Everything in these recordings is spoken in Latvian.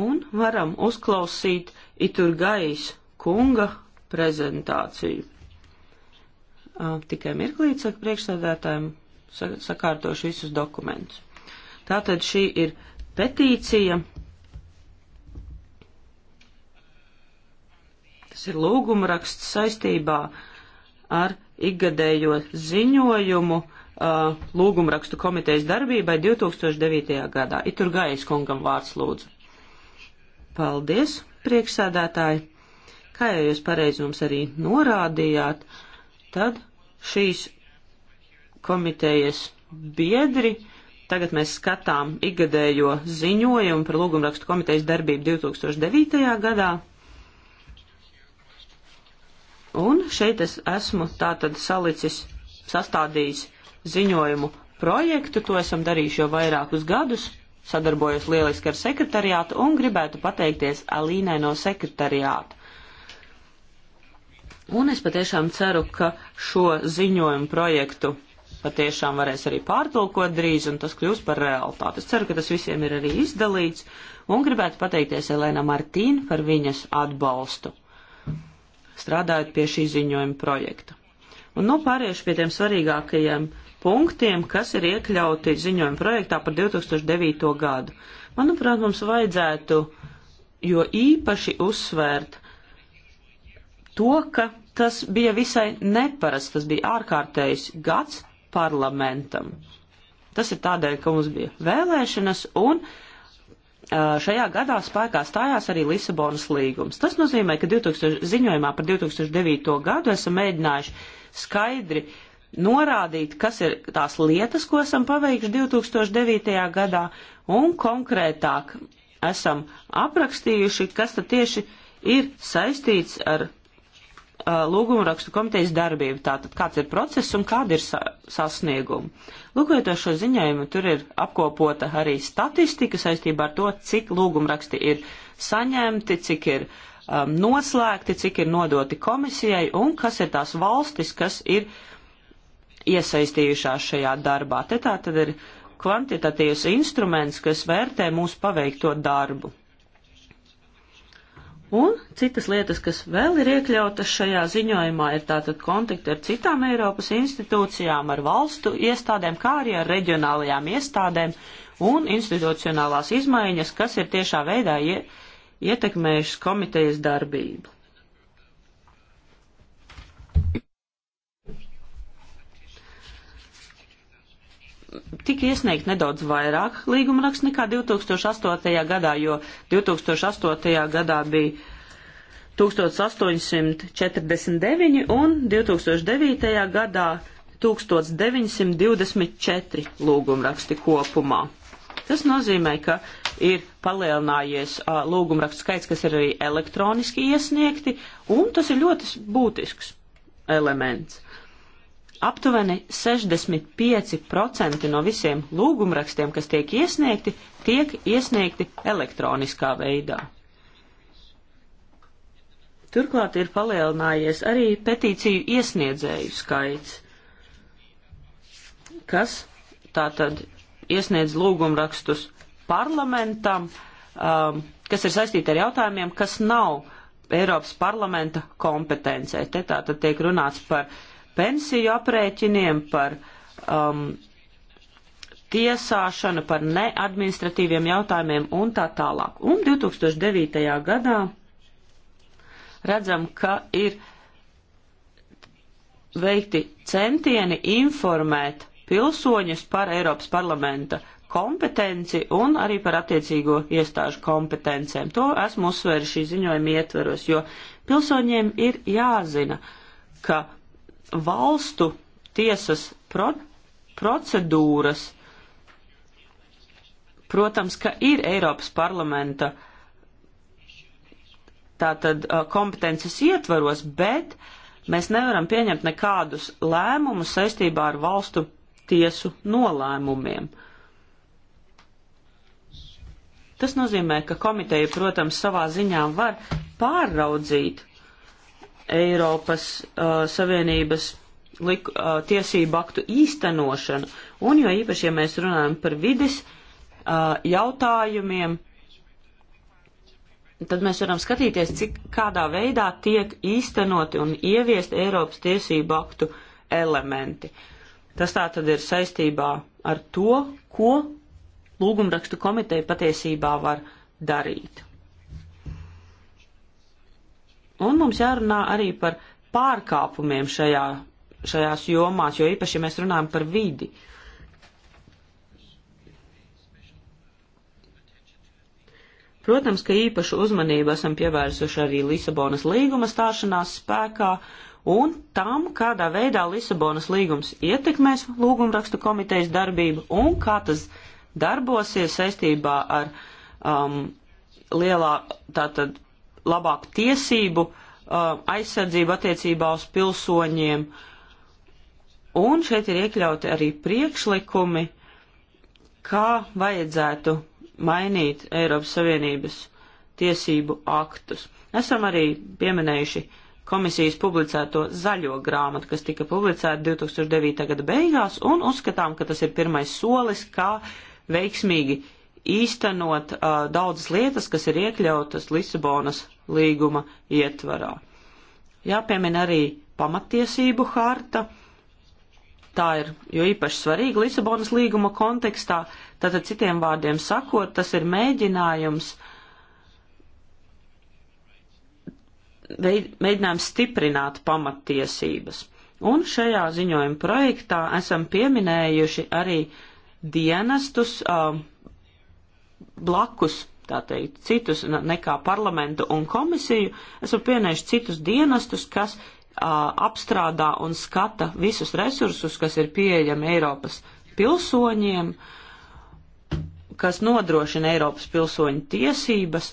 Un varam uzklausīt Iturgais kunga prezentāciju. Uh, tikai mirklīt, saka priekšsēdētājiem, sakārtošu visus dokumentus. Tātad šī ir petīcija, kas ir lūguma raksts saistībā ar ikgadējo ziņojumu uh, lūguma rakstu komitejas darbībai 2009. gadā. Itur Gais kungam vārds lūdzu. Paldies, priekšsādātāji! Kā jau jūs pareizi mums arī norādījāt, tad šīs komitejas biedri tagad mēs skatām ikgadējo ziņojumu par lūgumrakstu komitejas darbību 2009. gadā. Un šeit es esmu tātad salicis, sastādījis ziņojumu projektu, to esam darījuši jau vairākus gadus, sadarbojos lieliski ar sekretariātu un gribētu pateikties Alīnai no sekretariāta. Un es patiešām ceru, ka šo ziņojumu projektu patiešām varēs arī pārtulkot drīz un tas kļūs par realitāti. Es ceru, ka tas visiem ir arī izdalīts un gribētu pateikties Elēna Martīna par viņas atbalstu, strādājot pie šī ziņojuma projekta. Un nu pāriešu pie tiem svarīgākajiem punktiem, kas ir iekļauti ziņojuma projektā par 2009. gadu. Manuprāt, mums vajadzētu jo īpaši uzsvērt to, ka tas bija visai neparasts, tas bija ārkārtējs gads parlamentam. Tas ir tādēļ, ka mums bija vēlēšanas un šajā gadā spēkā stājās arī Lisabonas līgums. Tas nozīmē, ka 2000, ziņojumā par 2009. gadu esam mēģinājuši skaidri norādīt, kas ir tās lietas, ko esam paveikuši 2009. gadā, un konkrētāk esam aprakstījuši, kas tad tieši ir saistīts ar uh, lūgumu rakstu komitejas darbību, tātad kāds ir process un kāda ir sa sasnieguma. Lūkojot ar šo ziņojumu, tur ir apkopota arī statistika saistībā ar to, cik lūgumu raksti ir saņemti, cik ir um, noslēgti, cik ir nodoti komisijai un kas ir tās valstis, kas ir uh, iesaistījušās šajā darbā. Te tā tad ir kvantitatīvs instruments, kas vērtē mūsu paveikto darbu. Un citas lietas, kas vēl ir iekļautas šajā ziņojumā, ir tātad kontakti ar citām Eiropas institūcijām, ar valstu iestādēm, kā arī ar reģionālajām iestādēm un institucionālās izmaiņas, kas ir tiešā veidā ie, ietekmējušas komitejas darbību. tika iesniegt nedaudz vairāk līguma raksts nekā 2008. gadā, jo 2008. gadā bija 1849 un 2009. gadā 1924 lūgumraksti kopumā. Tas nozīmē, ka ir palielinājies uh, lūgumrakstu skaits, kas ir arī elektroniski iesniegti, un tas ir ļoti būtisks elements. Uh, aptuveni 65% no visiem lūgumrakstiem, kas tiek iesniegti, tiek iesniegti elektroniskā veidā. Turklāt ir palielinājies arī petīciju iesniedzēju skaits, kas tātad iesniedz lūgumrakstus parlamentam, um, kas ir saistīti ar jautājumiem, kas nav Eiropas parlamenta kompetencē. Te tātad tiek runāts par uh, pensiju aprēķiniem, par um, tiesāšanu, par neadministratīviem jautājumiem un tā tālāk. Un 2009. gadā redzam, ka ir veikti centieni informēt pilsoņus par Eiropas parlamenta kompetenci un arī par attiecīgo iestāžu kompetencēm. To esmu uzsvēris šī ziņojuma ietveros, jo pilsoņiem ir jāzina, ka valstu tiesas pro procedūras, protams, ka ir Eiropas parlamenta tātad kompetences ietvaros, bet mēs nevaram pieņemt nekādus lēmumus saistībā ar valstu tiesu nolēmumiem. Tas nozīmē, ka komiteja, protams, savā ziņā var pārraudzīt Eiropas uh, Savienības liku, uh, tiesību aktu īstenošanu, un jo īpaši, ja mēs runājam par vides uh, jautājumiem, tad mēs varam skatīties, cik kādā veidā tiek īstenoti un ieviest Eiropas tiesību aktu elementi. Tas tā tad ir saistībā ar to, ko lūgumrakstu komiteja patiesībā var darīt. Un mums jārunā arī par pārkāpumiem šajā, šajās jomās, jo īpaši, ja mēs runājam par vidi. Protams, ka īpašu uzmanību esam pievērsuši arī Lisabonas līguma stāšanās spēkā un tam, kādā veidā Lisabonas līgums ietekmēs lūgumrakstu komitejas darbību un kā tas darbosies saistībā ar um, lielā tātad labāku tiesību uh, aizsardzību attiecībā uz pilsoņiem. Un šeit ir iekļauti arī priekšlikumi, kā vajadzētu mainīt Eiropas Savienības tiesību aktus. Esam arī pieminējuši komisijas publicēto zaļo grāmatu, kas tika publicēta 2009. gada beigās, un uzskatām, ka tas ir pirmais solis, kā veiksmīgi īstenot uh, daudzas lietas, kas ir iekļautas Lisabonas līguma ietvarā. Jāpiemina arī pamatiesību harta. Tā ir jo īpaši svarīga Lisabonas līguma kontekstā, tātad citiem vārdiem sakot, tas ir mēģinājums, veid, mēģinājums stiprināt pamattiesības. Un šajā ziņojuma projektā esam pieminējuši arī dienestus uh, blakus tā teikt, citus nekā parlamentu un komisiju, esmu pienējuši citus dienestus, kas a, apstrādā un skata visus resursus, kas ir pieejami Eiropas pilsoņiem, kas nodrošina Eiropas pilsoņu tiesības,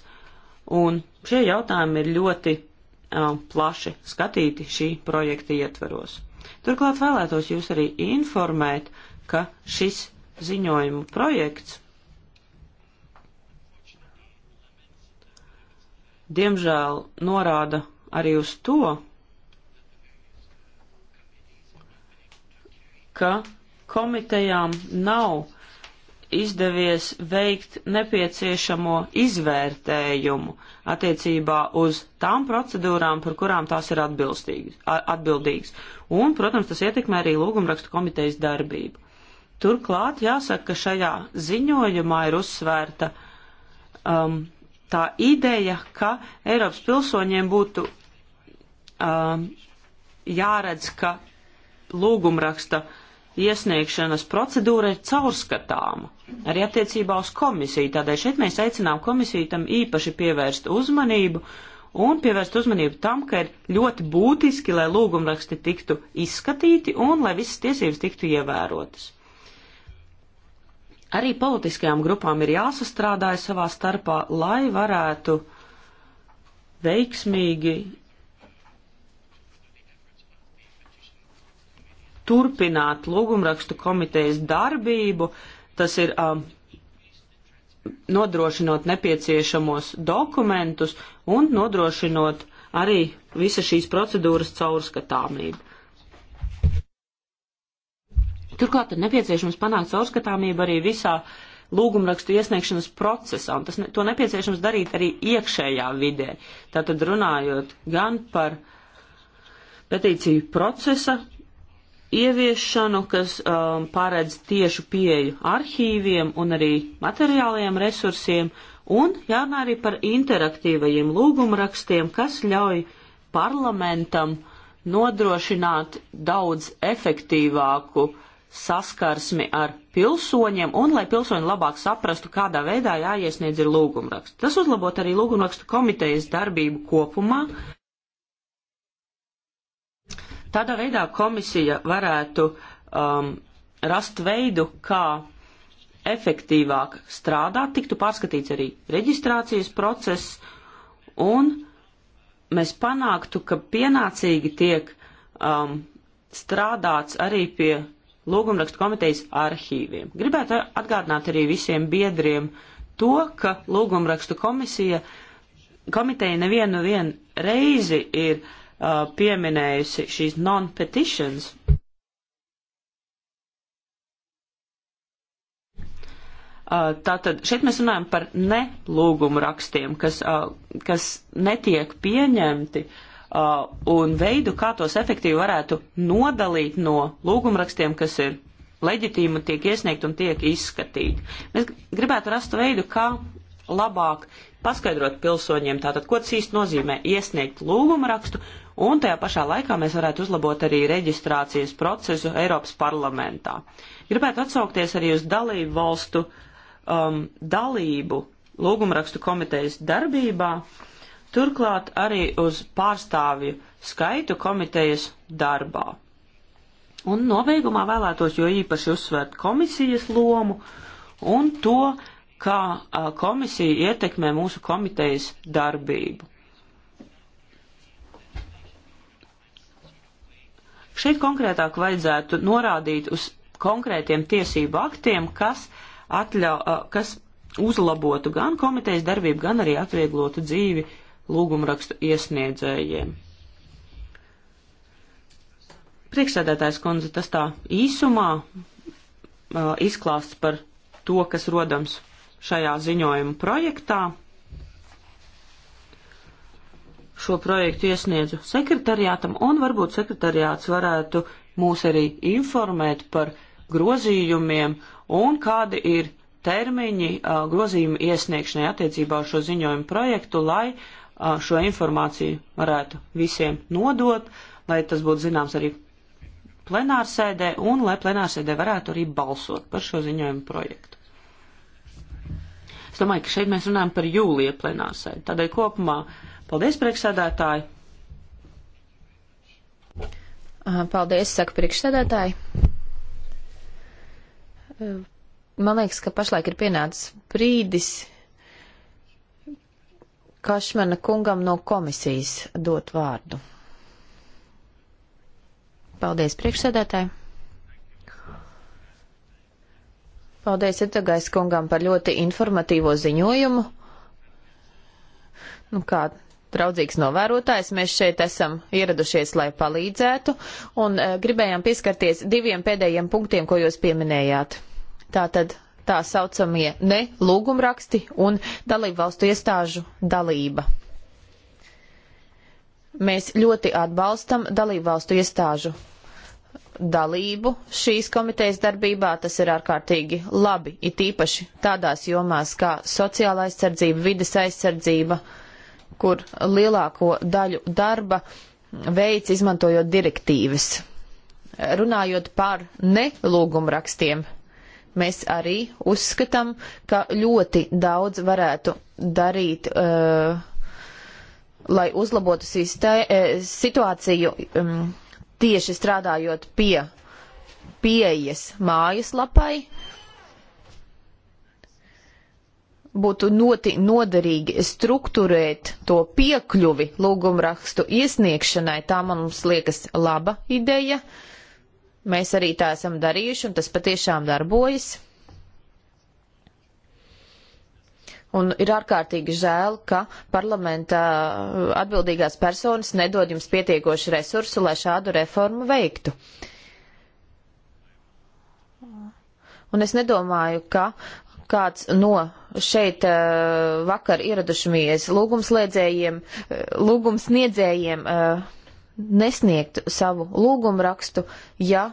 un šie jautājumi ir ļoti a, plaši skatīti šī projekta ietveros. Turklāt vēlētos jūs arī informēt, ka šis ziņojumu projekts diemžēl norāda arī uz to, ka komitejām nav izdevies veikt nepieciešamo izvērtējumu attiecībā uz tām procedūrām, par kurām tās ir atbildīgas. Un, protams, tas ietekmē arī lūgumrakstu komitejas darbību. Turklāt jāsaka, ka šajā ziņojumā ir uzsvērta um, tā ideja, ka Eiropas pilsoņiem būtu um, jāredz, ka lūgumraksta iesniegšanas procedūra ir caurskatāma arī attiecībā uz komisiju. Tādēļ šeit mēs aicinām komisiju tam īpaši pievērst uzmanību un pievērst uzmanību tam, ka ir ļoti būtiski, lai lūgumraksti tiktu izskatīti un lai visas tiesības tiktu ievērotas. Arī politiskajām grupām ir jāsastrādāja savā starpā, lai varētu veiksmīgi turpināt lūgumrakstu komitejas darbību. Tas ir um, nodrošinot nepieciešamos dokumentus un nodrošinot arī visa šīs procedūras caurskatāmību. Turklāt ir nepieciešams panākt caurskatāmību arī visā lūgumrakstu iesniegšanas procesā, un tas ne, to nepieciešams darīt arī iekšējā vidē. Tātad runājot gan par petīciju procesa ieviešanu, kas um, paredz tiešu pieeju arhīviem un arī materiālajiem resursiem, un jārunā arī par interaktīvajiem lūgumrakstiem, kas ļauj parlamentam nodrošināt daudz efektīvāku uh, saskarsmi ar pilsoņiem un lai pilsoņi labāk saprastu, kādā veidā jāiesniedz ir lūgumraksts. Tas uzlabot arī lūgumrakstu komitejas darbību kopumā. Tādā veidā komisija varētu um, rast veidu, kā efektīvāk strādāt, tiktu pārskatīts arī reģistrācijas process un mēs panāktu, ka pienācīgi tiek um, strādāts arī pie lūgumrakstu komitejas arhīviem. Gribētu atgādināt arī visiem biedriem to, ka lūgumrakstu komisija, komiteja nevienu vien reizi ir uh, pieminējusi šīs non-petitions. Uh, tātad šeit mēs runājam par nelūgumu rakstiem, kas, uh, kas netiek pieņemti uh, Uh, un veidu, kā tos efektīvi varētu nodalīt no lūgumrakstiem, kas ir leģitīmi, tiek iesniegt un tiek izskatīti. Mēs gribētu rast veidu, kā labāk paskaidrot pilsoņiem, tātad, ko tas īsti nozīmē iesniegt lūgumrakstu, un tajā pašā laikā mēs varētu uzlabot arī reģistrācijas procesu Eiropas parlamentā. Gribētu atsaukties arī uz dalību valstu um, dalību lūgumrakstu komitejas darbībā, uh, turklāt arī uz pārstāvju skaitu komitejas darbā. Un nobeigumā vēlētos jo īpaši uzsvērt komisijas lomu un to, kā komisija ietekmē mūsu komitejas darbību. Šeit konkrētāk vajadzētu norādīt uz konkrētiem tiesību aktiem, kas, atļau, kas uzlabotu gan komitejas darbību, gan arī atvieglotu dzīvi uh, lūgumrakstu iesniedzējiem. Priekšsēdētājs kundze, tas tā īsumā uh, izklāsts par to, kas rodams šajā ziņojuma projektā. Šo projektu iesniedzu sekretariātam, un varbūt sekretariāts varētu mūs arī informēt par grozījumiem un kādi ir termiņi uh, grozījumu iesniegšanai attiecībā uz šo ziņojumu projektu, lai šo informāciju varētu visiem nodot, lai tas būtu zināms arī plenārsēdē un lai plenārsēdē varētu arī balsot par šo ziņojumu projektu. Es domāju, ka šeit mēs runājam par jūlija plenārsēdi. Tādēļ kopumā paldies priekšsēdētāji. Paldies, saka priekšsēdētāji. Man liekas, ka pašlaik ir pienācis brīdis Kašmena kungam no komisijas dot vārdu. Paldies priekšsēdētāji. Paldies Itagais kungam par ļoti informatīvo ziņojumu. Nu, kā draudzīgs novērotājs, mēs šeit esam ieradušies, lai palīdzētu, un e, gribējām pieskarties diviem pēdējiem punktiem, ko jūs pieminējāt. Tātad tā saucamie ne lūgumraksti un dalībvalstu iestāžu dalība. Mēs ļoti atbalstam dalībvalstu iestāžu dalību šīs komitejas darbībā, tas ir ārkārtīgi labi, it īpaši tādās jomās kā sociāla aizsardzība, vides aizsardzība, kur lielāko daļu darba veids izmantojot direktīvas. Runājot par nelūgumrakstiem, Mēs arī uzskatām, ka ļoti daudz varētu darīt, uh, lai uzlabotu sistē, uh, situāciju um, tieši strādājot pie pieejas mājaslapai. Būtu noti, noderīgi strukturēt to piekļuvi lūgumrakstu iesniegšanai. Tā man mums liekas laba ideja. Uh, Mēs arī tā esam darījuši, un tas patiešām darbojas. Un ir ārkārtīgi žēl, ka parlamenta atbildīgās personas nedod jums pietiekoši resursu, lai šādu reformu veiktu. Un es nedomāju, ka kāds no šeit eh, vakar ieradušamies eh, lūgumsniedzējiem, lūgumsniedzējiem eh, nesniegtu savu lūgumu rakstu, ja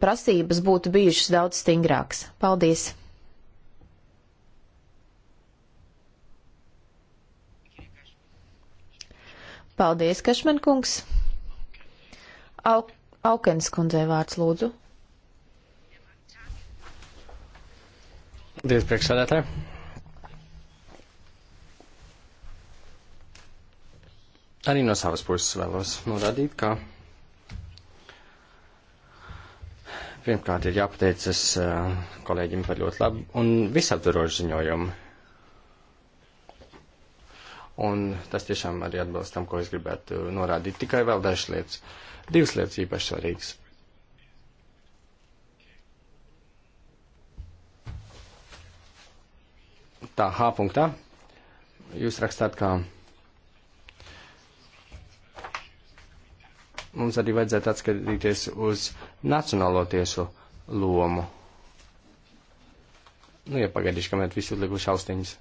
prasības būtu bijušas daudz stingrākas. Paldies! Paldies, Kašmenkungs! Au, Aukens kundzei vārds lūdzu. Paldies, priekšsādātāji! Arī no savas puses vēlos norādīt, ka pirmkārt ir jāpateicas eh, kolēģim par ļoti labu un visaptvarošu ziņojumu. Un tas tiešām arī atbilst tam, ko es gribētu norādīt. Tikai vēl dažas lietas. Divas lietas īpaši svarīgas. Tā H punktā jūs rakstāt, ka mums arī vajadzētu atskatīties uz nacionālo tiesu lomu. Nu, ja pagaidīšu, kamēr visi uzlikuši austiņas.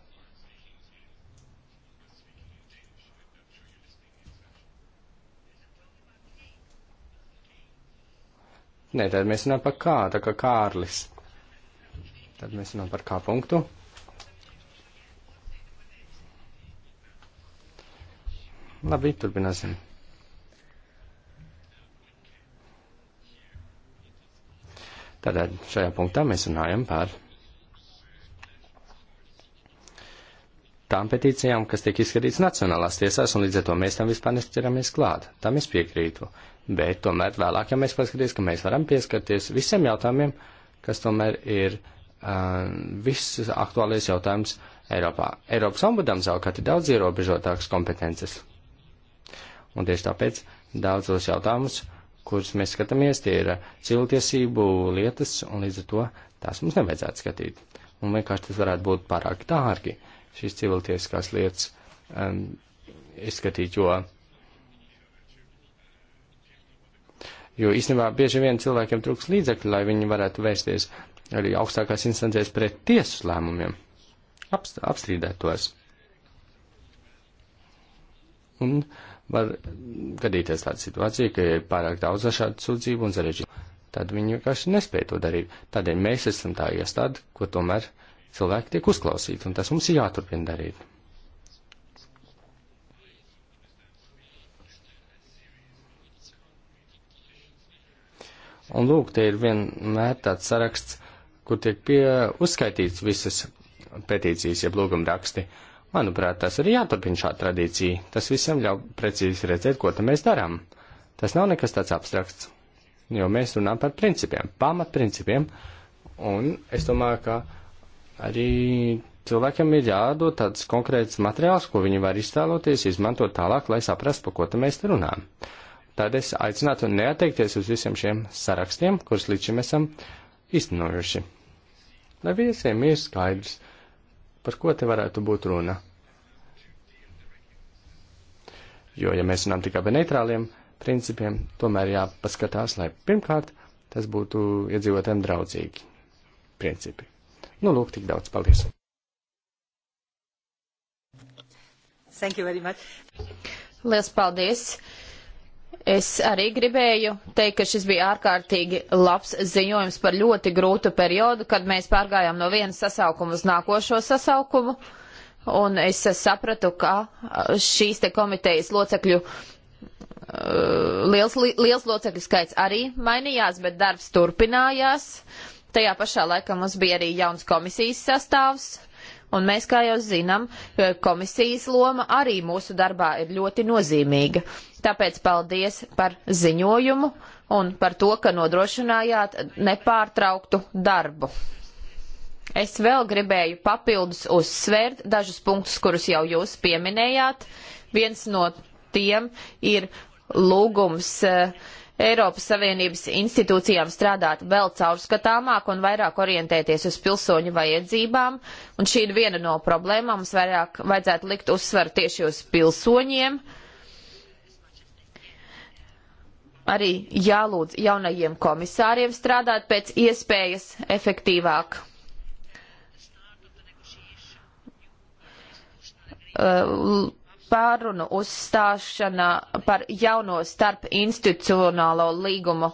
Nē, tad mēs runājam par kā, tā kā Kārlis. Tad mēs runājam par kā punktu. Labi, turpināsim. Tātad šajā punktā mēs runājam par tām petīcijām, kas tiek izskatīts nacionālās tiesās, un līdz ar to mēs tam vispār nesķeramies klāt. Tam es piekrītu. Bet tomēr vēlāk, ja mēs paskatīsimies, ka mēs varam pieskarties visiem jautājumiem, kas tomēr ir uh, viss aktuālais jautājums Eiropā. Eiropas ombudam savukārt ir daudz ierobežotākas kompetences. Un tieši tāpēc daudzos jautājumus uh, kurus mēs skatāmies, tie ir cilvēktiesību lietas, un līdz ar to tās mums nevajadzētu skatīt. Un vienkārši tas varētu būt pārāk dārgi, šīs cilvēktiesiskās lietas um, izskatīt, jo. Jo īstenībā bieži vien cilvēkiem trūks līdzekļu, lai viņi varētu vērsties arī augstākās instancēs pret tiesu lēmumiem, apst, apstrīdēt tos. Un uh, var gadīties tāda situācija, ka ir pārāk daudz dažādu sūdzību un sarežģījumu. Tad viņi vienkārši nespēja to darīt. Tādēļ mēs esam tā iestāde, ko tomēr cilvēki tiek uzklausīti, un tas mums ir jāturpina darīt. Un lūk, te ir vienmēr tāds saraksts, kur tiek pie uzskaitīts visas petīcijas, jeb lūguma raksti. Uh, Manuprāt, tas ir jāturpina šā tradīcija. Tas visam ļauj precīzi redzēt, ko tam mēs darām. Tas nav nekas tāds abstrakts, jo mēs runājam par principiem, pamatprincipiem, un es domāju, ka arī cilvēkam ir jādod tāds konkrēts materiāls, ko viņi var iztēloties, izmantot tālāk, lai saprastu, par ko tam mēs runājam. Tad es aicinātu neatteikties uz visiem šiem sarakstiem, kurus līdz šim esam iztenojuši. Lai visiem ir skaidrs Par ko te varētu būt runa? Jo, ja mēs runājam tikai par neitrāliem principiem, tomēr jāpaskatās, lai pirmkārt tas būtu iedzīvotājiem draudzīgi principi. Nu, lūk, tik daudz. Paldies! Thank you very much. Lielas paldies! Es arī gribēju teikt, ka šis bija ārkārtīgi labs ziņojums par ļoti grūtu periodu, kad mēs pārgājām no viena sasaukuma uz nākošo sasaukumu. Un es sapratu, ka uh, šīs te komitejas locekļu, uh, liels, liels locekļu skaits arī mainījās, bet darbs turpinājās. Tajā pašā laikā mums bija arī jauns komisijas sastāvs, Un mēs, kā jau zinām, eh, komisijas loma arī mūsu darbā ir ļoti nozīmīga. Tāpēc paldies par ziņojumu un par to, ka nodrošinājāt nepārtrauktu darbu. Es vēl gribēju papildus uzsvērt dažus punktus, kurus jau jūs pieminējāt. Viens no tiem ir lūgums uh, Eiropas Savienības institūcijām strādāt vēl caurskatāmāk un vairāk orientēties uz pilsoņu vajadzībām, un šī ir viena no problēmām, mums vairāk vajadzētu likt uzsvaru tieši uz pilsoņiem. Arī jālūdz jaunajiem komisāriem strādāt pēc iespējas efektīvāk. Uh, pārunu uzstāšana par jauno starp institucionālo līgumu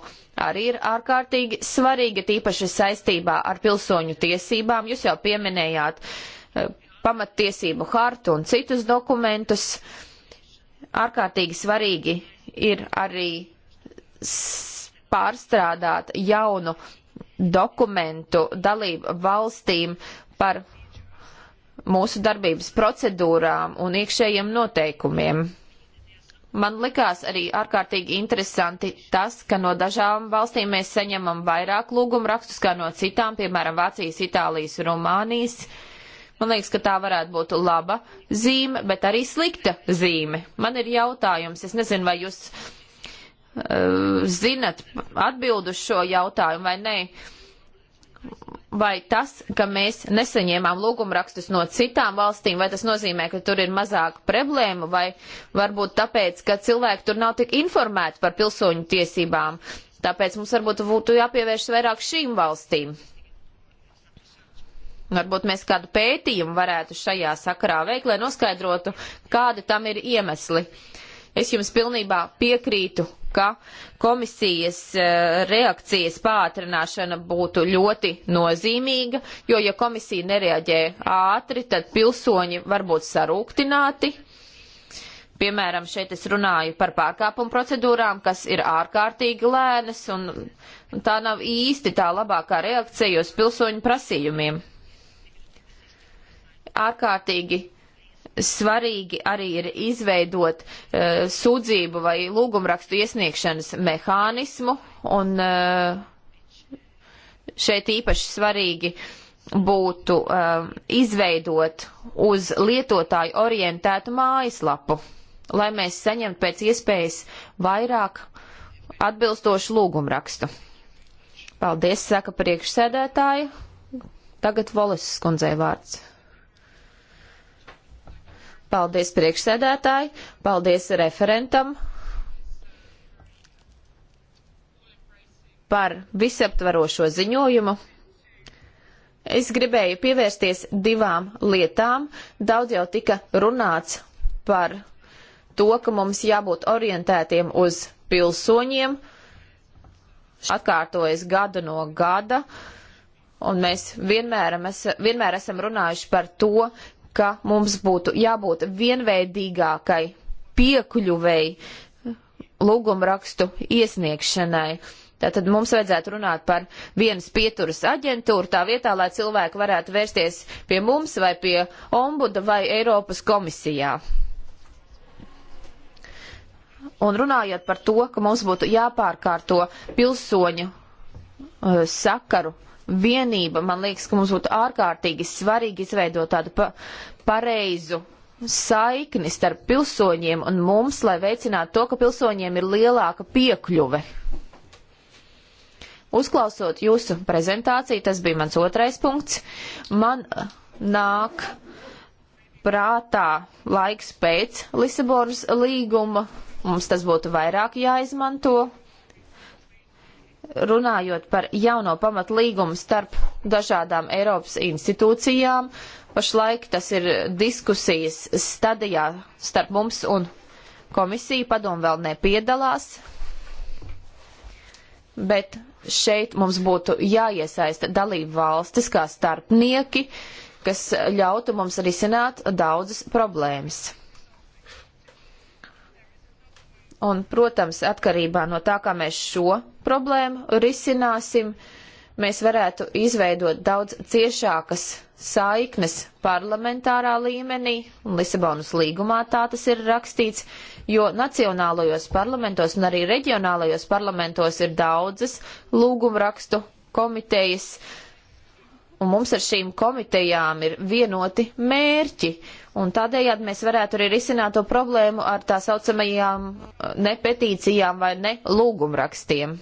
arī ir ārkārtīgi svarīga, tīpaši saistībā ar pilsoņu tiesībām. Jūs jau pieminējāt eh, pamattiesību hartu un citus dokumentus. Ārkārtīgi svarīgi ir arī pārstrādāt jaunu dokumentu dalību valstīm par mūsu darbības procedūrām un iekšējiem noteikumiem. Man likās arī ārkārtīgi interesanti tas, ka no dažām valstīm mēs saņemam vairāk lūgumu rakstus kā no citām, piemēram, Vācijas, Itālijas, Rumānijas. Man liekas, ka tā varētu būt laba zīme, bet arī slikta zīme. Man ir jautājums, es nezinu, vai jūs uh, zinat atbildu šo jautājumu vai nē. Uh, vai tas, ka mēs nesaņēmām lūgumrakstus no citām valstīm, vai tas nozīmē, ka tur ir mazāk problēmu, vai varbūt tāpēc, ka cilvēki tur nav tik informēti par pilsoņu tiesībām. Tāpēc mums varbūt būtu jāpievērš vairāk šīm valstīm. Varbūt mēs kādu pētījumu varētu šajā sakarā veikt, lai noskaidrotu, kādi tam ir iemesli. Es jums pilnībā piekrītu, ka komisijas eh, reakcijas pātrināšana būtu ļoti nozīmīga, jo ja komisija nereaģē ātri, tad pilsoņi var būt sarūktināti. Piemēram, šeit es runāju par pārkāpumu procedūrām, kas ir ārkārtīgi lēnas, un, un tā nav īsti tā labākā reakcija uz pilsoņu prasījumiem. Ārkārtīgi svarīgi arī ir izveidot uh, sūdzību vai lūgumrakstu iesniegšanas mehānismu, un uh, šeit īpaši svarīgi būtu uh, izveidot uz lietotāju orientētu mājaslapu, lai mēs saņemtu pēc iespējas vairāk atbilstošu lūgumrakstu. Paldies, saka priekšsēdētāja. Tagad Volises kundzei vārds. Paldies priekšsēdētāji, paldies referentam par visaptvarošo ziņojumu. Es gribēju pievērsties divām lietām. Daudz jau tika runāts par to, ka mums jābūt orientētiem uz pilsoņiem. Atkārtojas gada no gada, un mēs vienmēr, mēs vienmēr esam runājuši par to, ka mums būtu jābūt vienveidīgākai piekļuvei lūgumrakstu iesniegšanai. Tātad mums vajadzētu runāt par vienas pieturas aģentūru tā vietā, lai cilvēki varētu vērsties pie mums vai pie ombuda vai Eiropas komisijā. Un runājot par to, ka mums būtu jāpārkārto pilsoņu uh, sakaru vienība. Man liekas, ka mums būtu ārkārtīgi svarīgi izveidot tādu pa pareizu saikni starp pilsoņiem un mums, lai veicinātu to, ka pilsoņiem ir lielāka piekļuve. Uzklausot jūsu prezentāciju, tas bija mans otrais punkts, man uh, nāk prātā laiks pēc Lisabonas līguma. Mums tas būtu vairāk jāizmanto runājot par jauno pamatlīgumu starp dažādām Eiropas institūcijām. Pašlaik tas ir diskusijas stadijā starp mums un komisiju. Padomu vēl nepiedalās, bet šeit mums būtu jāiesaista dalību valstis kā starpnieki, kas ļautu mums risināt daudzas problēmas. Un, protams, atkarībā no tā, kā mēs šo problēmu risināsim, mēs varētu izveidot daudz ciešākas saiknes parlamentārā līmenī, un Lisabonas līgumā tā tas ir rakstīts, jo nacionālajos parlamentos un arī reģionālajos parlamentos ir daudzas lūgumrakstu komitejas, uh, Un mums ar šīm komitejām ir vienoti mērķi, un tādējādi mēs varētu arī risināt to problēmu ar tā saucamajām eh, ne petīcijām vai ne lūgumrakstiem.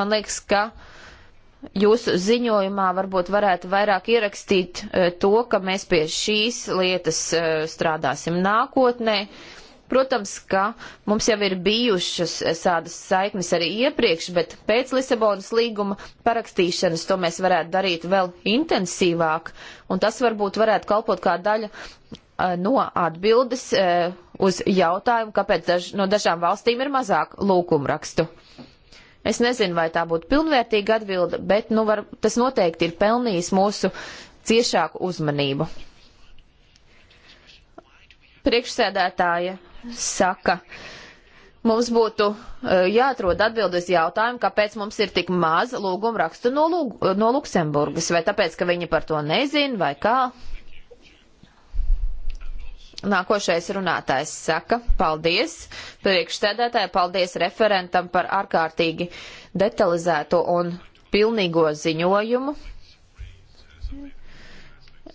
Man liekas, ka jūsu ziņojumā varbūt varētu vairāk ierakstīt eh, to, ka mēs pie šīs lietas eh, strādāsim nākotnē. Uh, Protams, ka mums jau ir bijušas tādas eh, saiknes arī iepriekš, bet pēc Lisabonas līguma parakstīšanas to mēs varētu darīt vēl intensīvāk, un tas varbūt varētu kalpot kā daļa eh, no atbildes eh, uz jautājumu, kāpēc daž, no dažām valstīm ir mazāk lūkumrakstu. Es nezinu, vai tā būtu pilnvērtīga atbilde, bet nu, var, tas noteikti ir pelnījis mūsu ciešāku uzmanību. Priekšsēdētāja saka, mums būtu e, jāatrod atbildes jautājumu, kāpēc mums ir tik maz lūgumu rakstu no, Lug no Luksemburgas, vai tāpēc, ka viņi par to nezin, vai kā. Nākošais runātājs saka, paldies priekšstādātāji, paldies referentam par ārkārtīgi detalizēto un pilnīgo ziņojumu.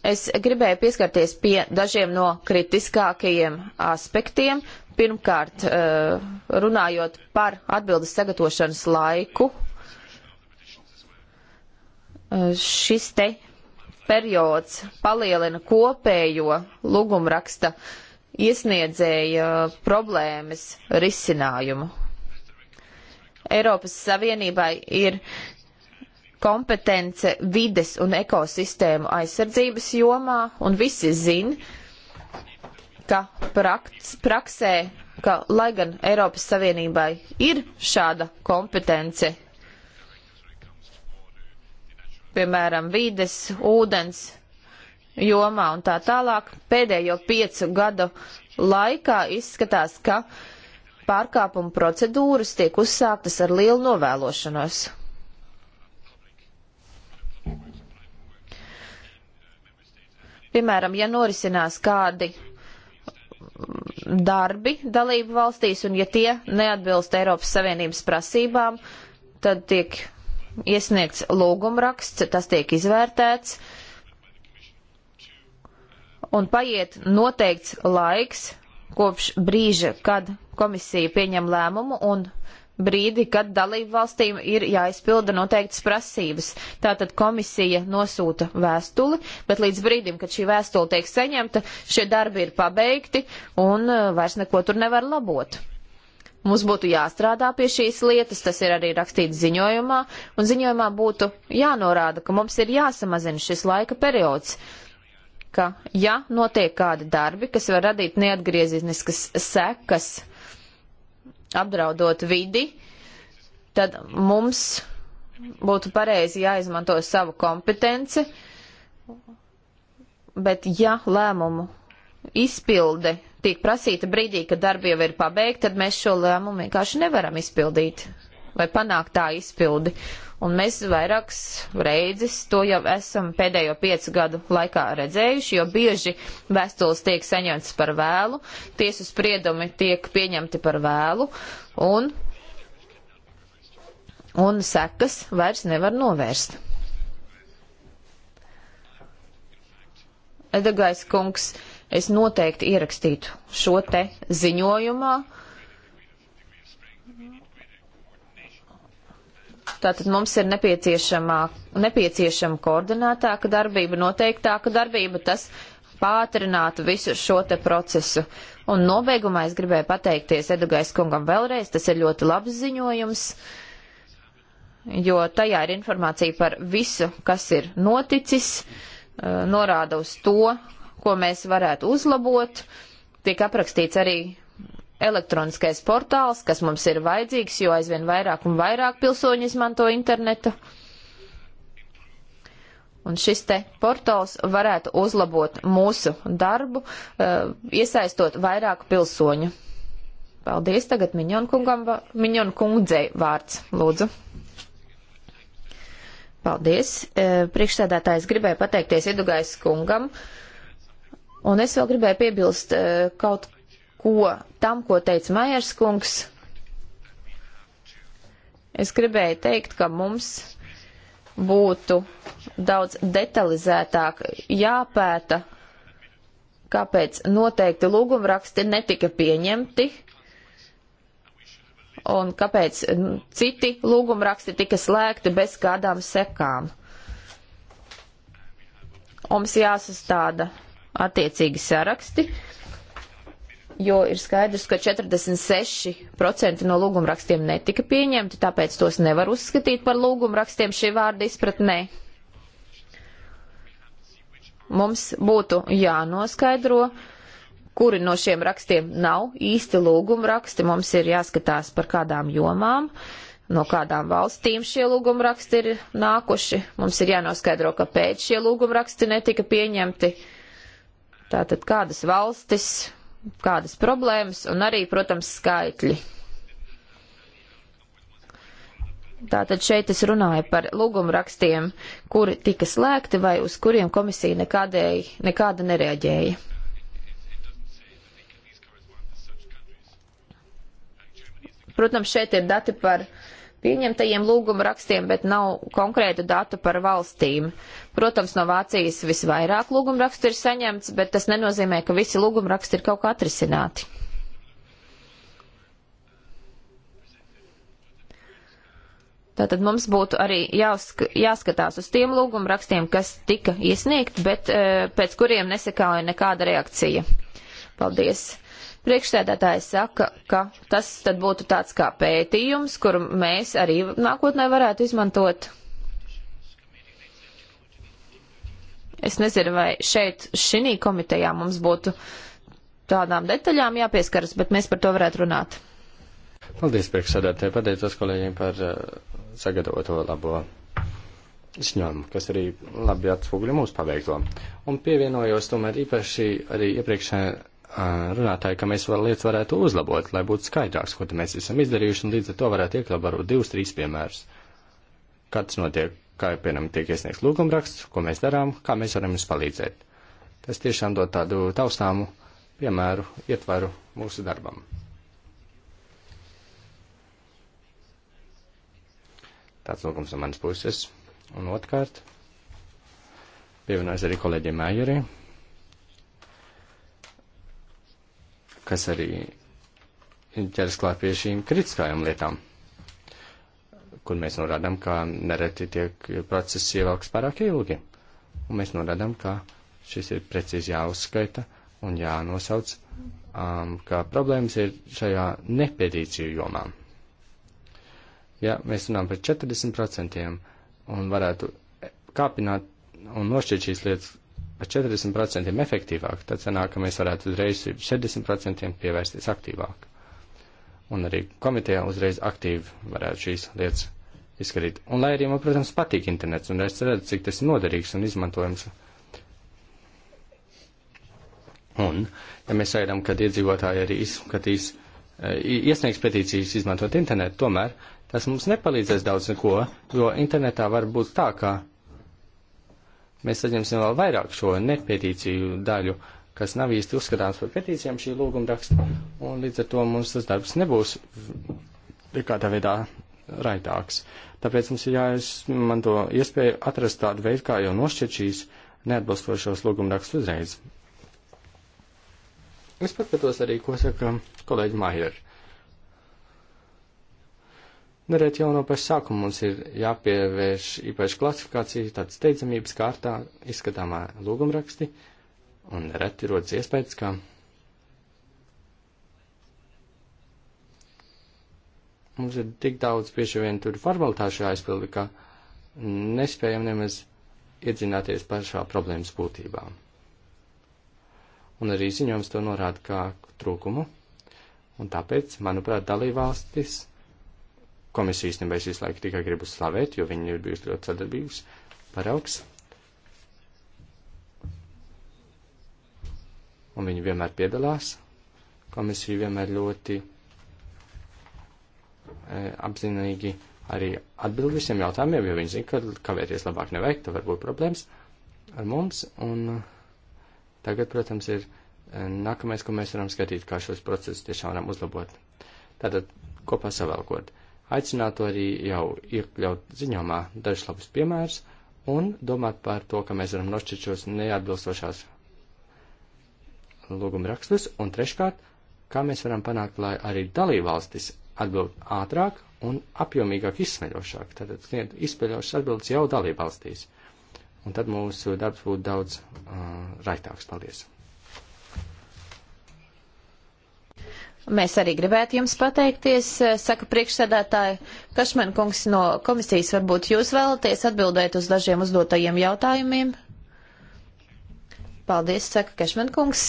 Es gribēju pieskarties pie dažiem no kritiskākajiem aspektiem. Pirmkārt, eh, runājot par atbildes sagatavošanas laiku, eh, šis te periods palielina kopējo lūgumraksta iesniedzēja problēmas risinājumu. Eiropas Savienībai ir kompetence vides un ekosistēmu aizsardzības jomā, un visi zin, ka prakts, praksē, ka lai gan Eiropas Savienībai ir šāda kompetence, piemēram, vides, ūdens jomā un tā tālāk, pēdējo piecu gadu laikā izskatās, ka pārkāpuma procedūras tiek uzsāktas ar lielu novēlošanos. Piemēram, ja norisinās kādi darbi dalību valstīs, un ja tie neatbilst Eiropas Savienības prasībām, tad tiek iesniegts lūgumraksts, tas tiek izvērtēts, un paiet noteikts laiks kopš brīža, kad komisija pieņem lēmumu, un brīdi, kad dalību valstīm ir jāizpilda noteiktas prasības. Tātad komisija nosūta vēstuli, bet līdz brīdim, kad šī vēstule tiek saņemta, šie darbi ir pabeigti un uh, vairs neko tur nevar labot. Mums būtu jāstrādā pie šīs lietas, tas ir arī rakstīts ziņojumā, un ziņojumā būtu jānorāda, ka mums ir jāsamazina šis laika periods ka, ja notiek kādi darbi, kas var radīt neatgrieziniskas sekas, uh, apdraudot vidi, tad mums būtu pareizi jāizmanto savu kompetenci, bet ja lēmumu izpilde tiek prasīta brīdī, kad darbi jau ir pabeigti, tad mēs šo lēmumu vienkārši nevaram izpildīt vai panākt tā izpildi. Uh, Un mēs vairākas reizes to jau esam pēdējo piecu gadu laikā redzējuši, jo bieži vēstules tiek saņemtas par vēlu, tiesu spriedumi tiek pieņemti par vēlu, un, un sekas vairs nevar novērst. Edegais kungs, es noteikti ierakstītu šo te ziņojumā, uh, Tātad mums ir nepieciešama koordinētāka darbība, noteiktāka darbība, tas pātrinātu visu šo te procesu. Un nobeigumā es gribēju pateikties Edugais kungam vēlreiz, tas ir ļoti labs ziņojums, jo tajā ir informācija par visu, kas ir noticis, eh, norāda uz to, ko mēs varētu uzlabot. Tiek aprakstīts arī elektroniskais portāls, kas mums ir vajadzīgs, jo aizvien vairāk un vairāk pilsoņi izmanto internetu. Un šis te portāls varētu uzlabot mūsu darbu, eh, iesaistot vairāk pilsoņu. Paldies, tagad Miņon kungdzei vārds, lūdzu. Paldies. Eh, priekšsēdētājs gribēja pateikties Idugais kungam. Un es vēl gribēju piebilst eh, kaut ko tam, ko teica Majers kungs. Es gribēju teikt, ka mums būtu daudz detalizētāk jāpēta, kāpēc noteikti lūgumraksti netika pieņemti un kāpēc citi lūgumraksti tika slēgti bez kādām sekām. Un mums jāsastāda attiecīgi saraksti, jo ir skaidrs, ka 46% no lūgumrakstiem netika pieņemti, tāpēc tos nevar uzskatīt par lūgumrakstiem šī vārda izpratnē. Mums būtu jānoskaidro, kuri no šiem rakstiem nav īsti lūgumraksti, mums ir jāskatās par kādām jomām, no kādām valstīm šie lūgumraksti ir nākuši, mums ir jānoskaidro, kāpēc šie lūgumraksti netika pieņemti. Tātad kādas valstis, kādas problēmas un arī, protams, skaitļi. Tātad šeit es runāju par lūgumrakstiem, kuri tika slēgti vai uz kuriem komisija nekādēji, nekāda nereaģēja. Protams, šeit ir dati par pieņemtajiem lūgumrakstiem, bet nav konkrētu datu par valstīm. Protams, no Vācijas visvairāk lūgumrakstu ir saņemts, bet tas nenozīmē, ka visi lūgumraksti ir kaut kā atrisināti. Tātad mums būtu arī jāsk jāskatās uz tiem lūgumrakstiem, kas tika iesniegt, bet e, pēc kuriem nesakāja nekāda reakcija. Paldies! Priekšstādātājs saka, ka tas tad būtu tāds kā pētījums, kuru mēs arī nākotnē varētu izmantot. Es nezinu, vai šeit, šī komitejā mums būtu tādām detaļām jāpieskaras, bet mēs par to varētu runāt. Paldies, priekšsādātāji. Pateicos kolēģiem par uh, sagatavoto labo ziņojumu, kas arī labi atspoguļo mūsu paveikto. Un pievienojos tomēr īpaši arī iepriekšējā uh, runātāja, ka mēs vēl lietas varētu uzlabot, lai būtu skaidrāks, ko mēs esam izdarījuši, un līdz ar to varētu iekļaut varbūt divus, trīs piemērus. Kāds notiek? kā jau, piemēram, tiek iesniegts lūgumraksts, ko mēs darām, kā mēs varam jums palīdzēt. Tas tiešām dod tādu taustāmu piemēru, ietvaru mūsu darbam. Tāds lūgums no manas puses. Un otrkārt, pievienojas arī kolēģiem Mējeri, kas arī ķeras klāt pie šīm kritiskajām lietām kur mēs norādām, ka nereti tiek process ievilks pārāk ilgi. Un mēs norādām, ka šis ir precīzi jāuzskaita un jānosauc, um, ka problēmas ir šajā nepedīciju jomā. Ja mēs runājam par 40% un varētu kāpināt un nošķirt šīs lietas par 40% efektīvāk, tad sanāk, ka mēs varētu uzreiz 60% pievērsties aktīvāk. Un arī komiteja uzreiz aktīvi varētu šīs lietas izskatīt. Un lai arī man, protams, patīk internets, un es redzu, cik tas ir noderīgs un izmantojams. Un, ja mēs sagaidām, kad iedzīvotāji arī izskatīs, e, iesniegs petīcijas izmantot internetu, tomēr tas mums nepalīdzēs daudz neko, jo internetā var būt tā, ka mēs saņemsim vēl vairāk šo nepetīciju daļu, kas nav īsti uzskatāms par petīcijām šī lūguma raksta, un līdz ar to mums tas darbs nebūs nekādā veidā raidāks. Tāpēc mums ir jāizmanto iespēju atrast tādu veidu, kā jau nošķirt šīs neatbalstošos lūgumrakstus uzreiz. Es paskatos arī, ko saka kolēģi Maijeri. Nerēt jau no paša sākuma mums ir jāpievērš īpaši klasifikācija, tāds steidzamības kārtā izskatāmā lūgumraksti, un nereti rodas iespējas, ka mums ir tik daudz bieži vien tur formalitāšu jāizpilda, ka nespējam nemaz iedzināties pašā problēmas būtībā. Un arī ziņojums to norāda kā trūkumu, un tāpēc, manuprāt, dalībvalstis komisija īstenībā es visu laiku tikai gribu slavēt, jo viņi ir bijusi ļoti sadarbības paraugs. Un viņi vienmēr piedalās. Komisija vienmēr ļoti E, apzinīgi arī atbild visiem jautājumiem, jo viņi zina, ka kavēties labāk nevajag, tad var būt problēmas ar mums. Un e, tagad, protams, ir e, nākamais, ko mēs varam skatīt, kā šos procesus tiešām varam uzlabot. Tātad kopā savēlkot. Aicinātu arī jau iekļaut ziņomā dažus labus piemērus un domāt par to, ka mēs varam nošķirt šos neatbilstošās lūguma rakstus. Un treškārt, kā mēs varam panākt, lai arī dalībvalstis atbild ātrāk un apjomīgāk izsmeļošāk. Tātad sniedz izsmeļošas atbildes jau dalībvalstīs. Un tad mūsu darbs būtu daudz uh, raitāks. Paldies! Mēs arī gribētu jums pateikties, saka priekšsēdētāji. Kašmen kungs no komisijas, varbūt jūs vēlaties atbildēt uz dažiem uzdotajiem jautājumiem? Paldies, saka Kašmen kungs.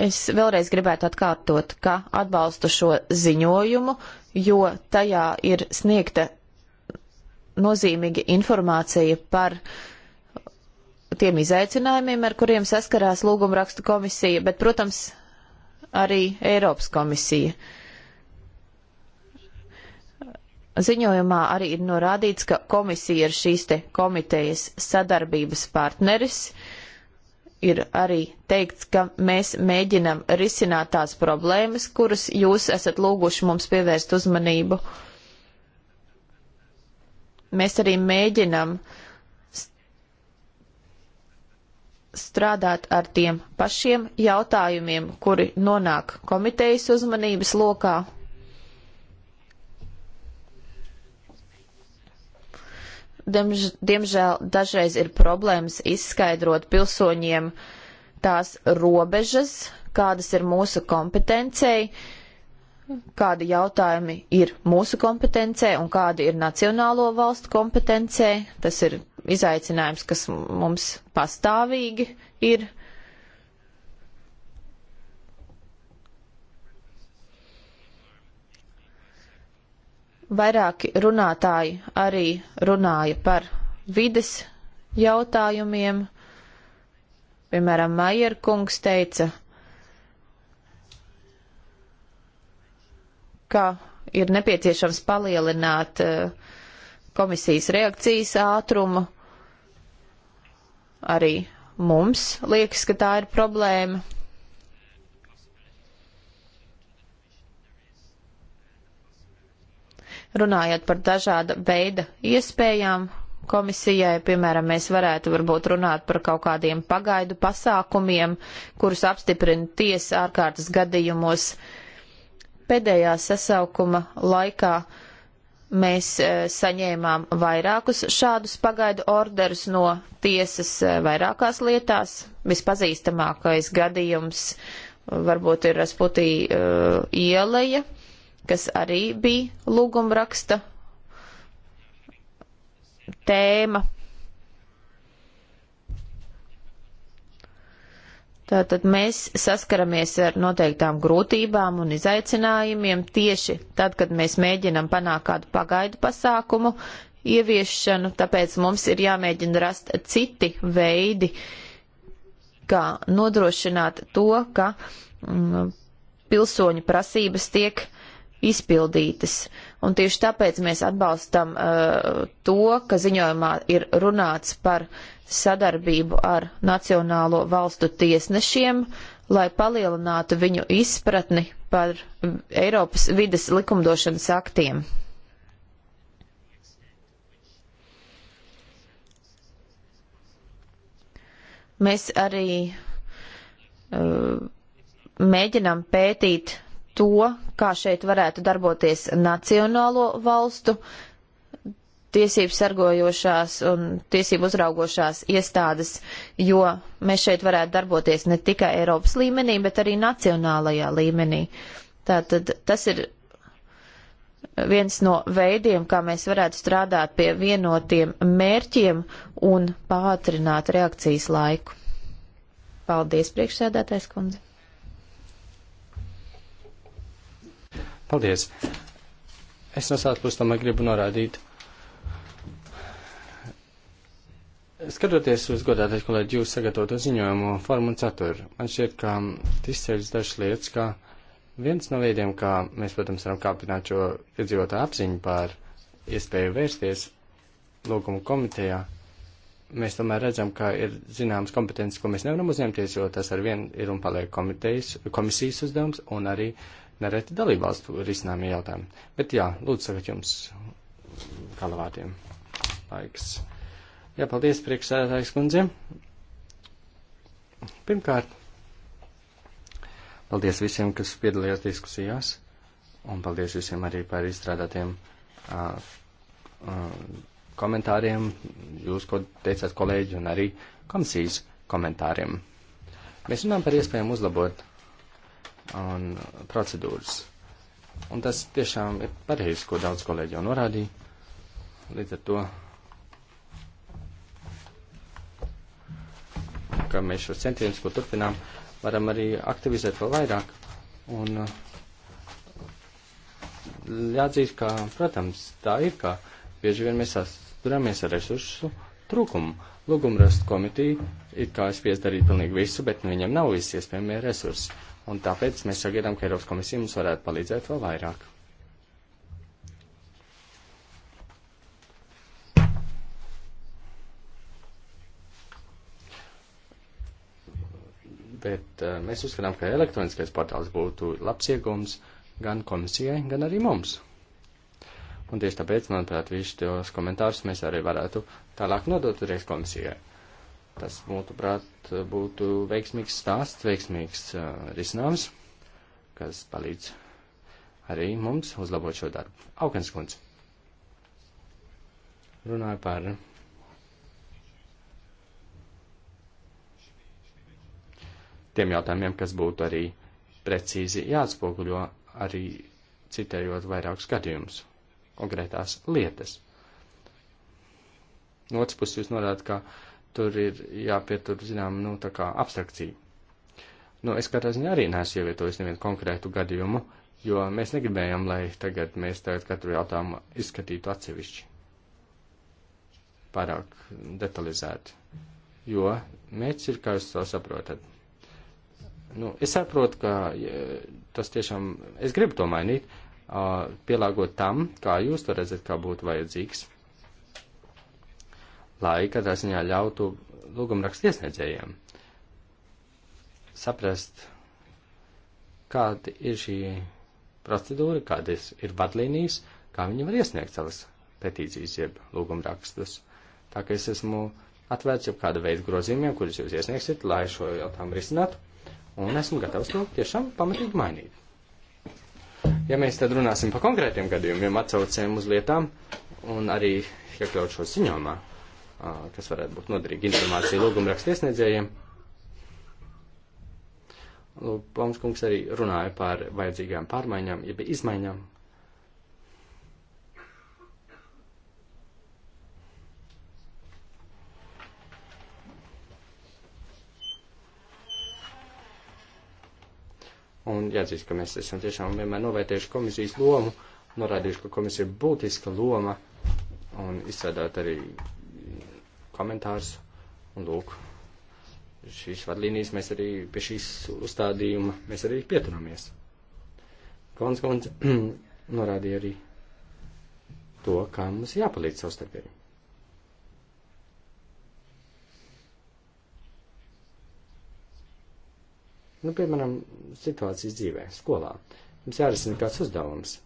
Es vēlreiz gribētu atkārtot, ka atbalstu šo ziņojumu, jo tajā ir sniegta nozīmīga informācija par tiem izaicinājumiem, ar kuriem saskarās lūgumrakstu komisija, bet, protams, arī Eiropas komisija. Ziņojumā arī ir norādīts, ka komisija ir šīs te komitejas sadarbības partneris. Uh, ir arī teikts, ka mēs mēģinam risināt tās problēmas, kuras jūs esat lūguši mums pievērst uzmanību. Mēs arī mēģinam strādāt ar tiem pašiem jautājumiem, kuri nonāk komitejas uzmanības lokā, Diemž, diemžēl dažreiz ir problēmas izskaidrot pilsoņiem tās robežas, kādas ir mūsu kompetencija, kādi jautājumi ir mūsu kompetencē un kādi ir nacionālo valstu kompetencē. Tas ir izaicinājums, kas mums pastāvīgi ir Vairāki runātāji arī runāja par vides jautājumiem. Piemēram, Maierkungs teica, ka ir nepieciešams palielināt eh, komisijas reakcijas ātrumu. Arī mums liekas, ka tā ir problēma. runājot par dažāda veida iespējām komisijai, piemēram, mēs varētu varbūt runāt par kaut kādiem pagaidu pasākumiem, kurus apstiprina tiesa ārkārtas gadījumos. Pēdējā sasaukuma laikā mēs e, saņēmām vairākus šādus pagaidu orderus no tiesas e, vairākās lietās. Vispazīstamākais gadījums varbūt ir Rasputī uh, e, ieleja. Uh, kas arī bija lūgumraksta tēma. Tātad mēs saskaramies ar noteiktām grūtībām un izaicinājumiem tieši tad, kad mēs mēģinam panākt kādu pagaidu pasākumu ieviešanu, tāpēc mums ir jāmēģina rast citi veidi, kā nodrošināt to, ka mm, pilsoņu prasības tiek uh, izpildītas. Un tieši tāpēc mēs atbalstam uh, to, ka ziņojumā ir runāts par sadarbību ar Nacionālo valstu tiesnešiem, lai palielinātu viņu izpratni par Eiropas vides likumdošanas aktiem. Mēs arī uh, mēģinām pētīt to, kā šeit varētu darboties nacionālo valstu tiesību sargojošās un tiesību uzraugošās iestādes, jo mēs šeit varētu darboties ne tikai Eiropas līmenī, bet arī nacionālajā līmenī. Tātad tas ir viens no veidiem, kā mēs varētu strādāt pie vienotiem mērķiem un pātrināt reakcijas laiku. Paldies, priekšsēdētājs kundze! Paldies! Es no savas puses tomēr gribu norādīt. Skatoties uz godātais kolēģi jūs sagatavotu ziņojumu formu un saturu, man šķiet, ka izceļas dažas lietas, ka viens no veidiem, kā mēs, protams, varam kāpināt šo iedzīvotāju apziņu par iespēju vērsties lūgumu komitejā, mēs tomēr redzam, ka ir zināmas kompetences, ko mēs nevaram uzņemties, jo tas ar vienu ir un paliek komitejas, komisijas uzdevums un arī uh, nereti dalībvalstu risināmie jautājumi. Bet jā, lūdzu sakat jums kalavātiem laiks. Jā, paldies priekšsēdētājs kundziem. Pirmkārt, paldies visiem, kas piedalījās diskusijās, un paldies visiem arī par izstrādātiem uh, uh, komentāriem, jūs, ko teicāt kolēģi, un arī komisijas komentāriem. Mēs runājam par iespējām uzlabot un uh, procedūras. Un tas tiešām ir pareizi, ko daudz kolēģi jau norādīja. Līdz ar to, ka mēs šos centienus, ko turpinām, varam arī aktivizēt vēl vairāk. Un uh, jāatzīst, ka, protams, tā ir, ka bieži vien mēs saskaramies ar resursu trūkumu. Lūgumrastu komitija it kā es piesdarīju pilnīgi visu, bet nu, viņam nav visi iespējamie resursi. Un tāpēc mēs sagaidām, ka Eiropas komisija mums varētu palīdzēt vēl vairāk. Bet uh, mēs uzskatām, ka elektroniskais portāls būtu labs iegums gan komisijai, gan arī mums. Un tieši tāpēc, manuprāt, visus tos komentārus mēs arī varētu tālāk nodot uzreiz komisijai. Tas, mūsuprāt, būtu veiksmīgs stāsts, veiksmīgs uh, risinājums, kas palīdz arī mums uzlabot šo darbu. Aukenskundze runāja par tiem jautājumiem, kas būtu arī precīzi jāatspoguļo, arī citējot vairākus gadījumus, konkrētās lietas. No otras puses, jūs norādāt, ka tur ir jāpietur, zinām, nu, tā kā abstrakcija. Nu, es katrā ziņā arī neesmu ievietojis nevienu konkrētu gadījumu, jo mēs negribējām, lai tagad mēs tagad katru jautājumu izskatītu atsevišķi. Pārāk detalizēti. Jo mērķis ir, kā jūs to saprotat. Nu, es saprotu, ka tas tiešām, es gribu to mainīt, pielāgot tam, kā jūs to redzat, kā būtu vajadzīgs lai katrā ziņā ļautu lūgumrakstu iesniedzējiem saprast, kāda ir šī procedūra, kādas ir vadlīnijas, kā viņi var iesniegt savas petīcijas, jeb lūgumrakstus. Tā kā es esmu atvērts jau kāda veida grozījumiem, kurus jūs iesniegsiet, lai šo jautājumu risinātu, un esmu gatavs to tiešām pamatīgi mainīt. Ja mēs tad runāsim par konkrētiem gadījumiem, atsaucēm uz lietām, un arī iekļaut šo ziņojumā, kas varētu būt noderīga informācija lūgumrakstu iesniedzējiem. Lūk, Poms kungs arī runāja par vajadzīgām pārmaiņām, jeb izmaiņām. Un jāatzīst, ka mēs esam tiešām vienmēr novērtējuši komisijas lomu, norādījuši, ka komisija ir būtiska loma un izstrādāt arī komentārus. Un lūk, šīs vadlīnijas mēs arī pie šīs uzstādījuma mēs arī pieturamies. Kons kundze norādīja arī to, kā mums jāpalīdz savstarpēji. Nu, piemēram, situācijas dzīvē, skolā. Mums jārisina kāds uzdevums.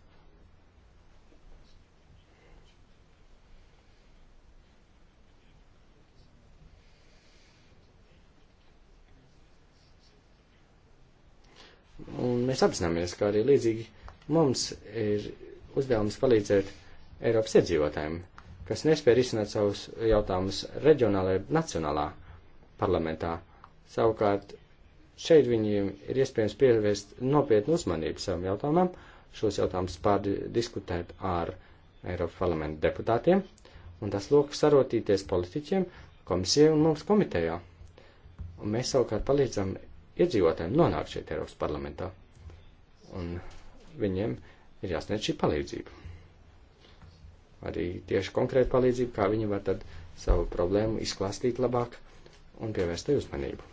Un mēs apzināmies, ka arī līdzīgi mums ir uzdevums palīdzēt Eiropas iedzīvotājiem, kas nespēja risināt savus jautājumus reģionālajā, nacionālā parlamentā. Savukārt šeit viņiem ir iespējams pievērst nopietnu uzmanību savam jautājumam, šos jautājumus pārdiskutēt ar Eiropas parlamenta deputātiem, un tas lūk sarotīties politiķiem, komisijai un mums komitejā. Un mēs savukārt palīdzam iedzīvotājiem nonāk šeit Eiropas parlamentā. Un viņiem ir jāsniedz šī palīdzība. Arī tieši konkrēta palīdzība, kā viņi var tad savu problēmu izklāstīt labāk un pievērst uzmanību.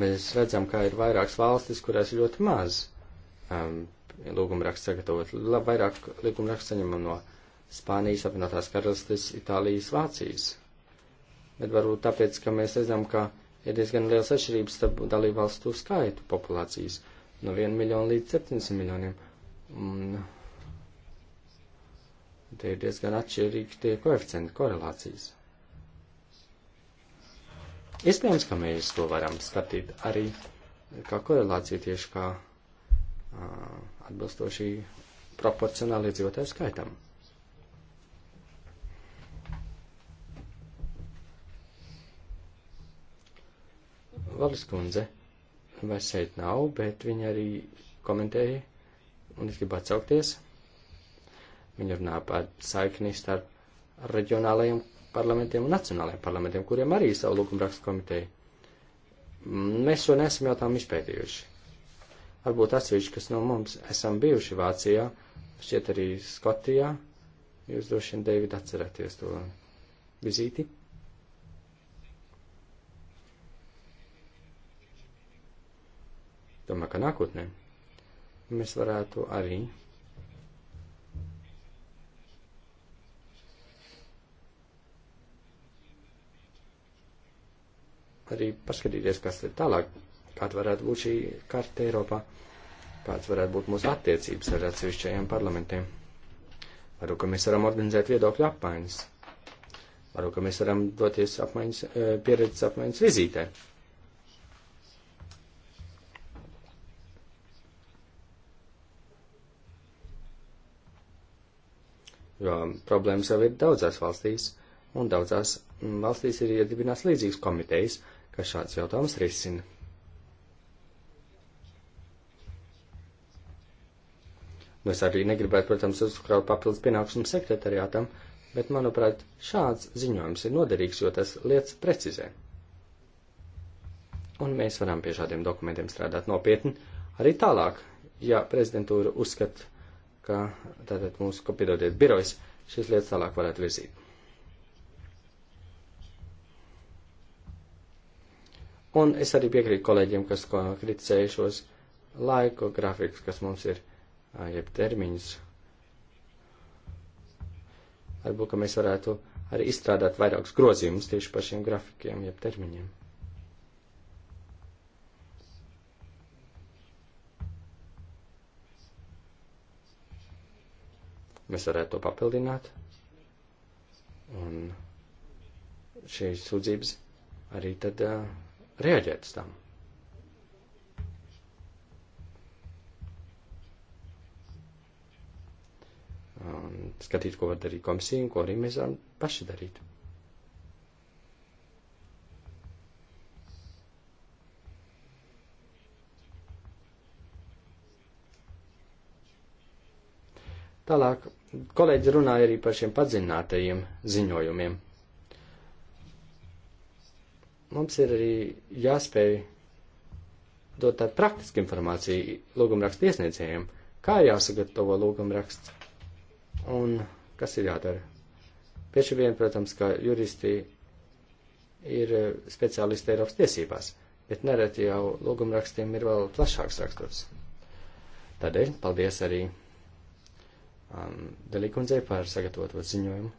Mēs redzam, ka ir vairākas valstis, kurās ir ļoti maz um, lūgumrakstu sagatavot. Lab, vairāk lūgumrakstu saņemam no Spānijas, apvienotās karalistes, Itālijas, Vācijas. Bet varbūt tāpēc, ka mēs redzam, ka ir diezgan liels atšķirības starp dalībvalstu skaitu populācijas - no 1 miljonu līdz 700 miljoniem. Un tie ir diezgan atšķirīgi tie koeficienti, korelācijas. Iespējams, ka mēs to varam skatīt arī kā korelāciju tieši kā uh, atbilstoši proporcionāli iedzīvotāju skaitam. Valis kundze vairs šeit nav, bet viņa arī komentēja, un es gribu atsaukties. Viņa runā par saikni starp reģionālajiem parlamentiem un nacionālajiem parlamentiem, kuriem arī savu lūgumrakstu komiteju. Mēs šo nesam jautājumu izpētījuši. Varbūt atsevišķi, kas no mums esam bijuši Vācijā, šķiet arī Skotijā, jūs droši vien, Deivid, atcerēties to vizīti. Domāju, ka nākotnē mēs varētu arī arī paskatīties, kas ir tālāk, kāda varētu būt šī karta Eiropā, kāds varētu būt mūsu attiecības ar atsevišķajiem parlamentiem. Varu, ka mēs varam organizēt viedokļu apmaiņas. Varu, ka mēs varam doties apmaiņas, eh, pieredzes apmaiņas vizītē. jo problēmas jau ir daudzās valstīs, un daudzās valstīs ir iedibinās līdzīgas komitejas, kas šāds jautājums risina. Nu, es arī negribētu, protams, uzkraut papildus pienākumu sekretariātam, bet, manuprāt, šāds ziņojums ir noderīgs, jo tas lietas precizē. Un mēs varam pie šādiem dokumentiem strādāt nopietni arī tālāk, ja prezidentūra uzskata, ka tātad mūsu, ko piedodiet, birojas šīs lietas tālāk varētu virzīt. Un es arī piekrītu kolēģiem, kas ko kritizēja šos laiku grafikus, kas mums ir, jeb termiņus. Varbūt, ka mēs varētu arī izstrādāt vairākus grozījumus tieši par šiem grafikiem, jeb termiņiem. Mēs varētu to papildināt. Un šīs sūdzības arī tad uh, reaģēt uz tām. Um, skatīt, ko var darīt komisija un ko arī mēs varam paši darīt. Tālāk Kolēģi runāja arī par šiem padziļinātajiem ziņojumiem. Mums ir arī jāspēj dot tādu praktisku informāciju lūgumrakstu iesniedzējiem, kā ir jāsagatavo lūgumraksts un kas ir jādara. Pieši vien, protams, ka juristi ir eh, speciālisti Eiropas tiesībās, bet nereti jau lūgumrakstiem ir vēl plašāks raksturs. Tādēļ paldies arī um, Delikundzei par sagatavoto ziņojumu,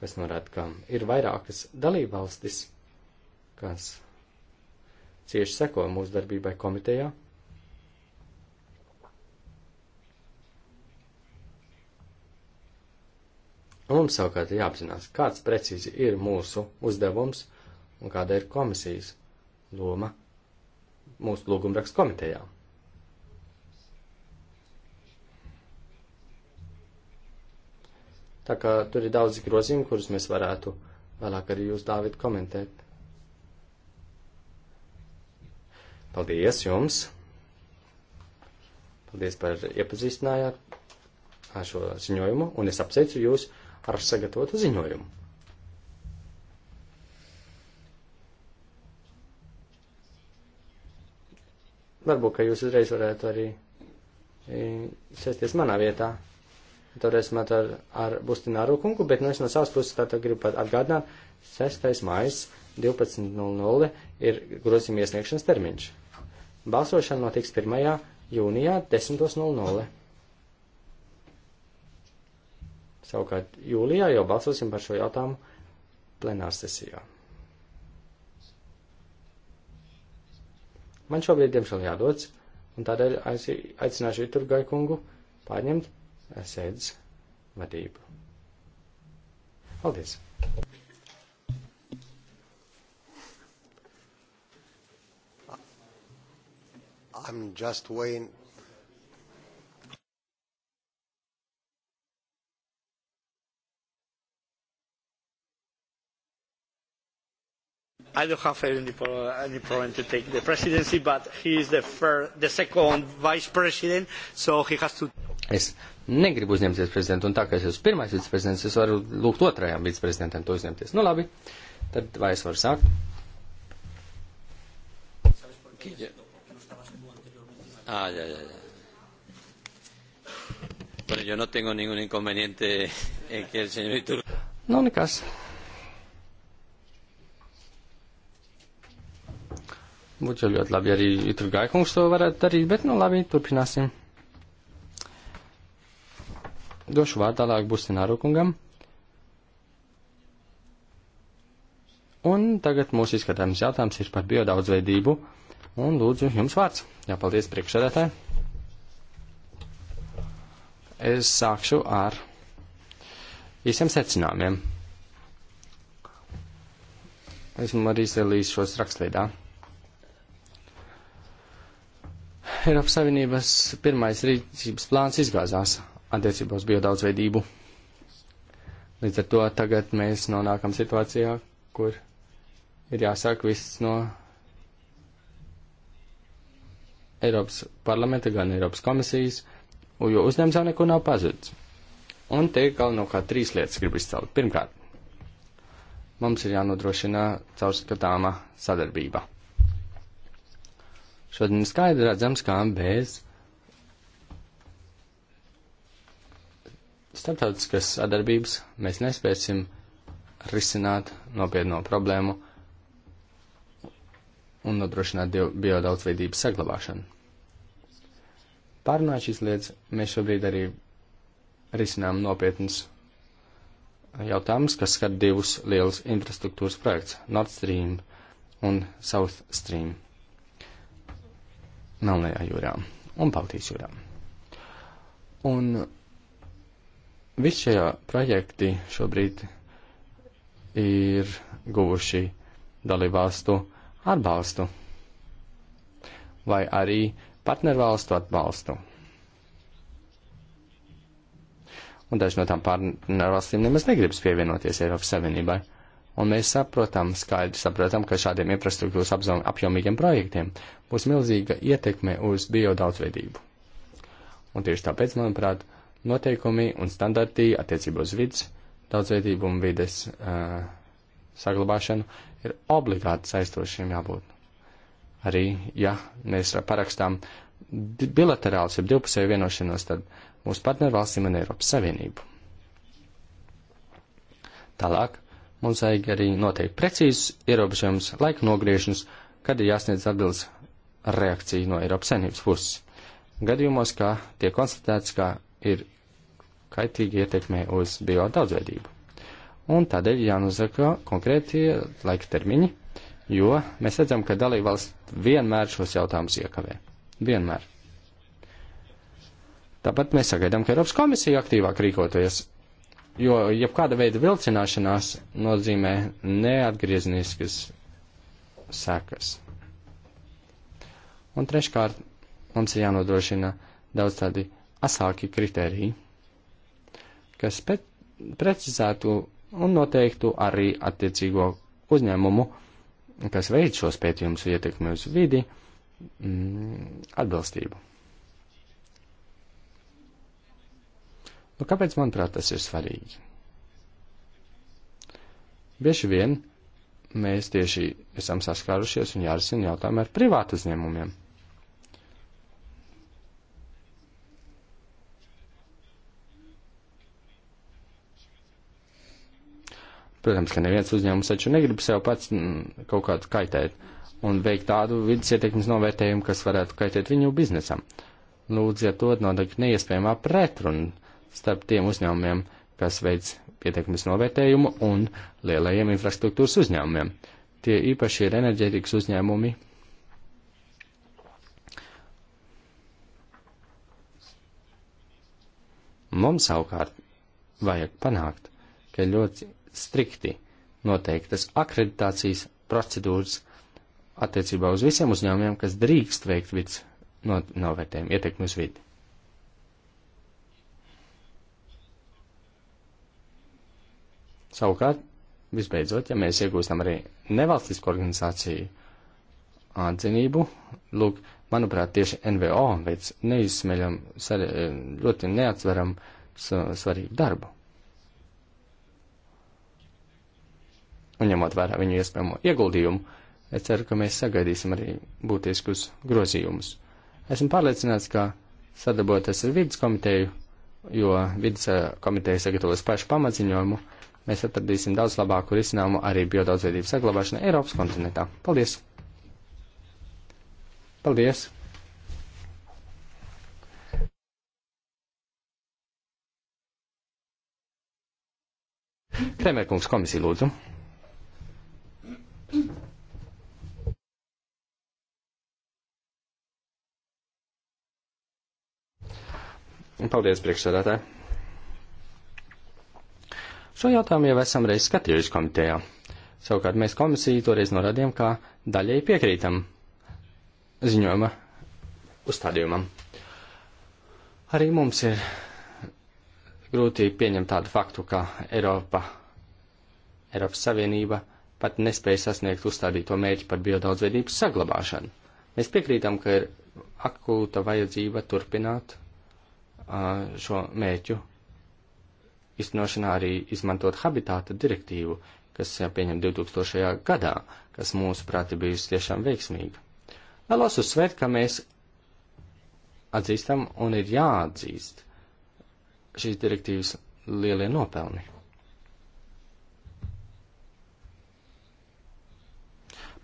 kas norāda, ka ir vairākas dalībvalstis, kas cieši seko mūsu darbībai komitejā. Un mums savukārt ir jāapzinās, kāds precīzi ir mūsu uzdevums un kāda ir komisijas loma mūsu lūgumrakstu komitejām. Tā kā tur ir daudz grozījumu, kurus mēs varētu vēlāk arī jūs, Dāvid, komentēt. Paldies jums! Paldies par iepazīstinājāt ar šo ziņojumu, un es apsveicu jūs ar sagatavotu ziņojumu. Varbūt, ka jūs uzreiz varētu arī e, sēsties manā vietā toreiz mēs ar, ar Bustināru kungu, bet nu, es no savas puses tātad gribu pat atgādināt, 6. maijas 12.00 ir grozījuma iesniegšanas termiņš. Balsošana notiks 1. jūnijā 10.00. Savukārt jūlijā jau balsosim par šo jautājumu plenārsesijā. Man šobrīd, diemžēl, jādodas, un tādēļ aicināšu Viturgai kungu pārņemt sēdes vadību. Paldies! I'm just waiting I don't have any, pro any problem to take the presidency, but he is the, fir the second vice president, so he has to. Es negribu uzņemties prezidentu, un tā kā es esmu pirmais viceprezidents, es varu lūgt otrajam viceprezidentam to uzņemties. Nu labi, tad vai es varu sākt? Ah, ya, ya, ya. Bueno, yo no tengo ningún inconveniente en que el señor Iturri. No, nekas. Būtu ļoti labi, ja arī Iturgaikungs to varētu darīt, bet nu labi, turpināsim došu vārdu tālāk Bustināru kungam. Un tagad mūsu izskatāms jautājums ir par biodaudzveidību. Un lūdzu, jums vārds. Jā, paldies priekšsēdētāji. Es sākšu ar īsiem secinājumiem. Esmu arī izdalījis šos rakstveidā. Eiropas Savienības pirmais rīcības plāns izgāzās attiecībā uz biodaudzveidību. Līdz ar to tagad mēs nonākam situācijā, kur ir jāsāk viss no Eiropas parlamenta, gan Eiropas komisijas, jo uzņēmums jau neko nav pazudis. Un te galvenokārt trīs lietas gribu izcelt. Pirmkārt, mums ir jānodrošina caurskatāma sadarbība. Šodien skaidri redzams, kā bez starptautiskas sadarbības mēs nespēsim risināt nopietno problēmu un nodrošināt biodaudzveidības saglabāšanu. Pārunāt šīs lietas mēs šobrīd arī risinām nopietnas jautājumus, kas skar divus lielus infrastruktūras projekts - Nord Stream un South Stream - Melnajā jūrā un Baltijas jūrā. Un Visi šajā projekti šobrīd ir guvuši dalībvalstu atbalstu vai arī partnervalstu atbalstu. Un daži no tām partnervalstīm nemaz negribas pievienoties Eiropas Savienībai. Un mēs saprotam, skaidri saprotam, ka šādiem infrastruktūras apjomīgiem projektiem būs milzīga ietekme uz biodaudzveidību. Un tieši tāpēc, manuprāt, noteikumi un standarti attiecībā uz vidas daudzveidību un vides uh, saglabāšanu ir obligāti saistošiem jābūt. Arī, ja mēs parakstām bilaterāls, ja divpusēju vienošanos, tad mūsu partnervalstīm un Eiropas Savienību. Tālāk mums vajag arī noteikti precīzus ierobežojumus, laika nogriešanas, kad ir jāsniedz atbildes reakcija no Eiropas Savienības puses. Gadījumos, kā tiek konstatēts, ka ir kaitīgi ietekmē uz bio daudzveidību. Un tādēļ jānosaka konkrēti laika termiņi, jo mēs redzam, ka dalībvalsts vienmēr šos jautājumus iekavē. Vienmēr. Tāpat mēs sagaidām, ka Eiropas komisija aktīvāk rīkoties, jo jebkāda veida vilcināšanās nozīmē neatgriezniskas sekas. Un treškārt, mums ir jānodrošina daudz tādi asāki kriteriji, kas pet, precizētu un noteiktu arī attiecīgo uzņēmumu, kas veic šos pētījumus ietekmi uz vidi, mm, atbilstību. Nu, kāpēc, manuprāt, tas ir svarīgi? Bieži vien mēs tieši esam saskārušies un jārisina jautājumi ar privātu uzņēmumiem. Protams, ka neviens uzņēmums taču negrib sev pats mm, kaut kādu kaitēt un veikt tādu vidas ietekmes novērtējumu, kas varētu kaitēt viņu biznesam. Lūdzu, ja to noteikti neiespējamā pretruna starp tiem uzņēmumiem, kas veids ietekmes novērtējumu un lielajiem infrastruktūras uzņēmumiem. Tie īpaši ir enerģētikas uzņēmumi. Mums savukārt vajag panākt, ka ļoti strikti noteiktas akreditācijas procedūras attiecībā uz visiem uzņēmumiem, kas drīkst veikt vidas novērtējumu ietekmi uz vidi. Savukārt, visbeidzot, ja mēs iegūstam arī nevalstisku organizāciju atzinību, lūk, manuprāt, tieši NVO veids neizsmeļam, ļoti neatsveram svarīgu darbu. un nu, ņemot vērā viņu iespējamo ieguldījumu, es ceru, ka mēs sagaidīsim arī būtiskus grozījumus. Esmu pārliecināts, ka sadarboties ar vidas komiteju, jo vidas eh, komiteja sagatavos pašu pamatziņojumu, mēs atradīsim daudz labāku risinājumu arī biodaudzveidības saglabāšanai Eiropas kontinentā. Paldies! Paldies! Kremerkungs komisija lūdzu. Paldies, priekšsēdētāji. Šo jautājumu jau esam reiz skatījuši komitejā. Savukārt mēs komisiju toreiz norādījām, kā daļai piekrītam ziņojuma uzstādījumam. Arī mums ir grūti pieņemt tādu faktu, ka Eiropa, Eiropas Savienība pat nespēja sasniegt uzstādīto mērķi par biodaudzveidības saglabāšanu. Mēs piekrītam, ka ir akūta vajadzība turpināt uh, šo mērķu iznošanā arī izmantot habitāta direktīvu, kas jāpieņem 2000. gadā, kas mūsu prāti bijusi tiešām veiksmīga. Vēlos uzsvērt, ka mēs atzīstam un ir jāatzīst šīs direktīvas lielie nopelni.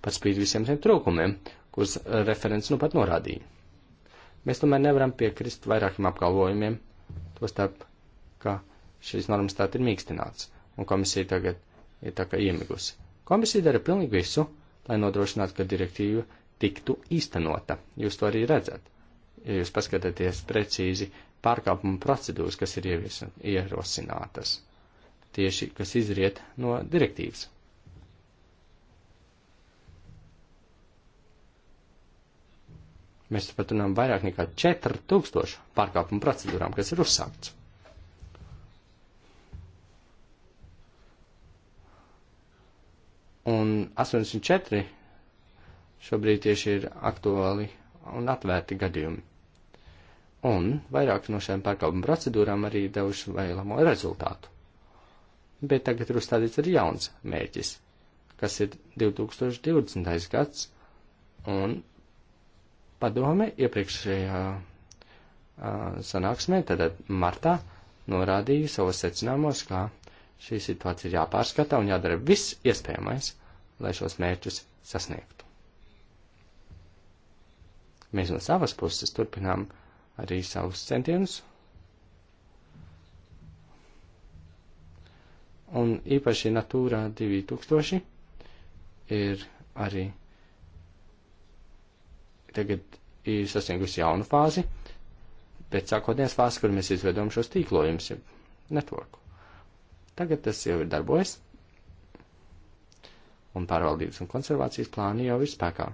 pat spīd visiem tiem trūkumiem, kurus referents nu pat norādīja. Mēs tomēr nevaram piekrist vairākiem apgalvojumiem, tostarp, ka šīs normas tā ir mīkstināts, un komisija tagad ir tā kā iemigusi. Komisija dara pilnīgi visu, lai nodrošinātu, ka direktīva tiktu īstenota. Jūs to arī redzat. Ja jūs paskatāties precīzi pārkāpuma procedūras, kas ir ierosinātas, tieši kas izriet no direktīvas. Mēs pat runājam vairāk nekā 4000 pārkāpumu procedūrām, kas ir uzsākts. Un 84 šobrīd tieši ir aktuāli un atvērti gadījumi. Un vairāk no šiem pārkāpumu procedūrām arī devuši vēlamo rezultātu. Bet tagad ir uzstādīts arī jauns mērķis, kas ir 2020. gads, un Padome iepriekšējā sanāksmē, tātad martā, norādīja savos secinājumos, ka šī situācija ir jāpārskata un jādara viss iespējamais, lai šos mērķus sasniegtu. Mēs no savas puses turpinām arī savus centienus. Un īpaši Natūrā 2000 ir arī tagad ir sasniegusi jaunu fāzi, pēc sākotnējās fāzes, kur mēs izveidojam šos tīklojumus, jau netvorku. Tagad tas jau ir darbojas, un pārvaldības un konservācijas plāni jau ir spēkā.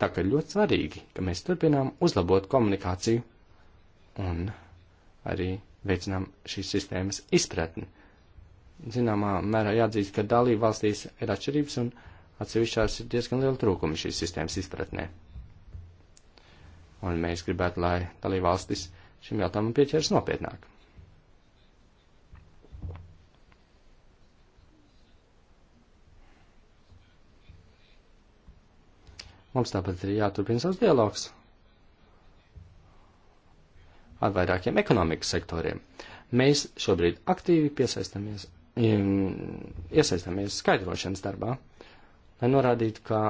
Tā ka ļoti svarīgi, ka mēs turpinām uzlabot komunikāciju un arī veicinām šīs sistēmas izpratni. Zināmā mērā jāatzīst, ka dalību valstīs ir atšķirības un atsevišķās ir diezgan liela trūkumi šīs sistēmas izpratnē un mēs gribētu, lai dalībvalstis šim jautājumam pieķers nopietnāk. Mums tāpat ir jāturpina savs dialogs ar vairākiem ekonomikas sektoriem. Mēs šobrīd aktīvi piesaistamies, iesaistamies skaidrošanas darbā, lai norādītu, ka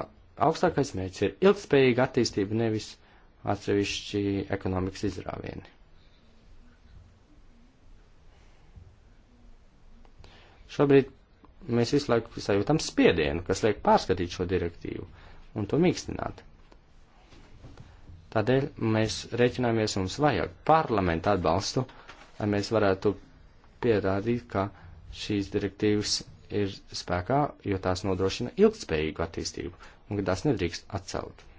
augstākais mērķis ir ilgspējīga attīstība, nevis uh, atsevišķi ekonomikas izrāvieni. Šobrīd mēs visu laiku sajūtam spiedienu, kas liek pārskatīt šo direktīvu un to mīkstināt. Tādēļ mēs reiķināmies, mums vajag parlamentu atbalstu, lai mēs varētu pierādīt, ka šīs direktīvas ir spēkā, jo tās nodrošina ilgspējīgu attīstību un ka tās nedrīkst atcelt.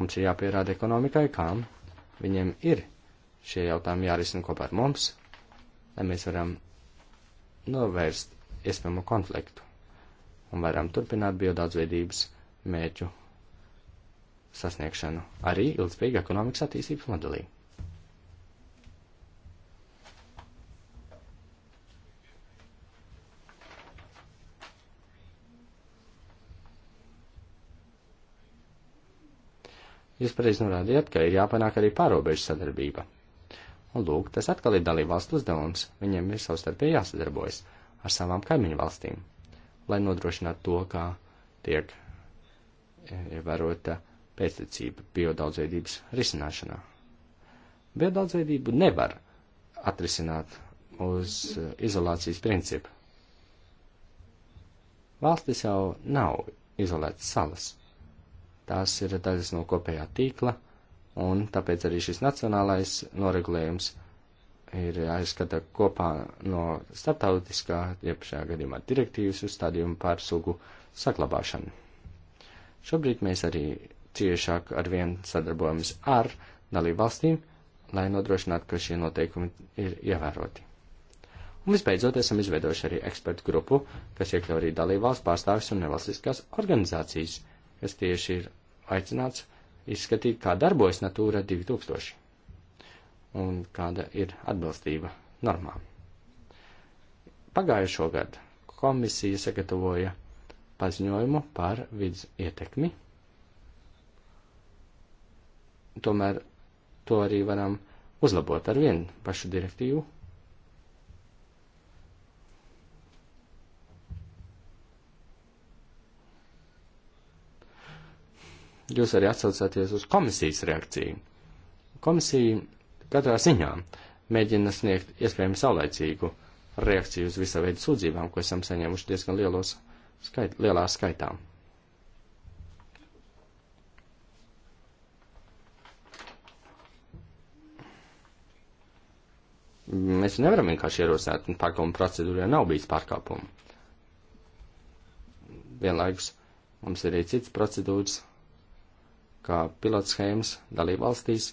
Mums ir jāpierāda ekonomikai, kām viņiem ir šie jautājumi jārisina kopā ar mums, lai mēs varam novērst iespējamo konfliktu un varam turpināt biodaudzveidības mērķu sasniegšanu arī ilgspējīga ekonomikas attīstības modelī. Jūs pareizi norādījāt, ka ir jāpanāk arī pārobežu sadarbība. Un lūk, tas atkal ir dalībvalstu uzdevums. Viņiem ir savstarpēji jāsadarbojas ar savām kaimiņu valstīm, lai nodrošinātu to, kā tiek e, ievērota pēctecība biodaudzveidības risināšanā. Biodaudzveidību nevar atrisināt uz e, izolācijas principu. Valstis jau nav izolētas salas Tās ir daļas no kopējā tīkla, un tāpēc arī šis nacionālais noregulējums ir jāizskata kopā no starptautiskā, jeb šajā gadījumā direktīvas uzstādījuma pārsugu saglabāšanu. Šobrīd mēs arī ciešāk ar vien sadarbojamies ar dalībvalstīm, lai nodrošinātu, ka šie noteikumi ir ievēroti. Un visbeidzot, esam izveidojuši arī ekspertu grupu, kas iekļauj arī dalībvalstu pārstāvis un nevalstiskās organizācijas, kas tieši ir aicināts izskatīt, kā darbojas Natūra 2000 un kāda ir atbilstība normām. Pagājušo gadu komisija sagatavoja paziņojumu par vidus ietekmi. Tomēr to arī varam uzlabot ar vienu pašu direktīvu jūs arī atsaucāties uz komisijas reakciju. Komisija katrā ziņā mēģina sniegt iespējami saulaicīgu reakciju uz visā veidu sūdzībām, ko esam saņēmuši diezgan lielos, skait, lielā skaitā. Mēs nevaram vienkārši ierosināt pārkāpumu procedūru, jo nav bijis pārkāpumu. Vienlaikus mums ir arī cits procedūras kā pilotschēmas dalību valstīs,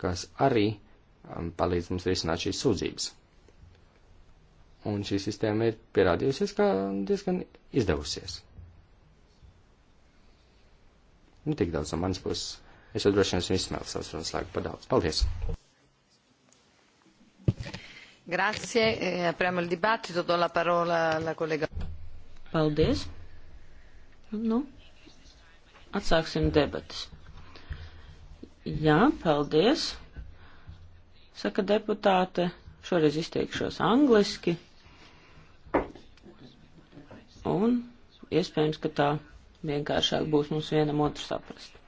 kas arī um, palīdz mums risināt šīs sūdzības. Un šī sistēma ir pierādījusies, kā diezgan izdevusies. Nu, tik daudz no manas puses. Es jau droši vien esmu izsmēlis savus runas laiku par daudz. Paldies! Grazie, eh, apriamo il dibattito, do la parola alla collega. Paldies. Nu, Atsāksim debatas. Jā, paldies. Saka deputāte, šoreiz izteikšos angliski. Un iespējams, ka tā vienkāršāk būs mums vienam otru saprast.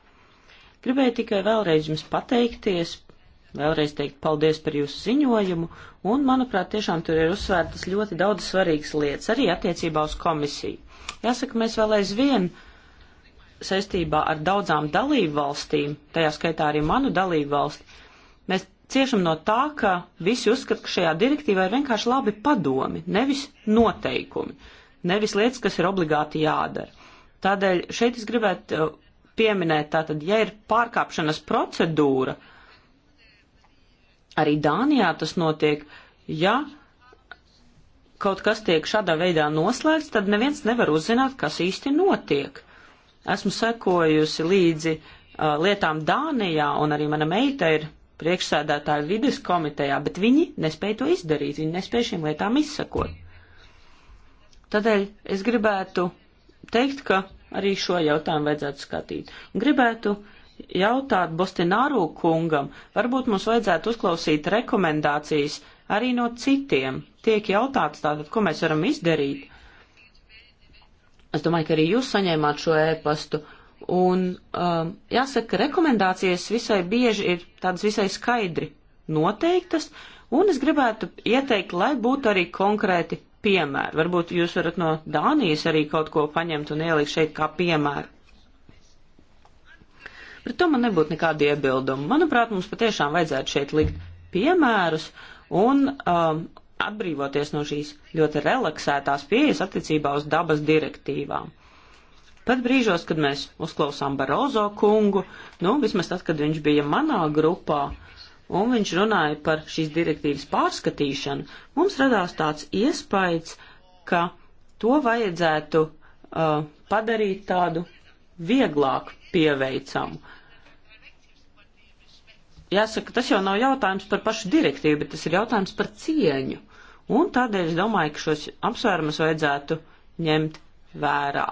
Gribēju tikai vēlreiz jums pateikties, vēlreiz teikt paldies par jūsu ziņojumu, un, manuprāt, tiešām tur ir uzsvērtas ļoti daudz svarīgas lietas, arī attiecībā uz komisiju. Jāsaka, mēs vēl aizvien saistībā ar daudzām dalību valstīm, tajā skaitā arī manu dalību valsti, mēs ciešam no tā, ka visi uzskata, ka šajā direktīvā ir vienkārši labi padomi, nevis noteikumi, nevis lietas, kas ir obligāti jādara. Tādēļ šeit es gribētu uh, pieminēt, tātad, ja ir pārkāpšanas procedūra, arī Dānijā tas notiek, ja kaut kas tiek šādā veidā noslēgts, tad neviens nevar uzzināt, kas īsti notiek. Esmu sekojusi līdzi uh, lietām Dānijā, un arī mana meita ir priekšsēdētāja vides komitejā, bet viņi nespēja to izdarīt, viņi nespēja šīm lietām izsakot. Tādēļ es gribētu teikt, ka arī šo jautājumu vajadzētu skatīt. Un gribētu jautāt Bostināru kungam, varbūt mums vajadzētu uzklausīt rekomendācijas arī no citiem. Tiek jautāts tātad, ko mēs varam izdarīt. Es domāju, ka arī jūs saņēmāt šo ēpastu. Un um, jāsaka, ka rekomendācijas visai bieži ir tādas visai skaidri noteiktas, un es gribētu ieteikt, lai būtu arī konkrēti piemēri. Varbūt jūs varat no Dānijas arī kaut ko paņemt un ielikt šeit kā piemēru. Pret to man nebūtu nekāda iebilduma. Manuprāt, mums patiešām vajadzētu šeit likt piemērus un um, atbrīvoties no šīs ļoti relaksētās pieejas attiecībā uz dabas direktīvām. Pat brīžos, kad mēs uzklausām Barozo kungu, nu, vismaz tad, kad viņš bija manā grupā, un viņš runāja par šīs direktīvas pārskatīšanu, mums radās tāds iespējas, ka to vajadzētu uh, padarīt tādu vieglāk pieveicamu. Jāsaka, tas jau nav jautājums par pašu direktīvu, bet tas ir jautājums par cieņu. Un tādēļ es domāju, ka šos apsvērumus vajadzētu ņemt vērā.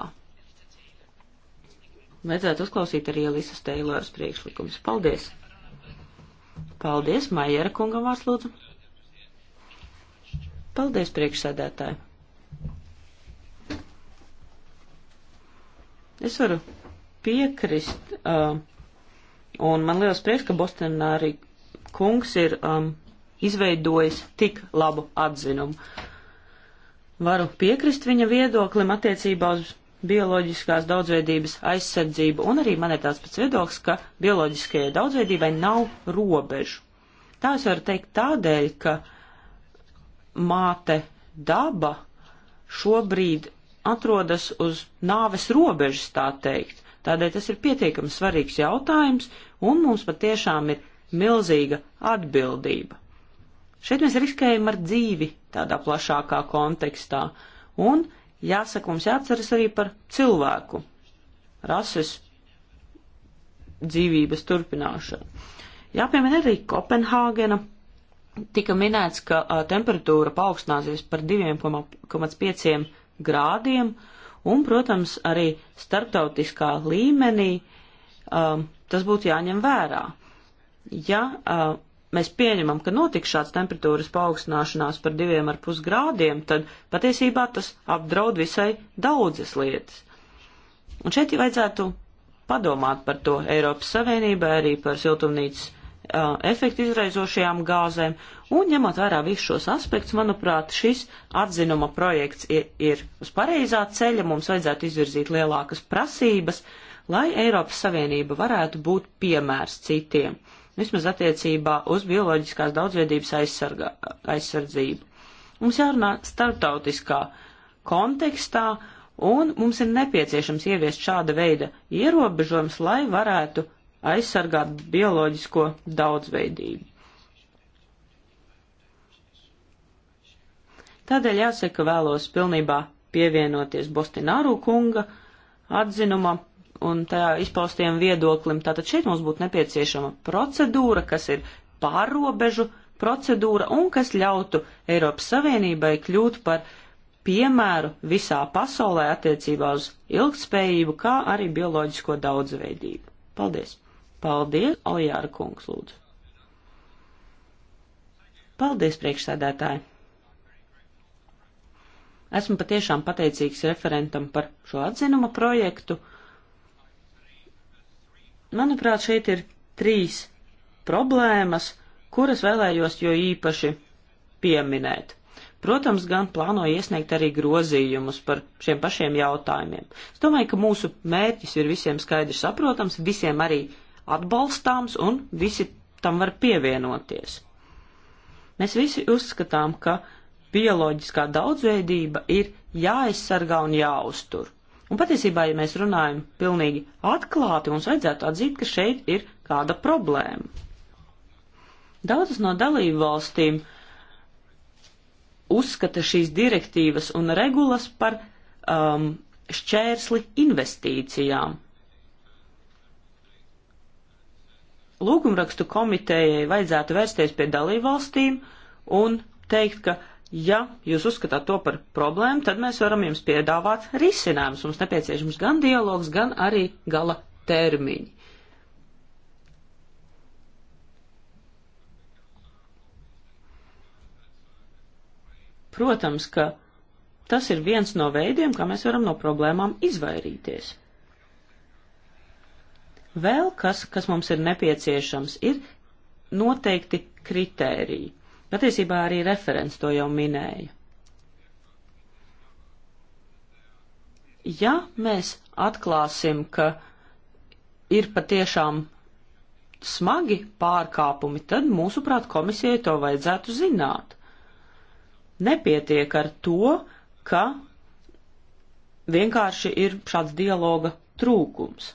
Vajadzētu uzklausīt arī Elisas Teiloras priekšlikumus. Paldies! Paldies, Maiera kungam vārds lūdzu. Paldies, priekšsēdētāji. Es varu piekrist, uh, un man liels prieks, ka Bostonā arī kungs ir um, izveidojis tik labu atzinumu. Varu piekrist viņa viedoklim attiecībā uz bioloģiskās daudzveidības aizsardzību, un arī man ir tāds pats viedoklis, ka bioloģiskajai daudzveidībai nav robežu. Tā es varu teikt tādēļ, ka māte daba šobrīd atrodas uz nāves robežas, tā teikt. Tādēļ tas ir pietiekami svarīgs jautājums, un mums patiešām ir milzīga atbildība. Šeit mēs riskējam ar dzīvi tādā plašākā kontekstā. Un jāsaka, mums jāatceras arī par cilvēku rases dzīvības turpināšanu. Jāpiemina arī Kopenhāgena. Tika minēts, ka a, temperatūra paaugstināsies par 2,5 grādiem, un, protams, arī starptautiskā līmenī a, tas būtu jāņem vērā. Ja a, mēs pieņemam, ka notiks šāds temperatūras paaugstināšanās par diviem ar pus grādiem, tad patiesībā tas apdraud visai daudzas lietas. Un šeit vajadzētu padomāt par to Eiropas Savienībai, arī par siltumnīcas uh, efektu izraizošajām gāzēm, un ņemot vērā visus šos aspektus, manuprāt, šis atzinuma projekts ir, ir uz pareizā ceļa, mums vajadzētu izvirzīt lielākas prasības, lai Eiropas Savienība varētu būt piemērs citiem. Uh, vismaz attiecībā uz bioloģiskās daudzveidības aizsarga, aizsardzību. Mums jārunā starptautiskā kontekstā, un mums ir nepieciešams ieviest šāda veida ierobežojums, lai varētu aizsargāt bioloģisko daudzveidību. Tādēļ jāsaka, vēlos pilnībā pievienoties Bostināru kunga atzinumam un tajā izpaustiem viedoklim. Tātad šeit mums būtu nepieciešama procedūra, kas ir pārobežu procedūra un kas ļautu Eiropas Savienībai kļūt par piemēru visā pasaulē attiecībā uz ilgtspējību, kā arī bioloģisko daudzveidību. Paldies! Paldies, Aljāra kungs, lūdzu! Paldies, priekšsēdētāji! Esmu patiešām pateicīgs referentam par šo atzinuma projektu Manuprāt, šeit ir trīs problēmas, kuras vēlējos jo īpaši pieminēt. Protams, gan plānoju iesniegt arī grozījumus par šiem pašiem jautājumiem. Es domāju, ka mūsu mērķis ir visiem skaidrs saprotams, visiem arī atbalstāms un visi tam var pievienoties. Mēs visi uzskatām, ka bioloģiskā daudzveidība ir jāaizsargā un jāuztur. Un patiesībā, ja mēs runājam pilnīgi atklāti, mums vajadzētu atzīt, ka šeit ir kāda problēma. Daudzas no dalību valstīm uzskata šīs direktīvas un regulas par um, šķērsli investīcijām. Lūgumrakstu komitejai vajadzētu vērsties pie dalību valstīm un teikt, ka Ja jūs uzskatāt to par problēmu, tad mēs varam jums piedāvāt risinājumus. Mums nepieciešams gan dialogs, gan arī gala termiņi. Protams, ka tas ir viens no veidiem, kā mēs varam no problēmām izvairīties. Vēl kas, kas mums ir nepieciešams, ir noteikti kritēriji. Patiesībā arī referents to jau minēja. Ja mēs atklāsim, ka ir patiešām smagi pārkāpumi, tad, mūsuprāt, komisijai to vajadzētu zināt. Nepietiek ar to, ka vienkārši ir šāds dialoga trūkums.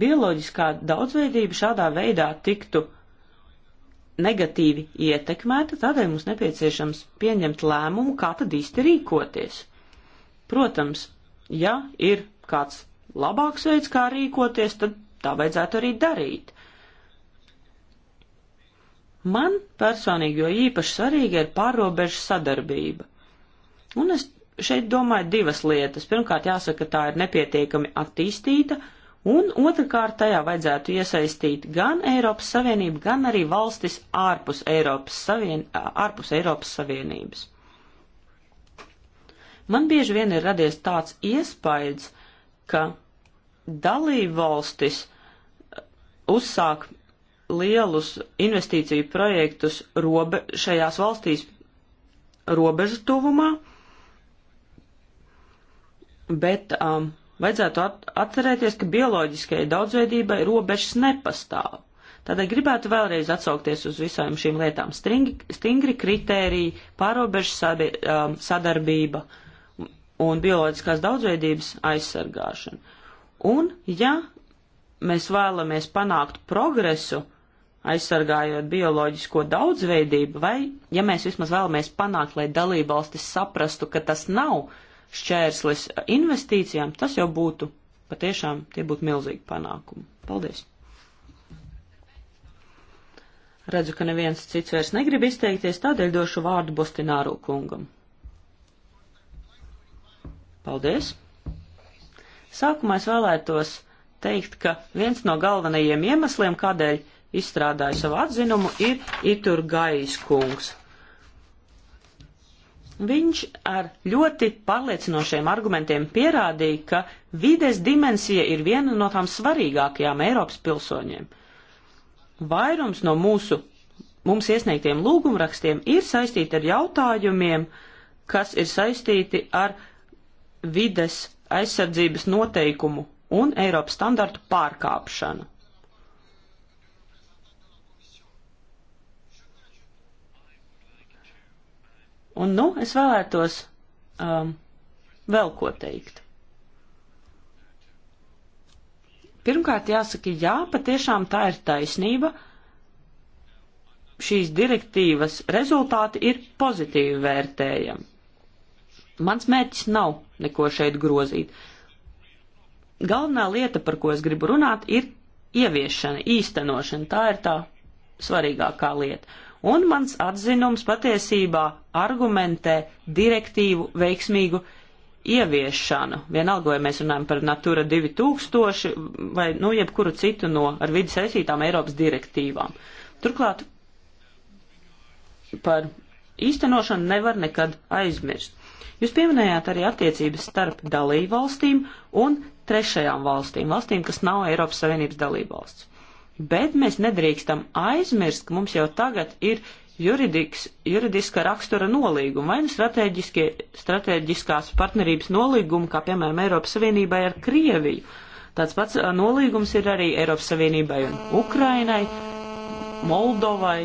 bioloģiskā daudzveidība šādā veidā tiktu negatīvi ietekmēta, tādēļ mums nepieciešams pieņemt lēmumu, kā tad īsti rīkoties. Protams, ja ir kāds labāks veids, kā rīkoties, tad tā vajadzētu arī darīt. Man personīgi jo īpaši svarīga ir pārobežu sadarbība. Un es šeit domāju divas lietas. Pirmkārt, jāsaka, tā ir nepietiekami attīstīta, Un otrkārt tajā vajadzētu iesaistīt gan Eiropas Savienību, gan arī valstis ārpus Eiropas, Savien... ārpus Eiropas Savienības. Man bieži vien ir radies tāds iespējas, ka dalību valstis uh, uzsāk lielus investīciju projektus robe, šajās valstīs robežu tuvumā, bet um, Vajadzētu at atcerēties, ka bioloģiskajai daudzveidībai robežas nepastāv. Tādēļ gribētu vēlreiz atsaukties uz visām šīm lietām. Stringi, stingri kritēriji, pārobežu um, sadarbība un bioloģiskās daudzveidības aizsargāšana. Un, ja mēs vēlamies panākt progresu, aizsargājot bioloģisko daudzveidību, vai, ja mēs vismaz vēlamies panākt, lai dalībvalstis saprastu, ka tas nav šķērslis investīcijām, tas jau būtu patiešām tie būtu milzīgi panākumi. Paldies! Redzu, ka neviens cits vairs negrib izteikties, tādēļ došu vārdu Bostināru kungam. Paldies! Sākumā es vēlētos teikt, ka viens no galvenajiem iemesliem, kādēļ izstrādāju savu atzinumu, ir Itur Gais kungs, Viņš ar ļoti pārliecinošiem argumentiem pierādīja, ka vides dimensija ir viena no tām svarīgākajām Eiropas pilsoņiem. Vairums no mūsu mums iesniegtiem lūgumrakstiem ir saistīti ar jautājumiem, kas ir saistīti ar vides aizsardzības noteikumu un Eiropas standartu pārkāpšanu. Un, nu, es vēlētos um, vēl ko teikt. Pirmkārt, jāsaka, jā, patiešām tā ir taisnība. Šīs direktīvas rezultāti ir pozitīvi vērtējami. Mans mērķis nav neko šeit grozīt. Galvenā lieta, par ko es gribu runāt, ir ieviešana, īstenošana. Tā ir tā svarīgākā lieta un mans atzinums patiesībā argumentē direktīvu veiksmīgu ieviešanu. Vienalga, vai mēs runājam par Natura 2000 vai, nu, jebkuru citu no ar vidi saistītām Eiropas direktīvām. Turklāt par īstenošanu nevar nekad aizmirst. Jūs pieminējāt arī attiecības starp dalību valstīm un trešajām valstīm, valstīm, kas nav Eiropas Savienības dalību valsts bet mēs nedrīkstam aizmirst, ka mums jau tagad ir juridiks, juridiska rakstura nolīguma vai nu strateģiskās partnerības nolīguma, kā piemēram Eiropas Savienībai ar Krieviju. Tāds pats nolīgums ir arī Eiropas Savienībai un Ukrainai, Moldovai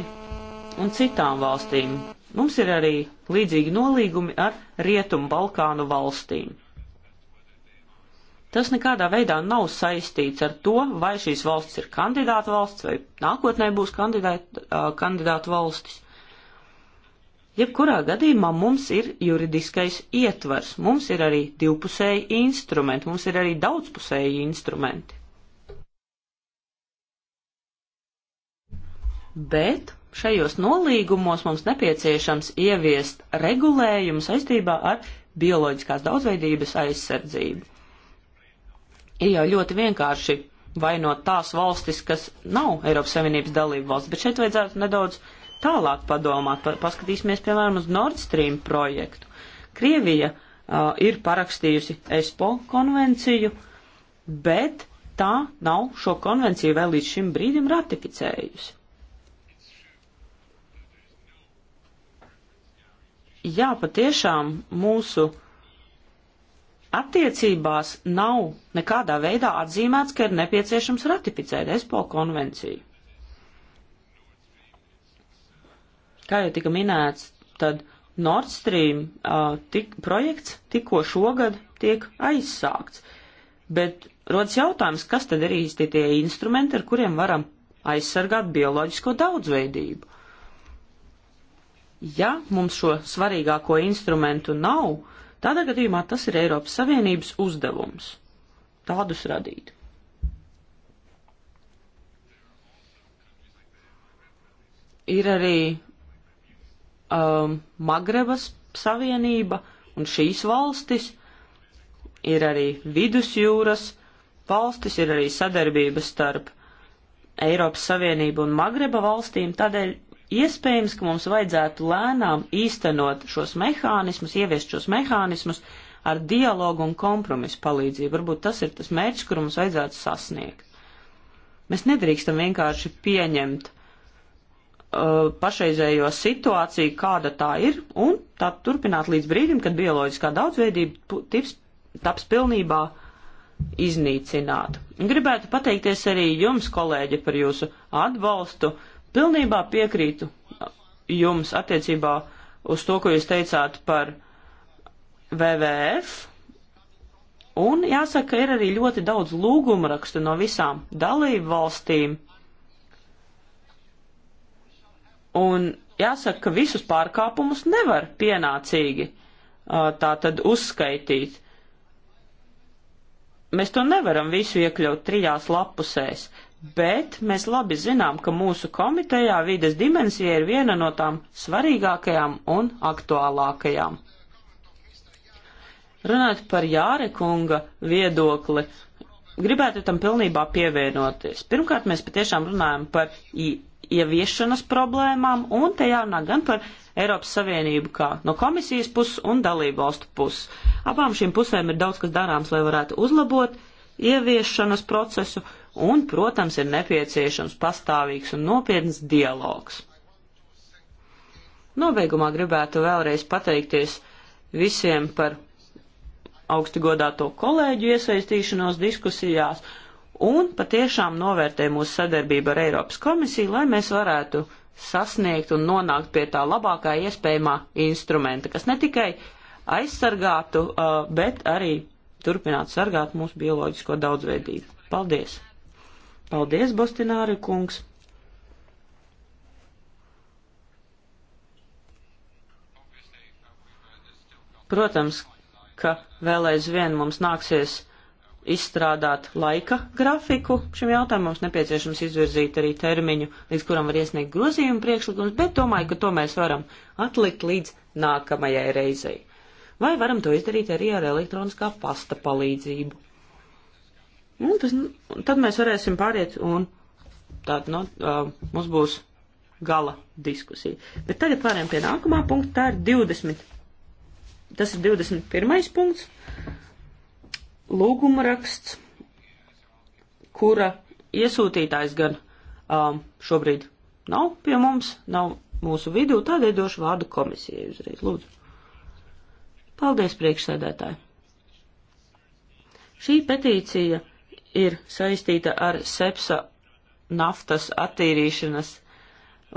un citām valstīm. Mums ir arī līdzīgi nolīgumi ar Rietumu Balkānu valstīm. Tas nekādā veidā nav saistīts ar to, vai šīs valsts ir kandidāta valsts vai nākotnē būs kandidāta, kandidāta valstis. Jebkurā gadījumā mums ir juridiskais ietvers, mums ir arī divpusēji instrumenti, mums ir arī daudzpusēji instrumenti. Bet šajos nolīgumos mums nepieciešams ieviest regulējumu saistībā ar bioloģiskās daudzveidības aizsardzību ir jau ļoti vienkārši vainot tās valstis, kas nav Eiropas Savienības dalība valsts, bet šeit vajadzētu nedaudz tālāk padomāt. Pa, paskatīsimies, piemēram, uz Nord Stream projektu. Krievija uh, ir parakstījusi ESPO konvenciju, bet tā nav šo konvenciju vēl līdz šim brīdim ratificējusi. Jā, patiešām mūsu attiecībās nav nekādā veidā atzīmēts, ka ir nepieciešams ratificēt ESPO konvenciju. Kā jau tika minēts, tad Nord Stream uh, tik, projekts tikko šogad tiek aizsākts, bet rodas jautājums, kas tad ir īsti tie instrumenti, ar kuriem varam aizsargāt bioloģisko daudzveidību. Ja mums šo svarīgāko instrumentu nav, Tādā gadījumā tas ir Eiropas Savienības uzdevums - tādus radīt. Ir arī um, Magrebas Savienība un šīs valstis, ir arī Vidusjūras valstis, ir arī sadarbības starp Eiropas Savienību un Magreba valstīm, tādēļ iespējams, ka mums vajadzētu lēnām īstenot šos mehānismus, ieviest šos mehānismus ar dialogu un kompromisu palīdzību. Varbūt tas ir tas mērķis, kuru mums vajadzētu sasniegt. Mēs nedrīkstam vienkārši pieņemt uh, pašreizējo situāciju, kāda tā ir, un tā turpināt līdz brīdim, kad bioloģiskā daudzveidība tips, taps pilnībā iznīcināta. Gribētu pateikties arī jums, kolēģi, par jūsu atbalstu. Uh, Pilnībā piekrītu uh, jums attiecībā uz to, ko jūs teicāt par VVF. Un jāsaka, ir arī ļoti daudz lūgumrakstu no visām dalību valstīm. Un jāsaka, ka visus pārkāpumus nevar pienācīgi uh, tā tad uzskaitīt. Mēs to nevaram visu iekļaut trijās lapusēs bet mēs labi zinām, ka mūsu komitejā vides dimensija ir viena no tām svarīgākajām un aktuālākajām. Runājot par Jārekunga viedokli, gribētu tam pilnībā pievienoties. Pirmkārt, mēs patiešām runājam par ieviešanas problēmām, un te jārunā gan par Eiropas Savienību kā no komisijas puses un dalību valstu puses. Abām šīm pusēm ir daudz kas darāms, lai varētu uzlabot ieviešanas procesu, un, protams, ir nepieciešams pastāvīgs un nopietns dialogs. Nobeigumā gribētu vēlreiz pateikties visiem par augsti godāto kolēģu iesaistīšanos diskusijās un patiešām novērtē mūsu sadarbību ar Eiropas komisiju, lai mēs varētu sasniegt un nonākt pie tā labākā iespējamā instrumenta, kas ne tikai aizsargātu, uh, bet arī turpinātu sargāt mūsu bioloģisko daudzveidību. Paldies! Paldies, Bostināra kungs! Protams, ka vēl aizvien mums nāksies izstrādāt laika grafiku. Šim jautājumam mums nepieciešams izvirzīt arī termiņu, līdz kuram var iesniegt grozījumu priekšlikums, bet domāju, ka to mēs varam atlikt līdz nākamajai reizei. Vai varam to izdarīt arī ar elektroniskā pasta palīdzību. Un nu, tas, nu, tad mēs varēsim pāriet un tad, nu, uh, mums būs gala diskusija. Bet tagad pārējām pie nākamā punkta, tā ir 20. Tas ir 21. punkts. Lūguma raksts, kura iesūtītājs gan um, šobrīd nav pie mums, nav mūsu vidū, tādēļ došu vārdu komisijai uzreiz. Lūdzu. Paldies, priekšsēdētāji. Šī petīcija ir saistīta ar sepsa naftas attīrīšanas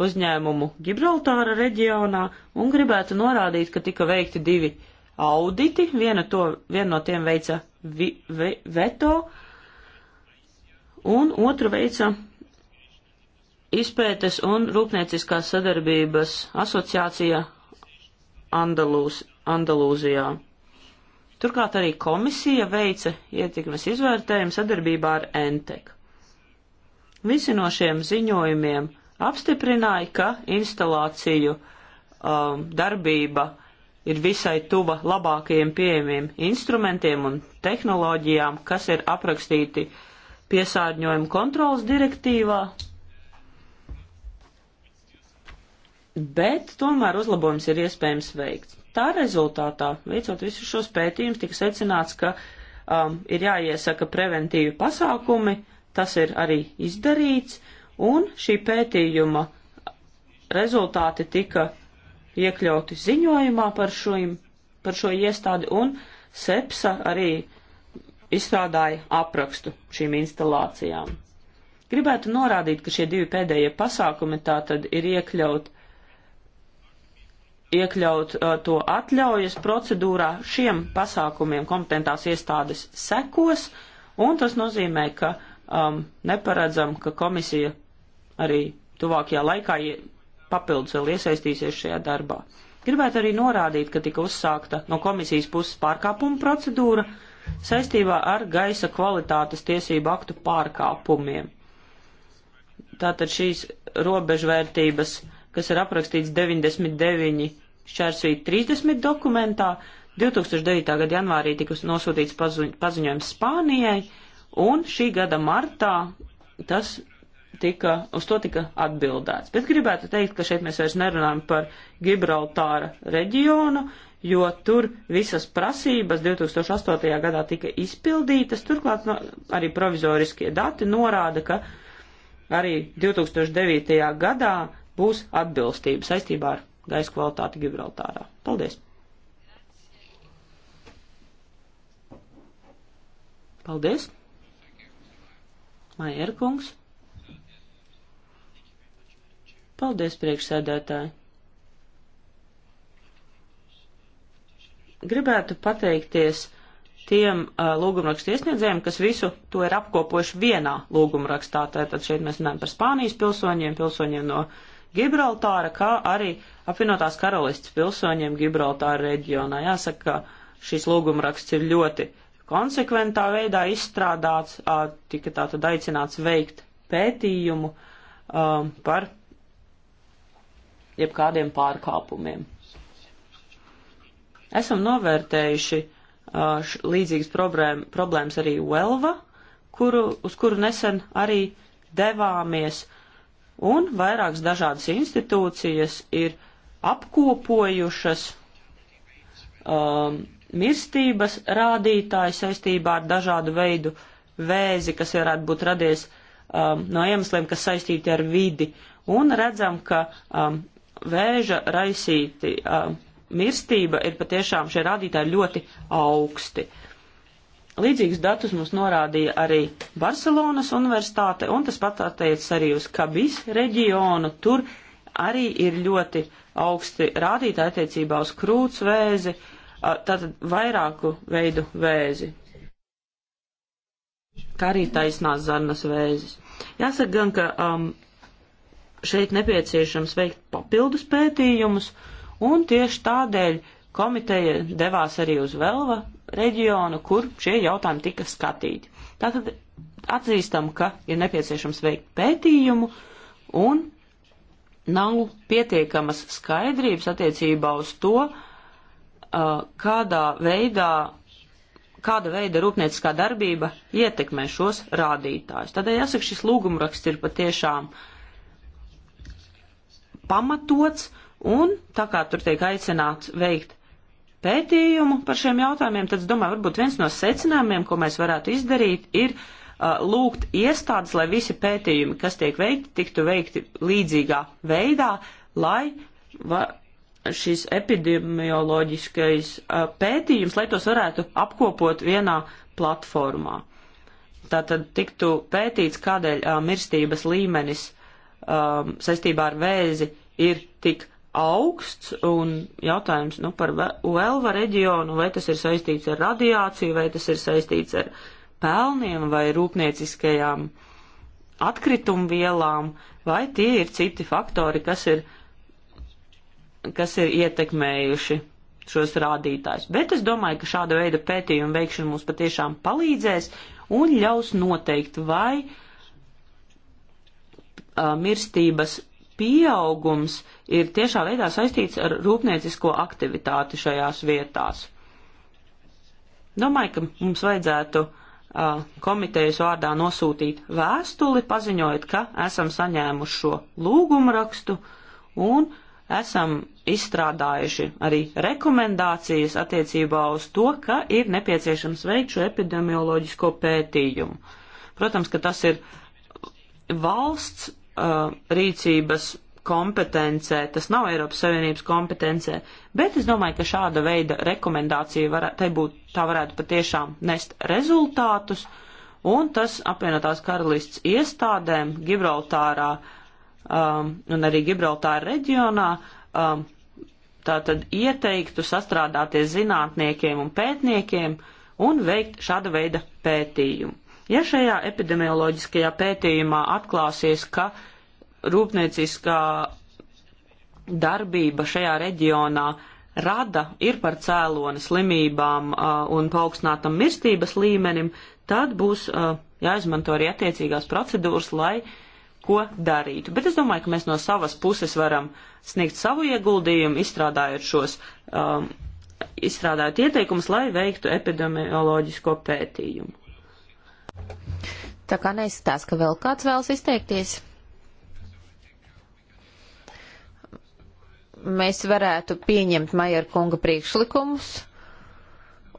uzņēmumu Gibraltāra reģionā un gribētu norādīt, ka tika veikti divi auditi. Viena to, vien no tiem veica vi, vi, veto un otru veica izpētes un rūpnieciskās sadarbības asociācija Andalūz, Andalūzijā. Turklāt arī komisija veica ietekmes izvērtējumu sadarbībā ar ENTEK. Visi no šiem ziņojumiem apstiprināja, ka instalāciju um, darbība ir visai tuva labākajiem pieejamiem instrumentiem un tehnoloģijām, kas ir aprakstīti piesārņojuma kontrolas direktīvā, bet tomēr uzlabojums ir iespējams veikts. Tā rezultātā, veicot visus šos pētījumus, tika secināts, ka um, ir jāiesaka preventīvi pasākumi, tas ir arī izdarīts, un šī pētījuma rezultāti tika iekļauti ziņojumā par šo, par šo iestādi, un SEPSA arī izstrādāja aprakstu šīm instalācijām. Gribētu norādīt, ka šie divi pēdējie pasākumi tātad ir iekļaut iekļaut uh, to atļaujas procedūrā šiem pasākumiem kompetentās iestādes sekos, un tas nozīmē, ka um, neparedzam, ka komisija arī tuvākajā laikā papildus vēl iesaistīsies šajā darbā. Gribētu arī norādīt, ka tika uzsākta no komisijas puses pārkāpuma procedūra saistībā ar gaisa kvalitātes tiesību aktu pārkāpumiem. Tātad šīs robežvērtības, kas ir aprakstīts 99 šķērsvīt 30 dokumentā. 2009. gada janvārī tika nosūtīts pazu, paziņojums Spānijai, un šī gada martā tas tika, uz to tika atbildēts. Bet gribētu teikt, ka šeit mēs vairs nerunājam par Gibraltāra reģionu, jo tur visas prasības 2008. gadā tika izpildītas, turklāt no, nu, arī provizoriskie dati norāda, ka arī 2009. gadā būs atbilstība saistībā ar gaisa kvalitāti Gibraltārā. Paldies! Paldies! Maier kungs! Paldies, priekšsēdētāji! Gribētu pateikties tiem uh, lūgumrakstu iesniedzējiem, kas visu to ir apkopojuši vienā lūgumrakstā. Tātad šeit mēs runājam par Spānijas pilsoņiem, pilsoņiem no uh, Gibraltāra, kā arī apvienotās karalists pilsoņiem Gibraltāra reģionā. Jāsaka, ka šis lūgumraksts ir ļoti konsekventā veidā izstrādāts, tika tātad aicināts veikt pētījumu um, par jebkādiem pārkāpumiem. Esam novērtējuši uh, š, līdzīgas problēma, problēmas arī Uelva, kuru, uz kuru nesen arī devāmies un vairākas dažādas institūcijas ir apkopojušas um, mirstības rādītāju saistībā ar dažādu veidu vēzi, kas varētu būt radies um, no iemesliem, kas saistīti ar vidi. Un redzam, ka um, vēža raisīti um, mirstība ir patiešām šie rādītāji ļoti augsti. Uh, Līdzīgus datus mums norādīja arī Barcelonas universitāte, un tas pat attiecas arī uz Kabis reģionu. Tur arī ir ļoti augsti rādītāji attiecībā uz krūtsvēzi, tātad vairāku veidu vēzi, kā arī taisnās zarnas vēzis. Jāsaka gan, ka um, šeit nepieciešams veikt papildus pētījumus, un tieši tādēļ komiteja devās arī uz Velva reģionu, kur šie jautājumi tika skatīti. Tātad atzīstam, ka ir nepieciešams veikt pētījumu un nav pietiekamas skaidrības attiecībā uz to, uh, kādā veidā, kāda veida rūpnieciskā darbība ietekmē šos rādītājus. Tādēļ jāsaka, šis lūgumraksts ir patiešām pamatots un tā kā tur tiek aicināts veikt pētījumu par šiem jautājumiem, tad es domāju, varbūt viens no secinājumiem, ko mēs varētu izdarīt, ir uh, lūgt iestādes, lai visi pētījumi, kas tiek veikti, tiktu veikti līdzīgā veidā, lai va, šis epidemioloģiskais uh, pētījums, lai tos varētu apkopot vienā platformā. Tātad tiktu pētīts, kādēļ uh, mirstības līmenis um, saistībā ar vēzi ir tik augsts, un jautājums nu, par Uelva reģionu, vai tas ir saistīts ar radiāciju, vai tas ir saistīts ar pelniem vai rūpnieciskajām atkritumvielām, vai tie ir citi faktori, kas ir, kas ir ietekmējuši šos rādītājus. Bet es domāju, ka šāda veida pētījuma veikšana mums patiešām palīdzēs un ļaus noteikt, vai uh, mirstības pieaugums ir tiešā veidā saistīts ar rūpniecisko aktivitāti šajās vietās. Domāju, ka mums vajadzētu uh, komitejas vārdā nosūtīt vēstuli, paziņojot, ka esam saņēmuši šo lūgumu rakstu un esam izstrādājuši arī rekomendācijas attiecībā uz to, ka ir nepieciešams veikt šo epidemioloģisko pētījumu. Protams, ka tas ir valsts uh, rīcības kompetencē, tas nav Eiropas Savienības kompetencē, bet es domāju, ka šāda veida rekomendācija varētu, tai būtu, tā varētu patiešām nest rezultātus, un tas apvienotās karalists iestādēm Gibraltārā um, un arī Gibraltāra reģionā um, tātad ieteiktu sastrādāties zinātniekiem un pētniekiem un veikt šāda veida pētījumu. Ja šajā epidemioloģiskajā pētījumā atklāsies, ka rūpnieciskā darbība šajā reģionā rada ir par cēloni slimībām uh, un paaugstinātam mirstības līmenim, tad būs uh, jāizmanto arī attiecīgās procedūras, lai ko darītu. Bet es domāju, ka mēs no savas puses varam sniegt savu ieguldījumu, izstrādājot šos, um, izstrādājot ieteikumus, lai veiktu epidemioloģisko pētījumu. Tā kā neizskatās, ka vēl kāds vēlas izteikties. Mēs varētu pieņemt Majer kunga priekšlikumus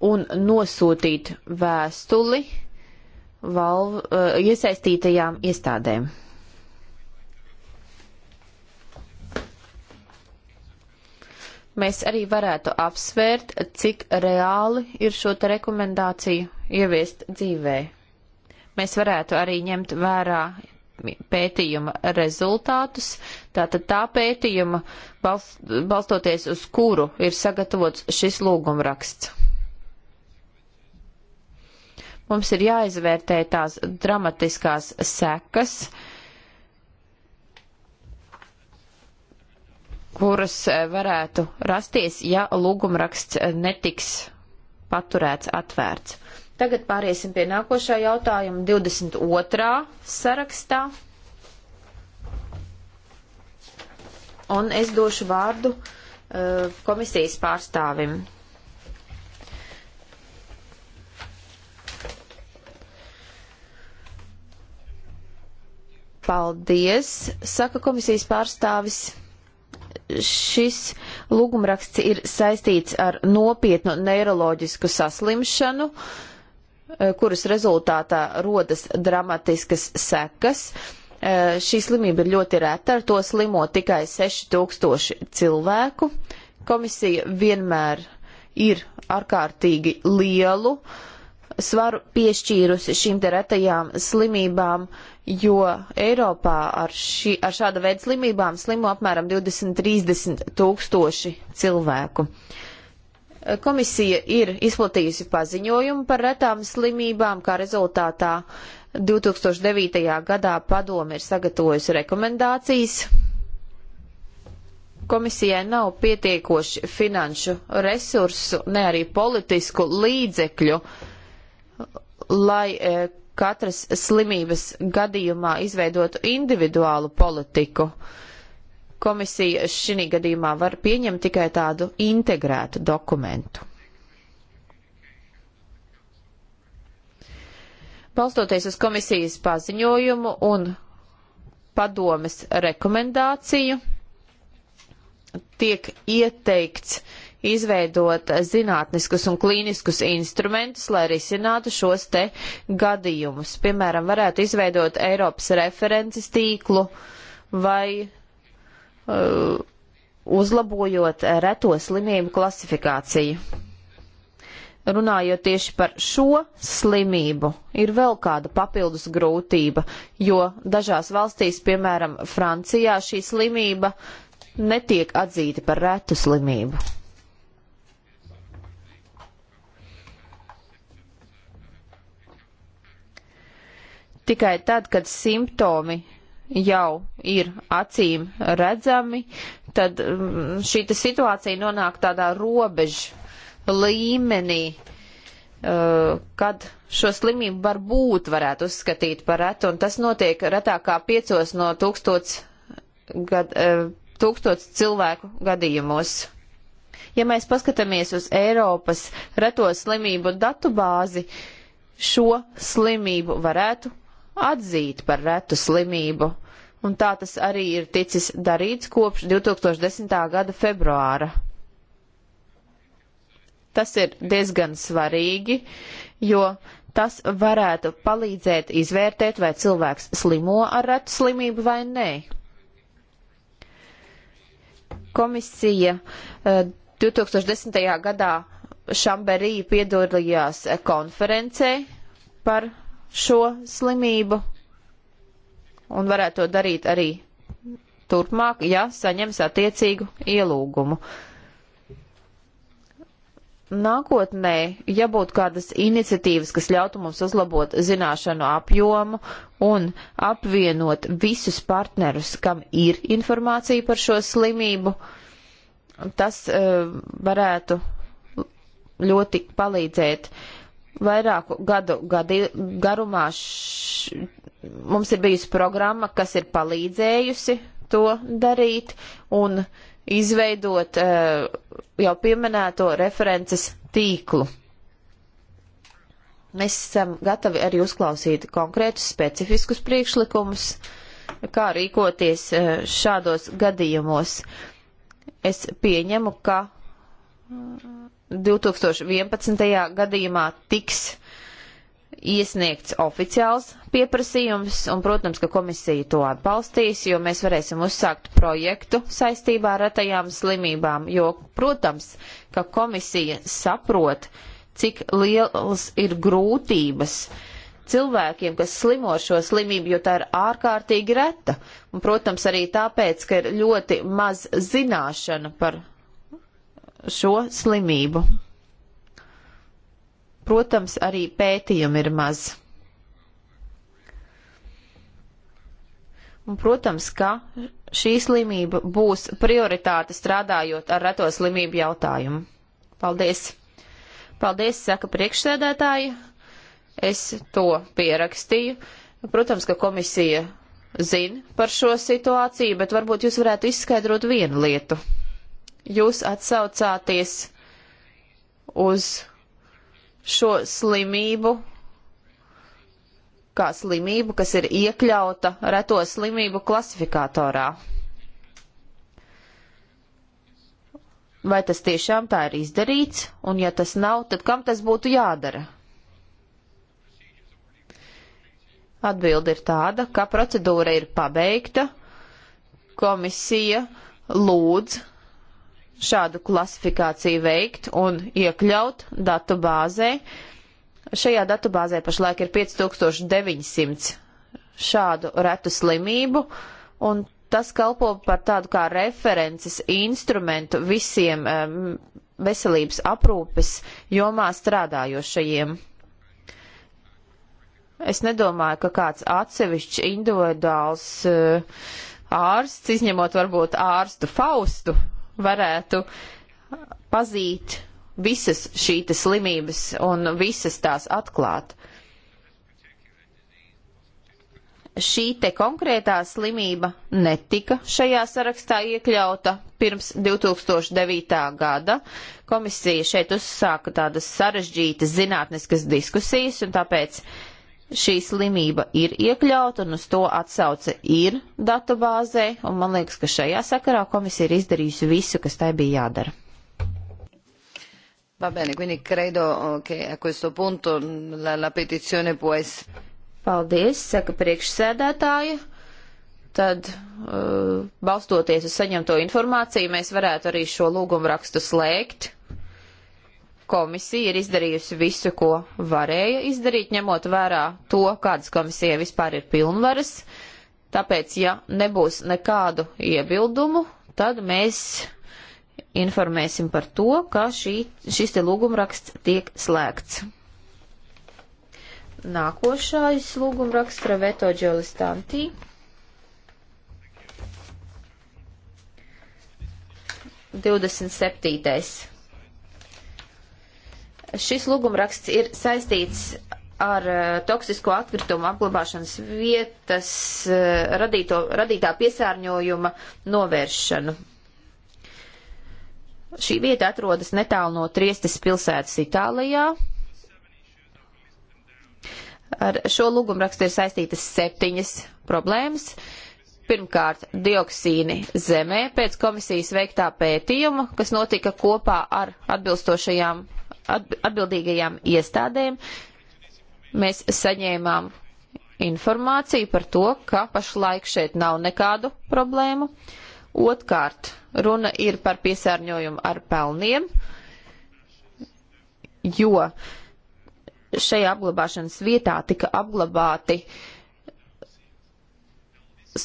un nosūtīt vēstuli valv, uh, iesaistītajām iestādēm. Mēs arī varētu apsvērt, cik reāli ir šo te rekomendāciju ieviest dzīvē mēs varētu arī ņemt vērā pētījuma rezultātus. Tātad tā pētījuma, balst, balstoties uz kuru ir sagatavots šis lūgumraksts. Mums ir jāizvērtē tās dramatiskās sekas, kuras eh, varētu rasties, ja lūgumraksts eh, netiks paturēts atvērts. Tagad pāriesim pie nākošā jautājuma 22. sarakstā. Un es došu vārdu uh, komisijas pārstāvim. Paldies, saka komisijas pārstāvis. Šis lūgumraksts ir saistīts ar nopietnu neiroloģisku saslimšanu. Uh, Eh, kuras rezultātā rodas dramatiskas sekas. Eh, šī slimība ir ļoti reta, ar to slimo tikai 6000 cilvēku. Komisija vienmēr ir ārkārtīgi lielu svaru piešķīrusi šīm te retajām slimībām, jo Eiropā ar, šī, ar šāda veida slimībām slimo apmēram 20-30 tūkstoši cilvēku. Uh, Komisija ir izplatījusi paziņojumu par retām slimībām, kā rezultātā 2009. gadā padome ir sagatavojusi rekomendācijas. Komisijai nav pietiekoši finanšu resursu, ne arī politisku līdzekļu, lai e, katras slimības gadījumā izveidotu individuālu politiku. Uh, Komisija šī gadījumā var pieņemt tikai tādu integrētu dokumentu. Balstoties uz komisijas paziņojumu un padomes rekomendāciju, tiek ieteikts izveidot zinātniskus un klīniskus instrumentus, lai risinātu šos te gadījumus. Piemēram, varētu izveidot Eiropas references tīklu vai Uh, uzlabojot reto slimību klasifikāciju. Runājot tieši par šo slimību, ir vēl kāda papildus grūtība, jo dažās valstīs, piemēram, Francijā, šī slimība netiek atzīta par retu slimību. Tikai tad, kad simptomi jau ir acīm redzami, tad mm, šī situācija nonāk tādā robežu līmenī, uh, kad šo slimību varbūt varētu uzskatīt par retu, un tas notiek retākā piecos no tūkstots, gad, uh, tūkstots cilvēku gadījumos. Ja mēs paskatāmies uz Eiropas reto slimību datu bāzi, šo slimību varētu atzīt par retu slimību, un tā tas arī ir ticis darīts kopš 2010. gada februāra. Tas ir diezgan svarīgi, jo tas varētu palīdzēt izvērtēt, vai cilvēks slimo ar retu slimību vai nē. Komisija 2010. Eh, gadā Šamberī piedalījās konferencē par šo slimību un varētu to darīt arī turpmāk, ja saņems attiecīgu ielūgumu. Nākotnē, ja būtu kādas iniciatīvas, kas ļautu mums uzlabot zināšanu apjomu un apvienot visus partnerus, kam ir informācija par šo slimību, tas uh, varētu ļoti palīdzēt uh, Vairāku gadu gadi, garumā š, mums ir bijusi programma, kas ir palīdzējusi to darīt un izveidot uh, jau pieminēto references tīklu. Mēs esam gatavi arī uzklausīt konkrētus specifiskus priekšlikumus, kā rīkoties eh, šādos gadījumos. Es pieņemu, ka 2011. gadījumā tiks iesniegts oficiāls pieprasījums, un, protams, ka komisija to atbalstīs, jo mēs varēsim uzsākt projektu saistībā ar retajām slimībām, jo, protams, ka komisija saprot, cik lielas ir grūtības cilvēkiem, kas slimo ar šo slimību, jo tā ir ārkārtīgi reta, un, protams, arī tāpēc, ka ir ļoti maz zināšana par šo slimību. Protams, arī pētījumi ir maz. Un, protams, ka šī slimība būs prioritāte strādājot ar reto slimību jautājumu. Paldies! Paldies, saka priekšsēdētāji. Es to pierakstīju. Protams, ka komisija zina par šo situāciju, bet varbūt jūs varētu izskaidrot vienu lietu jūs atsaucāties uz šo slimību, kā slimību, kas ir iekļauta reto slimību klasifikatorā. Vai tas tiešām tā ir izdarīts, un ja tas nav, tad kam tas būtu jādara? Atbilde ir tāda, ka procedūra ir pabeigta, komisija lūdz šādu klasifikāciju veikt un iekļaut datu bāzē. Šajā datu bāzē pašlaik ir 5900 šādu retu slimību, un tas kalpo par tādu kā references instrumentu visiem um, veselības aprūpes jomā strādājošajiem. Es nedomāju, ka kāds atsevišķs individuāls uh, ārsts, izņemot varbūt ārstu Faustu, varētu pazīt visas šīs slimības un visas tās atklāt. Šī te konkrētā slimība netika šajā sarakstā iekļauta pirms 2009. gada. Komisija šeit uzsāka tādas sarežģītas zinātniskas diskusijas, un tāpēc uh, šī slimība ir iekļauta un uz to atsauce ir datubāzē, un man liekas, ka šajā sakarā komisija ir izdarījusi visu, kas tai bija jādara. Va bene, quindi credo eh, che a questo punto la, la petizione può essere. Paldies, saka priekšsēdētāja. Tad, uh, balstoties uz saņemto informāciju, mēs varētu arī šo lūgumu rakstu slēgt. Komisija ir izdarījusi visu, ko varēja izdarīt, ņemot vērā to, kādas komisija vispār ir pilnvaras. Tāpēc, ja nebūs nekādu iebildumu, tad mēs informēsim par to, ka šī, šis te lūgumraksts tiek slēgts. Nākošais lūgumraksts Traveto Džolistantī. Divdesmit septītais. Šis lūgumraksts ir saistīts ar eh, toksisko atkritumu apglabāšanas vietas eh, radīto, radītā piesārņojuma novēršanu. Šī vieta atrodas netālu no Triestes pilsētas Itālijā. Ar šo lūgumrakstu ir saistītas septiņas problēmas. Pirmkārt, dioksīni zemē pēc komisijas veiktā pētījuma, kas notika kopā ar atbilstošajām atbildīgajām iestādēm mēs saņēmām informāciju par to, ka pašlaik šeit nav nekādu problēmu. Otkārt, runa ir par piesārņojumu ar pelniem, jo šajā apglabāšanas vietā tika apglabāti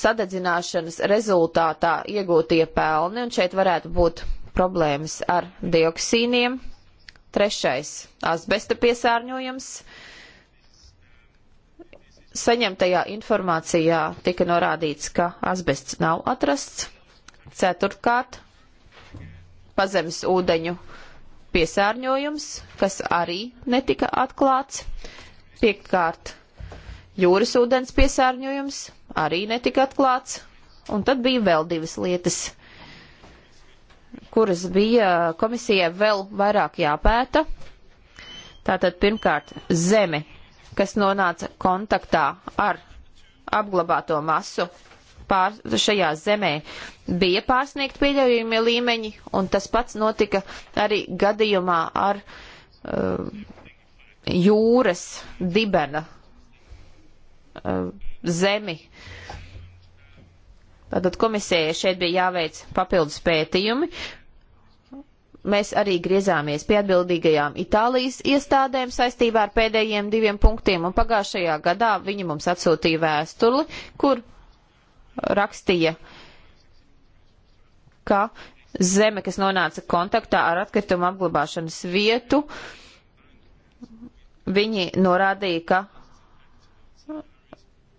sadedzināšanas rezultātā iegūtie pelni, un šeit varētu būt problēmas ar dioksīniem, Trešais - asbesta piesārņojums. Saņemtajā informācijā tika norādīts, ka asbests nav atrasts. Ceturtkārt - pazemes ūdeņu piesārņojums, kas arī netika atklāts. Piektkārt - jūras ūdens piesārņojums, arī netika atklāts. Un tad bija vēl divas lietas kuras bija komisijai vēl vairāk jāpēta. Tātad pirmkārt zeme, kas nonāca kontaktā ar apglabāto masu pār, šajā zemē, bija pārsniegt pieļaujumie līmeņi, un tas pats notika arī gadījumā ar uh, jūras dibena uh, zemi. Uh, Tātad komisijai šeit bija jāveic papildus pētījumi. Mēs arī griezāmies pie atbildīgajām Itālijas iestādēm saistībā ar pēdējiem diviem punktiem, un pagājušajā gadā viņi mums atsūtīja vēstuli, kur rakstīja, ka zeme, kas nonāca kontaktā ar atkritumu apglabāšanas vietu, viņi norādīja, ka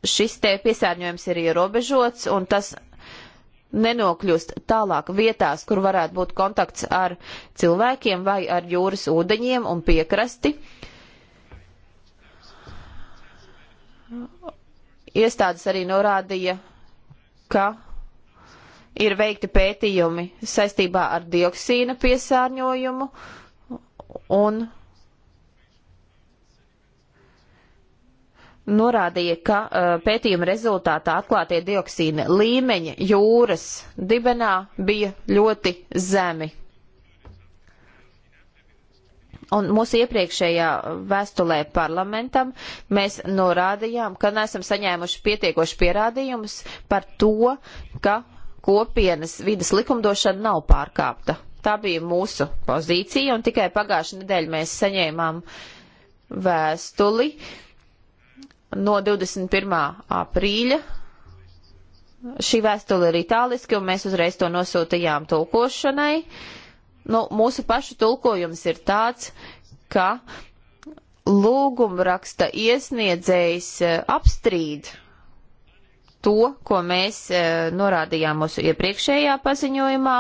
šis te piesārņojums ir ierobežots un tas nenokļūst tālāk vietās, kur varētu būt kontakts ar cilvēkiem vai ar jūras ūdeņiem un piekrasti. Iestādes arī norādīja, ka ir veikti pētījumi saistībā ar dioksīna piesārņojumu un norādīja, ka uh, pētījuma rezultātā atklātie dioksīna līmeņi jūras dibenā bija ļoti zemi. Un mūsu iepriekšējā vēstulē parlamentam mēs norādījām, ka neesam saņēmuši pietiekoši pierādījumus par to, ka kopienas vidas likumdošana nav pārkāpta. Tā bija mūsu pozīcija, un tikai pagājušajā nedēļā mēs saņēmām vēstuli, uh, no 21. aprīļa. Šī vēstule ir itāliski, un mēs uzreiz to nosūtījām tulkošanai. Nu, mūsu pašu tulkojums ir tāds, ka lūgumraksta iesniedzējs e, apstrīd to, ko mēs e, norādījām mūsu iepriekšējā paziņojumā.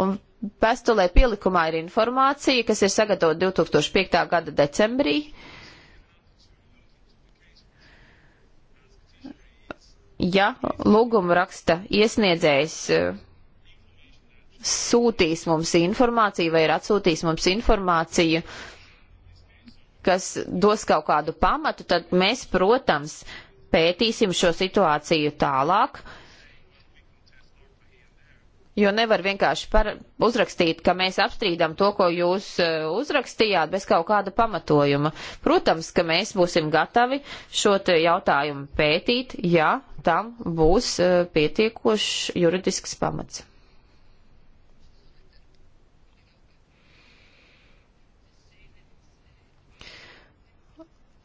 Un Pestulē pielikumā ir informācija, kas ir sagatavota 2005. gada decembrī. Ja lūguma raksta iesniedzējs eh, sūtīs mums informāciju vai ir atsūtījis mums informāciju, kas dos kaut kādu pamatu, tad mēs, protams, pētīsim šo situāciju tālāk. Uh, jo nevar vienkārši par, uzrakstīt, ka mēs apstrīdam to, ko jūs eh, uzrakstījāt, bez kaut kāda pamatojuma. Protams, ka mēs būsim gatavi šo jautājumu pētīt, ja tam būs eh, pietiekošs juridisks pamats.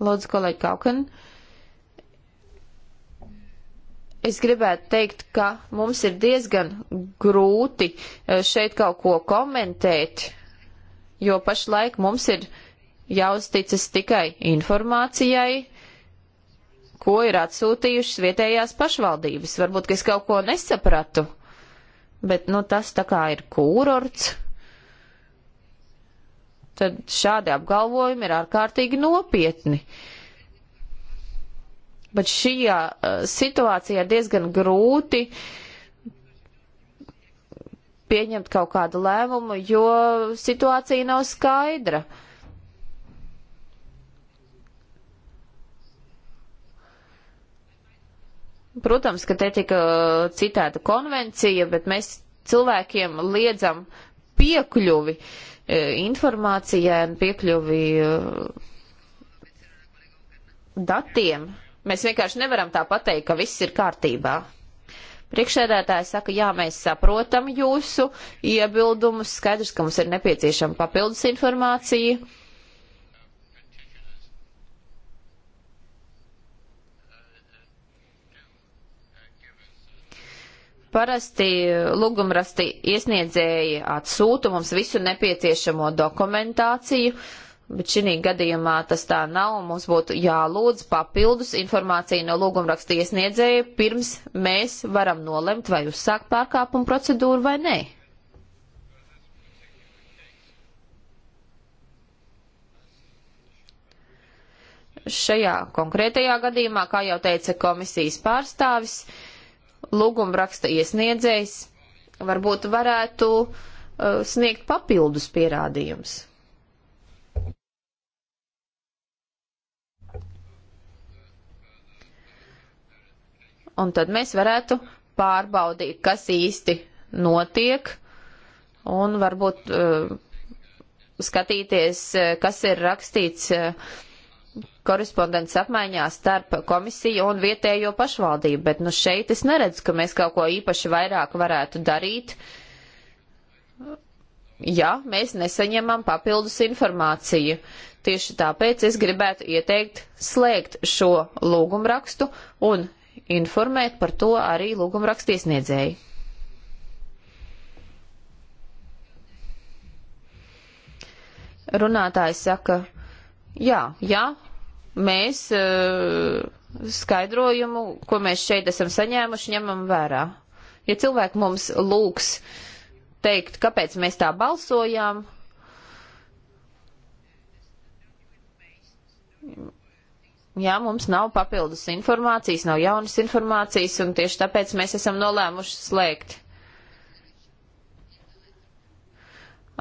Lūdzu, kolēģi Kaukan. Uh, es gribētu teikt, ka mums ir diezgan grūti eh, šeit kaut ko komentēt, jo pašlaik mums ir jāuzticas tikai informācijai, ko ir atsūtījušas vietējās pašvaldības. Varbūt, ka es kaut ko nesapratu, bet, nu, tas tā kā ir kūrorts. Tad šādi apgalvojumi ir ārkārtīgi nopietni. Uh, Bet šajā eh, situācijā diezgan grūti pieņemt kaut kādu lēmumu, jo situācija nav skaidra. Protams, ka te tika eh, citēta konvencija, bet mēs cilvēkiem liedzam piekļuvi eh, informācijai un piekļuvi datiem. Mēs vienkārši nevaram tā pateikt, ka viss ir kārtībā. Priekšsēdētāji saka, jā, mēs saprotam jūsu iebildumus, skaidrs, ka mums ir nepieciešama papildus informācija. Parasti lūgumrasti iesniedzēji atsūta mums visu nepieciešamo dokumentāciju, uh, bet šī gadījumā tas tā nav, un mums būtu jālūdz papildus informācija no lūgumraksta iesniedzēja, pirms mēs varam nolemt, vai uzsākt pārkāpumu procedūru vai nē. Šajā konkrētajā gadījumā, kā jau teica komisijas pārstāvis, lūgumraksta iesniedzējs varbūt varētu uh, sniegt papildus pierādījumus. un tad mēs varētu pārbaudīt, kas īsti notiek, un varbūt uh, skatīties, eh, kas ir rakstīts uh, korespondents apmaiņā starp komisiju un vietējo pašvaldību, bet nu šeit es neredzu, ka mēs kaut ko īpaši vairāk varētu darīt, ja mēs nesaņemam papildus informāciju. Tieši tāpēc es gribētu ieteikt slēgt šo lūgumrakstu un informēt par to arī lūgumrakstu iesniedzēju. Runātājs saka, jā, jā, mēs eh, skaidrojumu, ko mēs šeit esam saņēmuši, ņemam vērā. Ja cilvēki mums lūgs teikt, kāpēc mēs tā balsojām, Jā, mums nav papildus informācijas, nav jaunas informācijas, un tieši tāpēc mēs esam nolēmuši slēgt.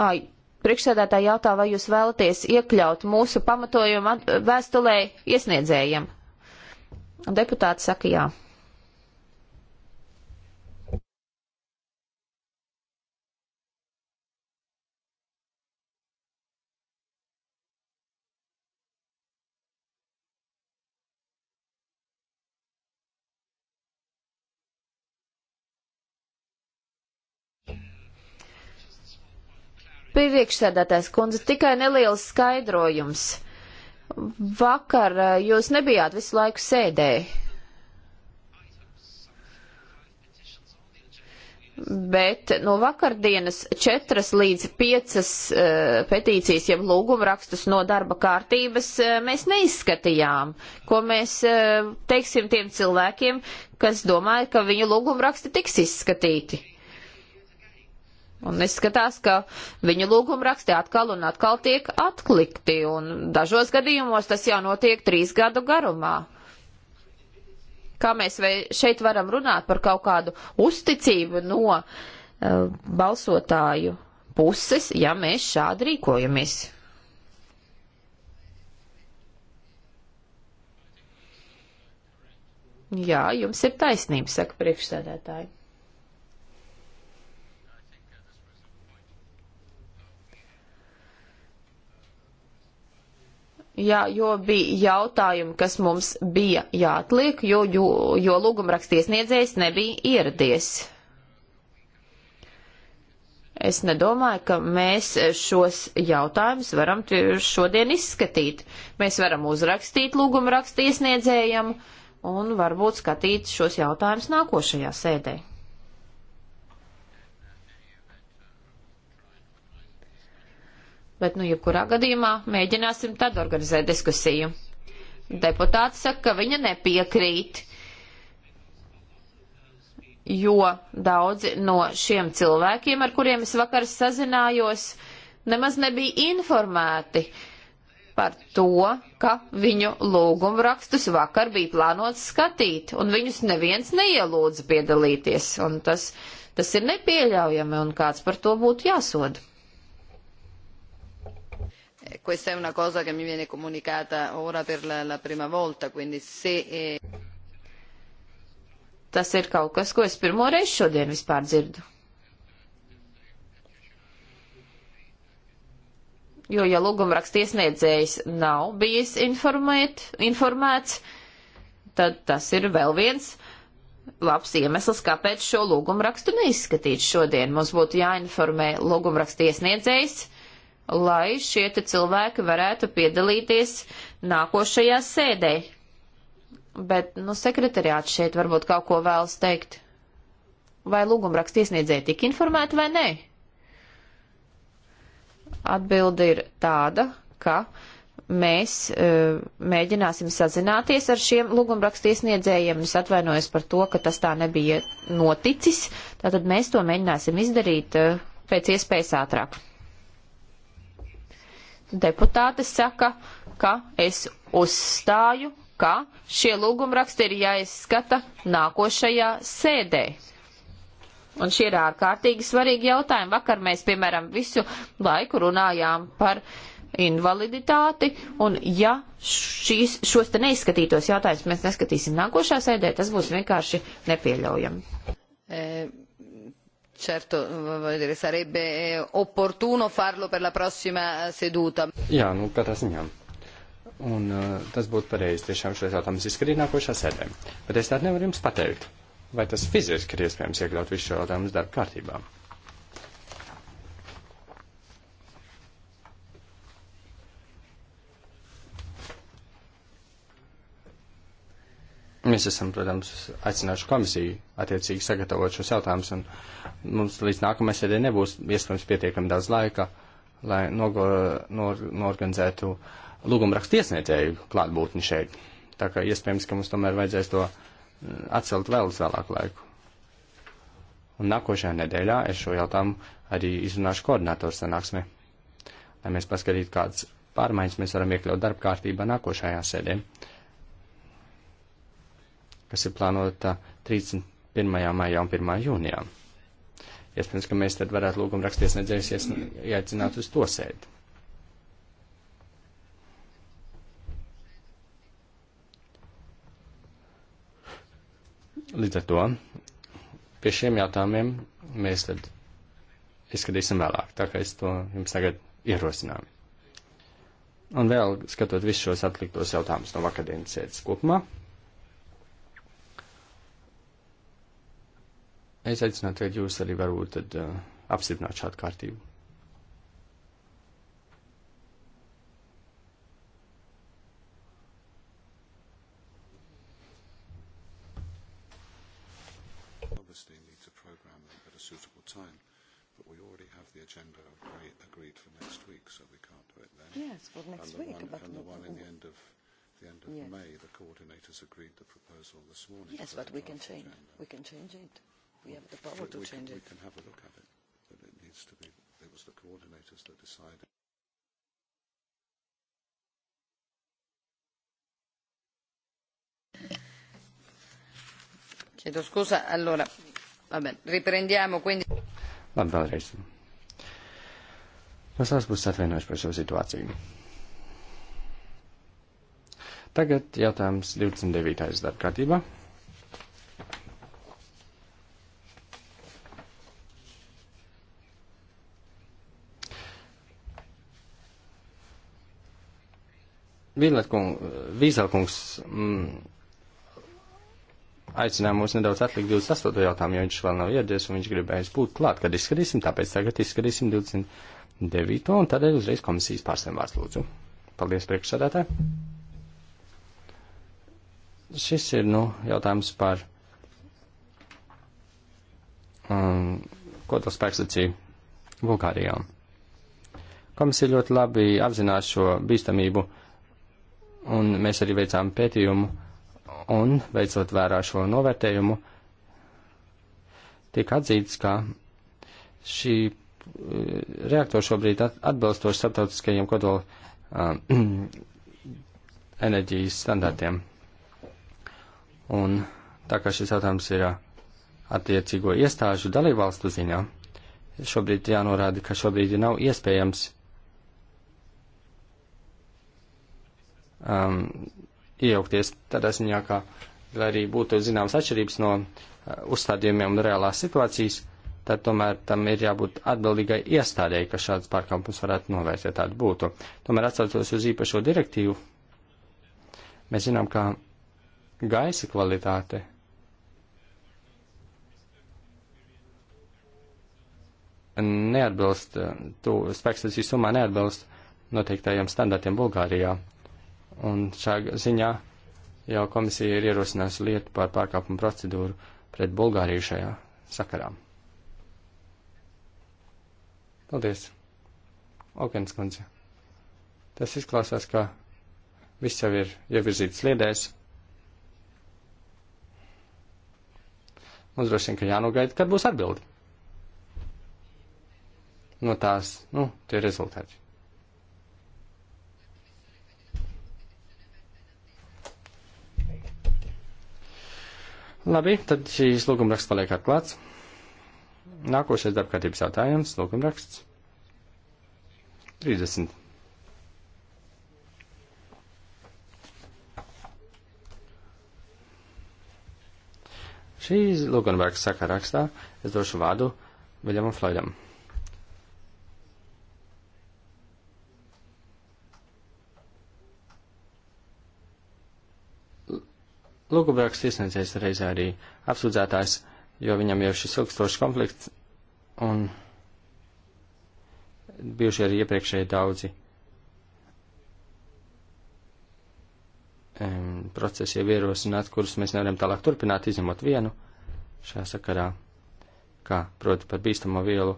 Ai, priekšsēdētāji jautā, vai jūs vēlaties iekļaut mūsu pamatojumu vēstulē iesniedzējiem? Deputāti saka jā. Priekšsēdētājs kundze, tikai neliels skaidrojums. Vakar eh, jūs nebijāt visu laiku sēdē. Bet no vakardienas četras līdz piecas uh, petīcijas, jeb lūguma rakstus no darba kārtības uh, mēs neizskatījām, ko mēs uh, teiksim tiem cilvēkiem, kas domāja, ka viņu lūguma raksti tiks izskatīti. Un izskatās, ka viņu lūguma raksti atkal un atkal tiek atlikti, un dažos gadījumos tas jau notiek trīs gadu garumā. Kā mēs šeit varam runāt par kaut kādu uzticību no uh, balsotāju puses, ja mēs šādi rīkojamies? Jā, jums ir taisnība, saka priekšsēdētāji. jā, jo bija jautājumi, kas mums bija jāatliek, jo, jo, jo lūgumrakstiesniedzējs nebija ieradies. Es nedomāju, ka mēs šos jautājumus varam šodien izskatīt. Mēs varam uzrakstīt lūgumrakstiesniedzējam un varbūt skatīt šos jautājumus nākošajā sēdē. Bet, nu, jebkurā gadījumā mēģināsim tad organizēt diskusiju. Deputāti saka, ka viņa nepiekrīt, jo daudzi no šiem cilvēkiem, ar kuriem es vakar sazinājos, nemaz nebija informēti par to, ka viņu lūgumu rakstus vakar bija plānots skatīt, un viņus neviens neielūdza piedalīties, un tas, tas ir nepieļaujami, un kāds par to būtu jāsoda questa è una cosa che mi viene comunicata ora per la, la prima volta, quindi se... Eh... Tas ir kaut kas, ko es pirmo reizi šodien vispār dzirdu. Jo, ja lūgumraksta iesniedzējs nav bijis informēt, informēts, tad tas ir vēl viens labs iemesls, kāpēc šo lūgumrakstu neizskatīt šodien. Mums būtu jāinformē lūgumraksta iesniedzējs lai šie cilvēki varētu piedalīties nākošajā sēdē. Bet, nu, sekretariāts šeit varbūt kaut ko vēlas teikt. Vai lūgumraksta iesniedzēji tika informēti vai nē? Atbilde ir tāda, ka mēs e, mēģināsim sazināties ar šiem lūgumraksta iesniedzējiem. Es atvainojos par to, ka tas tā nebija noticis. Tātad mēs to mēģināsim izdarīt e, pēc iespējas ātrāk deputāte saka, ka es uzstāju, ka šie lūgumraksti ir jāizskata nākošajā sēdē. Un šie ir ārkārtīgi svarīgi jautājumi. Vakar mēs, piemēram, visu laiku runājām par invaliditāti, un ja šīs, šos te neizskatītos jautājumus mēs neskatīsim nākošā sēdē, tas būs vienkārši nepieļaujami. E Certo, dire, sarebbe eh, opportuno farlo per la prossima eh, seduta. Jā, nu, katrā ziņā. Un uh, tas būtu pareizi tiešām šis jautājums izskatīt nākošā sēdē. Bet es tādu nevaru jums pateikt, vai tas fiziski ir iespējams iekļaut visu šo jautājumu darba kārtībā. Mēs esam, protams, aicinājuši komisiju attiecīgi sagatavot šos jautājumus, un mums līdz nākamajai sēdē nebūs iespējams pietiekami daudz laika, lai nogo, nor, norganizētu lūgumrakstu iesniedzēju klātbūtni šeit. Tā kā iespējams, ka mums tomēr vajadzēs to mm, atcelt vēl uz vēlāku laiku. Un nākošajā nedēļā es šo jautājumu arī izrunāšu koordinātoru sanāksmē, lai mēs paskatītu, kādas pārmaiņas mēs varam iekļaut darba kārtībā nākošajā sēdē kas ir plānota 31. maijā un 1. jūnijā. Iespējams, ka mēs tad varētu lūgumu raksties nedzējusies ieaicināt uz to sēdi. Līdz ar to pie šiem jautājumiem mēs tad izskatīsim vēlāk, tā kā es to jums tagad ierosināju. Un vēl skatot visus šos atliktos jautājumus no vakardienas sēdes kopumā. Es aicinātu, ka jūs arī varbūt tad, uh, apstiprināt šādu kārtību. agenda agree, agreed for next week, so we can't do it then. Yes, for next and the week. One, but and the one in the end of the end of yes. May, the coordinators agreed the proposal this morning. Yes, but we can change. Agenda. We can change it. We have the power we, to we change can, it. We can have a look at it, but it needs to be, it was the coordinators that decided. Chiedo scusa, allora, vabbè, riprendiamo quindi. Labi, vēlreiz. No nu savas puses atvainojos par šo situāciju. Tagad jautājums 29. darba kārtībā. Vīzelkungs mm, aicināja mūs nedaudz atlikt 28. jautājumu, jo viņš vēl nav ieradies un viņš gribējis būt klāt, kad izskatīsim, tāpēc tagad izskatīsim 29. un tādēļ uzreiz komisijas pārstāvjiem vārds lūdzu. Paldies priekšsādātāji. Šis ir, nu, jautājums par um, kodola spēkstacija Bulgārijā. Komisija ļoti labi apzinās šo bīstamību un mēs arī veicām pētījumu, un veicot vērā šo novērtējumu, tiek atzīts, ka šī eh, reaktori šobrīd atbilstoši starptautiskajiem kodola um, enerģijas standartiem. Un tā kā šis jautājums ir eh, attiecīgo iestāžu dalībvalstu ziņā, šobrīd jānorāda, ka šobrīd nav iespējams um, iejaukties tādā ziņā, ka, lai arī būtu zināmas atšķirības no uh, uzstādījumiem un reālās situācijas, tad tomēr tam ir jābūt atbildīgai iestādēji, ka šāds pārkāpums varētu novērst, ja tāda būtu. Tomēr atsaucos uz īpašo direktīvu. Mēs zinām, ka gaisa kvalitāte neatbilst, tu spēkstacijas summā neatbilst noteiktajiem standartiem Bulgārijā. Un šā ziņā jau komisija ir ierosinājusi lietu par pārkāpumu procedūru pret Bulgāriju šajā sakarā. Paldies! Okens kundze. Tas izklausās, ka viss jau ir ievirzīts sliedēs. Mums droši vien, ka jānogaida, kad būs atbildi. No tās, nu, tie rezultāti. Labi, tad šīs lūgumraksts paliek atklāts. Nākošais darbkārtības jautājums - lūgumraksts 30. Šī lūgumraksts saka rakstā, es došu vārdu Viljamam Floidam. Lūgumraksts iesniedzējs reizē arī apsūdzētājs, jo viņam jau šis ilgstošs konflikts un bijuši arī iepriekšēji daudzi um, procesi jau ierosināt, kurus mēs nevaram tālāk turpināt, izņemot vienu šajā sakarā, kā proti par bīstamo vielu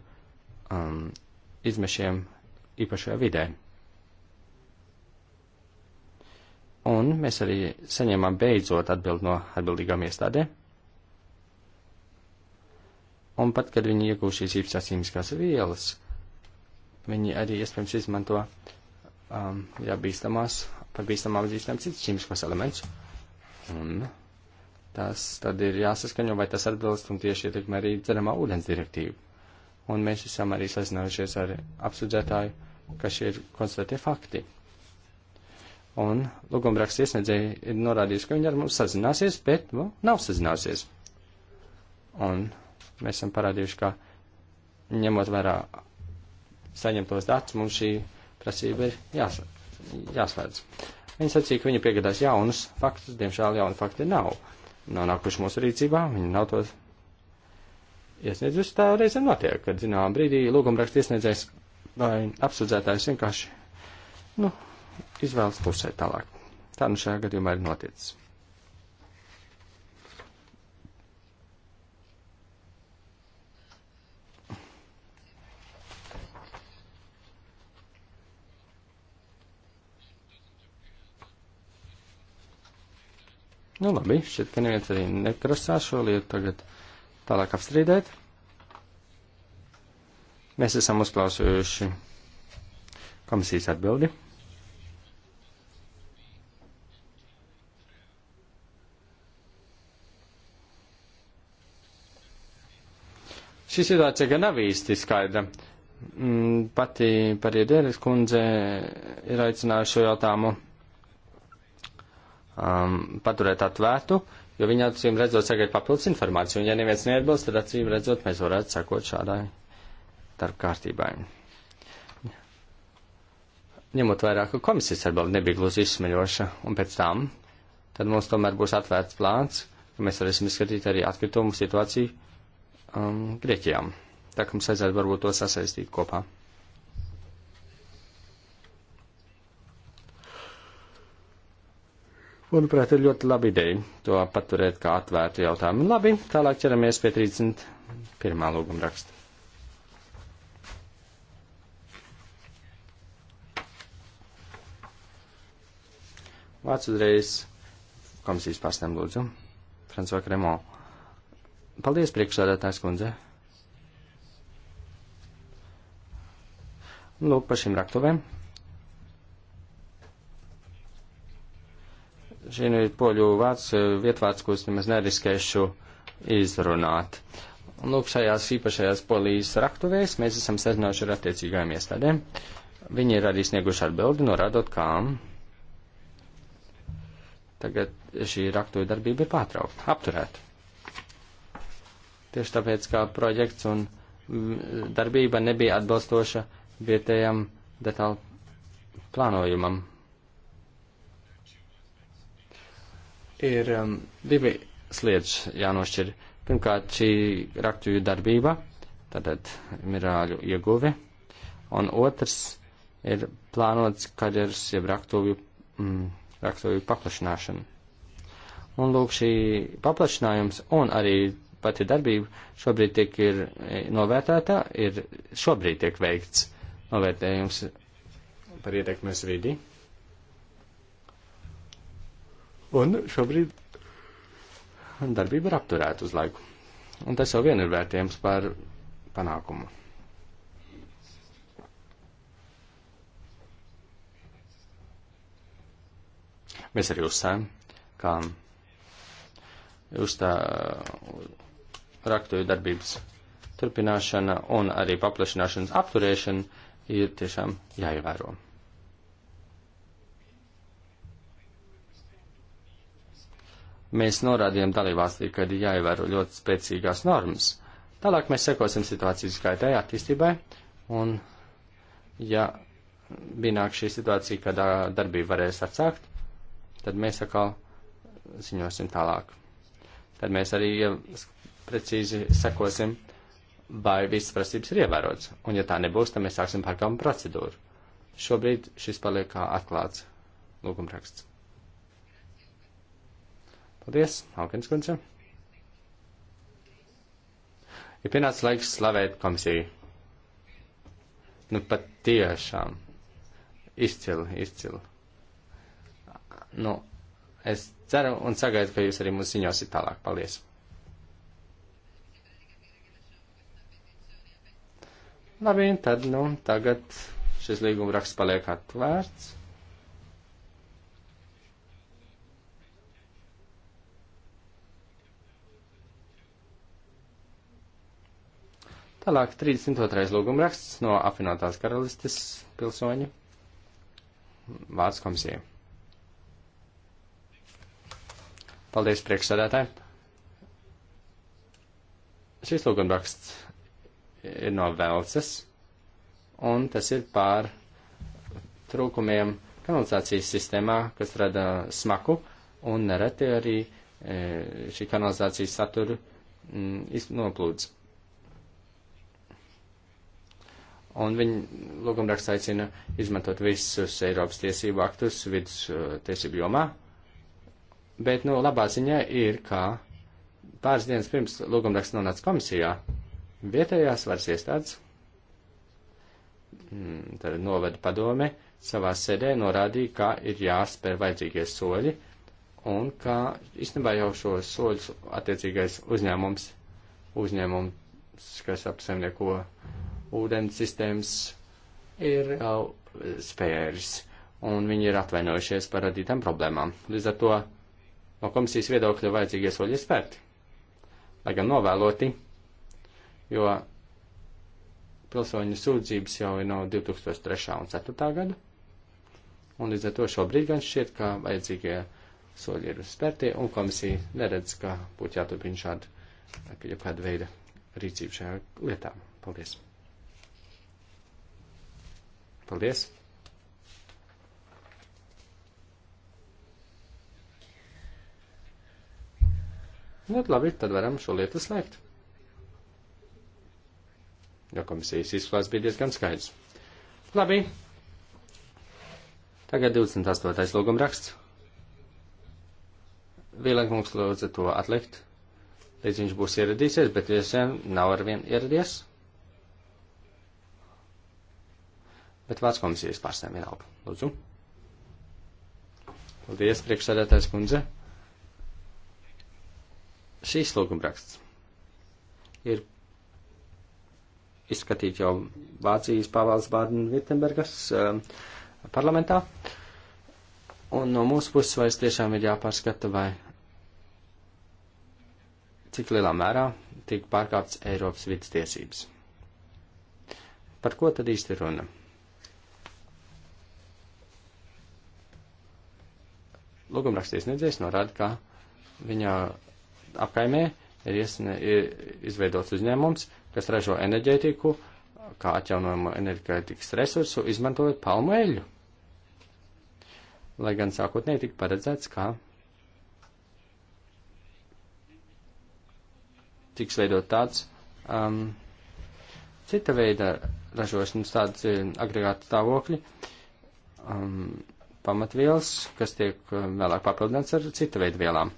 um, izmešiem īpašajā vidē. Un mēs arī saņēmām beidzot atbild no atbildīgām iestādēm. Un pat, kad viņi iegūst šīs īpašās vielas, viņi arī iespējams izmanto um, jā, bīstamās, par bīstamām atzīstām citas ķīmiskos elementus. Un tas tad ir jāsaskaņo, vai tas atbilst un tieši ietekmē arī dzeramā ūdens direktīvu. Un mēs esam arī sazinājušies ar apsūdzētāju, ka šie ir konstatēti fakti. Un lūgumraksta iesniedzēji ir norādījuši, ka viņi ar mums sazināsies, bet nu, nav sazināsies. Un mēs esam parādījuši, ka ņemot vērā saņemtos datus, mums šī prasība ir jās, jāslēdz. Viņi sacīja, ka viņi piegādās jaunus faktus, diemžēl jauni fakti nav. Nav nākuši mūsu rīcībā, viņi nav tos iesniedzusi. Tā reizēm notiek, kad, zinām, brīdī lūgumraksta iesniedzējs vai apsūdzētājs vienkārši, nu, izvēles pusē tālāk. Tā nu šajā gadījumā ir noticis. Nu, labi, šķiet, ka neviens arī nekrasās šo lietu tagad tālāk apstrīdēt. Mēs esam uzklausījuši komisijas atbildi. Šī situācija gan nav īsti skaidra. Mm, pati par iedēļas kundze ir aicinājuši šo jautājumu um, paturēt atvērtu, jo viņa acīm redzot sagaid papildus informāciju, un ja neviens neatbilst, tad acīm redzot mēs varētu sakot šādai darba kārtībai. Ņemot vairāk, ka komisijas atbildi nebija gluži izsmeļoša, un pēc tam, tad mums tomēr būs atvērts plāns, ka mēs varēsim izskatīt arī atkritumu situāciju um, Grieķijām. Tā kā mums vajadzētu varbūt to sasaistīt kopā. Manuprāt, ir ļoti laba ideja to paturēt kā atvērtu jautājumu. Labi, tālāk ķeramies pie 31. lūguma raksta. Vārds uzreiz komisijas pārstāvjiem lūdzu. Franco Kremo. Paldies, priekšsādātājs kundze. Nu, lūk, par šīm raktuvēm. Šī nu ir poļu vārds, vietvārds, kurus nemaz neriskēšu izrunāt. Nu, lūk, šajās īpašajās polijas raktuvēs mēs esam sazinājuši ar attiecīgajām iestādēm. Viņi ir arī snieguši atbildi, norādot, kām tagad šī raktuve darbība ir pārtraukta, apturēta tieši tāpēc, ka projekts un mm, darbība nebija atbilstoša vietējam detālu plānojumam. Ir um, divi sliedas jānošķir. Pirmkārt, šī raktuju darbība, tātad mirāļu ieguve, un otrs ir plānots karjeras jeb raktuvju, mm, raktuvju paplašināšana. Un lūk, šī paplašinājums un arī pati darbība šobrīd tiek ir e, novērtētā, ir šobrīd tiek veikts novērtējums par ietekmes vidi. Un šobrīd darbība ir apturēta uz laiku. Un tas jau vien ir vērtējums par panākumu. Mēs arī uzsājam, ka uzstā, raktoju darbības turpināšana un arī paplašināšanas apturēšana ir tiešām jāievēro. Mēs norādījām dalībvalstī, ka ir jāievēro ļoti spēcīgās normas. Tālāk mēs sekosim situācijas gaitai attīstībai, un ja vienāk šī situācija, kad darbība varēs atsākt, tad mēs atkal ziņosim tālāk. Tad mēs arī precīzi sekosim, vai visas prasības ir ievērotas. Un, ja tā nebūs, tad mēs sāksim pārkāpumu procedūru. Šobrīd šis paliek kā atklāts lūgumraksts. Paldies, Haukins kundze. Ir ja pienācis laiks slavēt komisiju. Nu, pat tiešām. Izcili, izcili. Nu, es ceru un sagaidu, ka jūs arī mūs ziņosit tālāk. Paldies! Labi, tad, nu, tagad šis līguma raksts paliek atvērts. Tālāk 32. lūgumraksts no apvienotās karalistes pilsoņa Vārts komisija. Paldies priekšsēdētāji. Šis lūgumraksts no Velsas, un tas ir pār trūkumiem kanalizācijas sistēmā, kas rada smaku, un nereti arī e, šī kanalizācijas satura mm, noplūds. Un viņi lūgumrakstā aicina izmantot visus Eiropas tiesību aktus vidus e, tiesību jomā. Bet, nu, labā ziņa ir, ka pāris dienas pirms lūgumraksts nonāca komisijā, Vietējās varas iestādes, mm, tad novada padome, savā sēdē norādīja, kā ir jāspēr vajadzīgie soļi un kā īstenībā jau šos soļus attiecīgais uzņēmums, uzņēmums, kas apsaimnieko ūdens sistēmas, ir jau spēris un viņi ir atvainojušies par radītām problēmām. Līdz ar to no komisijas viedokļa vajadzīgie soļi ir spērti. Lai gan novēloti, jo pilsoņu sūdzības jau ir no 2003. un 2004. gada, un līdz ar to šobrīd gan šķiet, ka vajadzīgie soļi ir spērtie, un komisija neredz, ka būtu jāturpina šāda jebkāda veida rīcība šajā lietā. Paldies! Paldies! Nu, labi, tad varam šo lietu slēgt jo komisijas izklāsts bija diezgan skaidrs. Labi. Tagad 28. lūguma raksts. Vīlēk mums lūdza to atlikt, līdz viņš būs ieradīsies, bet viņš vien nav ar vien ieradies. Bet Vācu komisijas pārstāvjiem vienalga. Lūdzu. Paldies, priekšsēdētājs kundze. Šīs lūgumraksts ir izskatīt jau Vācijas pavalds Bādena-Virtembergas um, parlamentā. Un no mūsu puses vairs tiešām ir jāpārskata, vai cik lielā mērā tiek pārkāpts Eiropas vidas tiesības. Par ko tad īsti runa? Lūgumrakstīs nedzēs norāda, ka viņa apkaimē ir, iesne, ir izveidots uzņēmums, kas ražo enerģētiku, kā atjaunojumu enerģētikas resursu, izmantojot palmu eļļu. Lai gan sākotnēji tika paredzēts, ka tiks veidot tāds um, cita veida ražošanas tāds um, agregāta stāvokļi, um, pamatvielas, kas tiek um, vēlāk papildināts ar cita veida vielām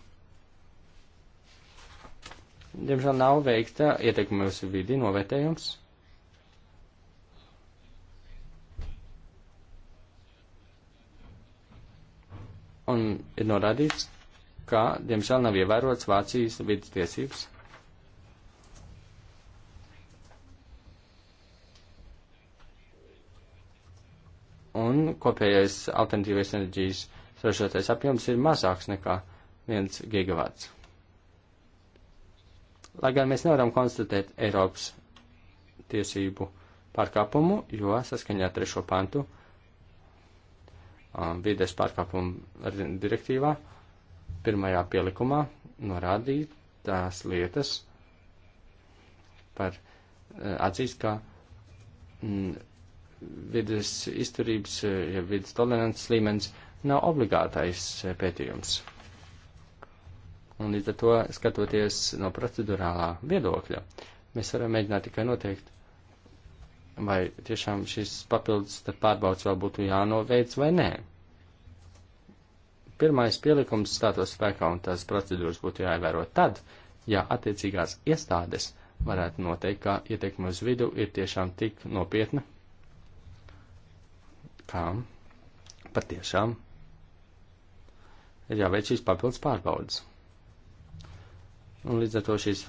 diemžēl nav veikta ietekme uz vidi novērtējums. Un ir norādīts, ka, diemžēl, nav ievērots Vācijas vidas tiesības. Un kopējais alternatīvais enerģijas ražotais apjoms ir mazāks nekā 1 gigavats. Lai gan mēs nevaram konstatēt Eiropas tiesību pārkāpumu, jo saskaņā trešo pantu um, vides pārkāpumu direktīvā pirmajā pielikumā norādītās lietas par uh, atzīst, ka mm, vidas izturības, ja vidas tolerants līmenis nav obligātais uh, pētījums. Un līdz ar to, skatoties no procedurālā viedokļa, mēs varam mēģināt tikai noteikt, vai tiešām šis papildus pārbaudas vēl būtu jānoveic vai nē. Pirmais pielikums stātos spēkā un tās procedūras būtu jāievēro tad, ja attiecīgās iestādes varētu noteikt, ka ietekme uz vidu ir tiešām tik nopietna, kā patiešām ir jāveic šīs papildus pārbaudas. Un līdz ar to šīs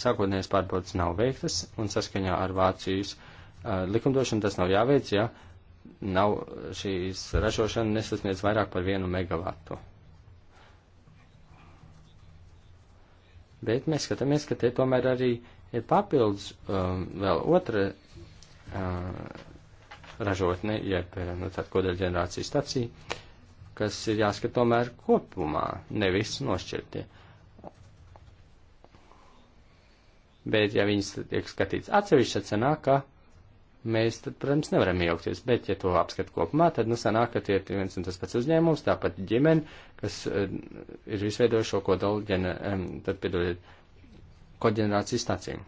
sākotnējās pārbaudas nav veiktas, un saskaņā ar Vācijas uh, likumdošanu tas nav jāveic, ja nav šīs ražošana nesasniedz vairāk par vienu megavātu. Bet mēs skatāmies, ka te tomēr arī ir papildus um, vēl otra uh, ražotne, jeb uh, nu, tāda kodēļ ģenerācijas stacija, kas ir jāskat tomēr kopumā, nevis nošķirtie. Uh, Bet, ja viņas tiek skatīts atsevišķi, tad sanāk, ka mēs, tad, protams, nevaram iejaukties. Bet, ja to apskat kopumā, tad, nu, sanāk, ka tie ir viens un tas pats uzņēmums, tāpat ģimene, kas uh, ir visveidojušo kodolu, gen, um, tad piedodiet, koģenerācijas stāciju.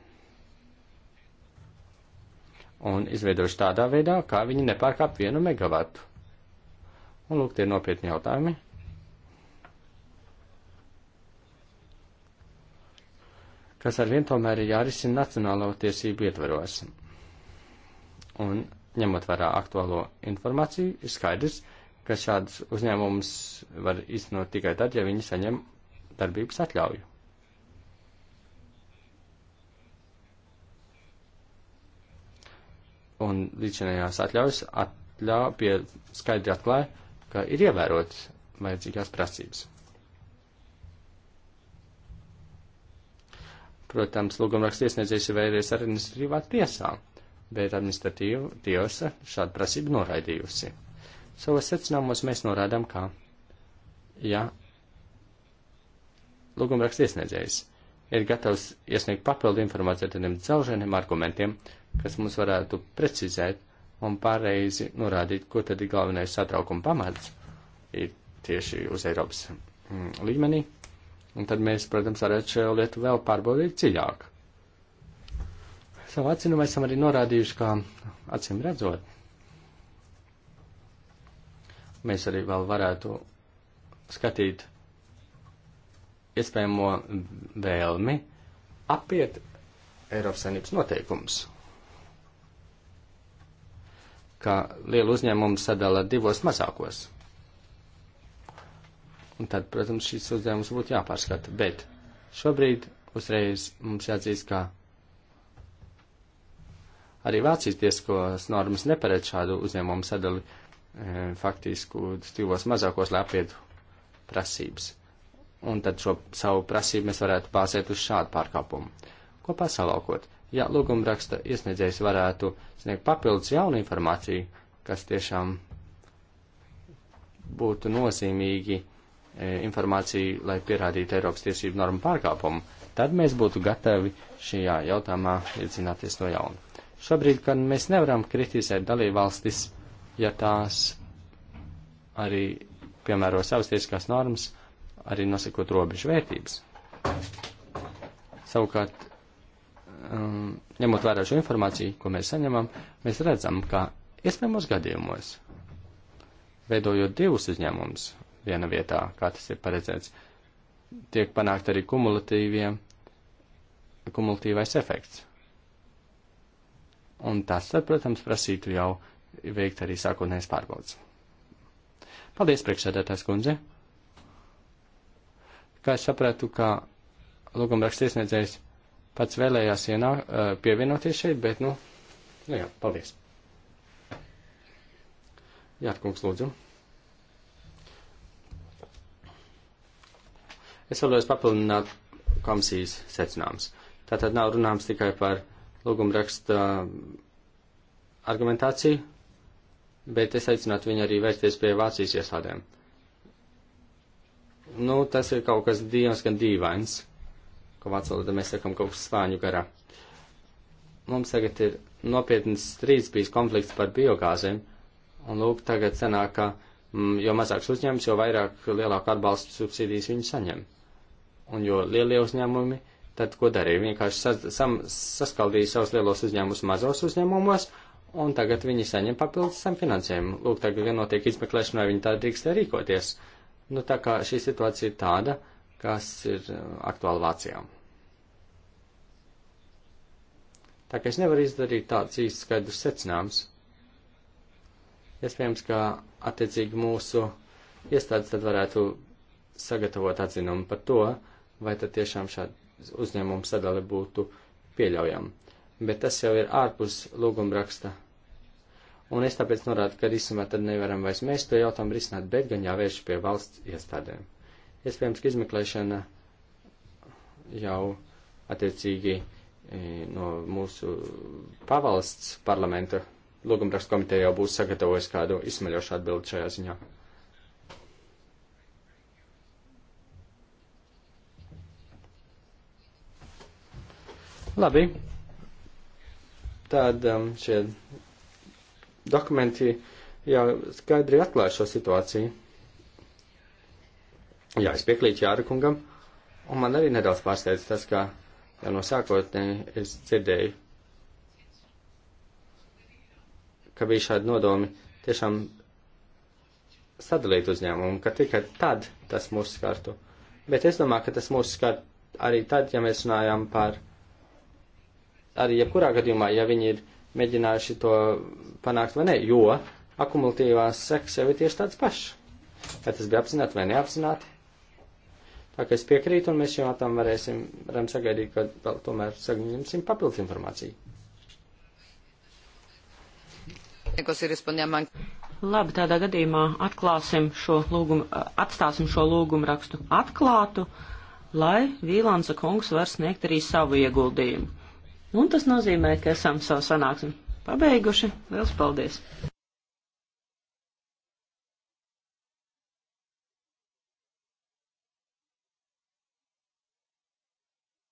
Un izveidojuši tādā veidā, kā viņi nepārkāp vienu megavatu. Un, lūk, tie ir nopietni jautājumi. kas ar vien tomēr ir jārisina nacionālo tiesību ietvaros. Un, ņemot vērā aktuālo informāciju, ir skaidrs, ka šādas uzņēmumus var iznot tikai tad, ja viņi saņem darbības atļauju. Un līdzinējās atļaujas atļau pie skaidri atklāja, ka ir ievērotas vajadzīgās prasības. Protams, lūgumraksta iesniedzējs ir vēries administratīvā tiesā, bet administratīva tiesa šādu prasību noraidījusi. Savos secinājumos mēs norādām, ka, ja lūgumraksta iesniedzējs ir gatavs iesniegt papildu informāciju ar tādiem dzelženiem argumentiem, kas mums varētu precizēt un pareizi norādīt, ko tad ir galvenais satraukuma pamats, ir tieši uz Eiropas mm, līmenī, Un tad mēs, protams, varētu šo lietu vēl pārbaudīt dziļāk. Savu atzinumu esam arī norādījuši, kā acīm redzot. Mēs arī vēl varētu skatīt iespējamo vēlmi apiet Eiropas Savienības noteikumus, ka liela uzņēmuma sadala divos mazākos. Un tad, protams, šīs uzdevumus būtu jāpārskata. Bet šobrīd uzreiz mums jāatzīst, ka arī Vācijas tieskos normas neparedz šādu uzņēmumu sadali e, faktisku divos mazākos, lai apietu prasības. Un tad šo savu prasību mēs varētu bāzēt uz šādu pārkāpumu. Kopā salaukot, ja lūguma raksta iesniedzējs varētu sniegt papildus jaunu informāciju, kas tiešām būtu nozīmīgi E, informāciju, lai pierādītu Eiropas tiesību normu pārkāpumu, tad mēs būtu gatavi šajā jautājumā iedzināties no jauna. Šobrīd, kad mēs nevaram kritizēt dalībvalstis, ja tās arī piemēro savas tiesiskās normas, arī nosakot robežu vērtības. Savukārt, um, ņemot vērā šo informāciju, ko mēs saņemam, mēs redzam, ka iespējamos gadījumos, veidojot divus uzņēmumus, viena vietā, kā tas ir paredzēts. Tiek panākt arī kumulatīvais efekts. Un tas, tad, protams, prasītu jau veikt arī sākotnējas pārbaudas. Paldies, priekšsēdētājs kundze! Kā es sapratu, ka lūgumraksts iesniedzējs pats vēlējās ienā, pievienoties šeit, bet, nu, nu jā, paldies! Jā, kungs, lūdzu! Es vēlos papildināt komisijas secinājumus. Tātad nav runāms tikai par lūguma raksta uh, argumentāciju, bet es aicinātu viņu arī vērsties pie Vācijas iestādēm. Nu, tas ir kaut kas dievs, gan dīvains, ko vācu valodā mēs sakam kaut kas spāņu garā. Mums tagad ir nopietnas strīds bijis konflikts par biogāzēm, un lūk, tagad sanāk, ka mm, jo mazāks uzņēmums, jo vairāk lielāku atbalstu subsīdijas viņi saņem un jo lielie uzņēmumi, tad ko darīja? Vienkārši sas, sam, saskaldīja savus lielos uzņēmumus mazos uzņēmumos, un tagad viņi saņem papildus samfinansējumu. Lūk, tagad gan notiek izmeklēšana, vai viņi tā drīkst rīkoties. Nu, tā kā šī situācija ir tāda, kas ir uh, aktuāla Vācijā. Tā kā es nevaru izdarīt tāds īsts skaidrs secinājums. Iespējams, ka attiecīgi mūsu iestādes tad varētu sagatavot atzinumu par to, vai tad tiešām šāda uzņēmuma sadale būtu pieļaujama. Bet tas jau ir ārpus lūgumraksta. Un es tāpēc norādu, ka risināt tad nevaram vairs mēs to jautājumu risināt, bet gan jāvērš pie valsts iestādēm. Iespējams, ka izmeklēšana jau attiecīgi e, no mūsu pavalsts parlamenta lūgumrakstu komiteja jau būs sagatavojis kādu izsmeļošu atbildi šajā ziņā. Labi. Tad um, šie dokumenti jau skaidri atklāja šo situāciju. Jā, es piekrītu Jāra kungam, un man arī nedaudz pārsteidz tas, ka jau no sākotnēji es dzirdēju, ka bija šādi nodomi tiešām sadalīt uzņēmumu, ka tikai tad tas mūs skartu. Bet es domāju, ka tas mūs skart arī tad, ja mēs runājam par arī jebkurā gadījumā, ja viņi ir mēģinājuši to panākt vai nē, jo akumulatīvās sekas jau ir tieši tāds pašs. Vai tas bija apzināti vai neapzināti? Tā kā es piekrītu, un mēs jau tam varēsim, varam sagaidīt, ka vēl tomēr saņemsim papildus informāciju. Labi, tādā gadījumā atklāsim šo lūgumu, atstāsim šo lūgumu rakstu atklātu, lai Vīlansa kungs var sniegt arī savu ieguldījumu. Un tas nozīmē, ka esam savu sanāksmi pabeiguši. Liels paldies!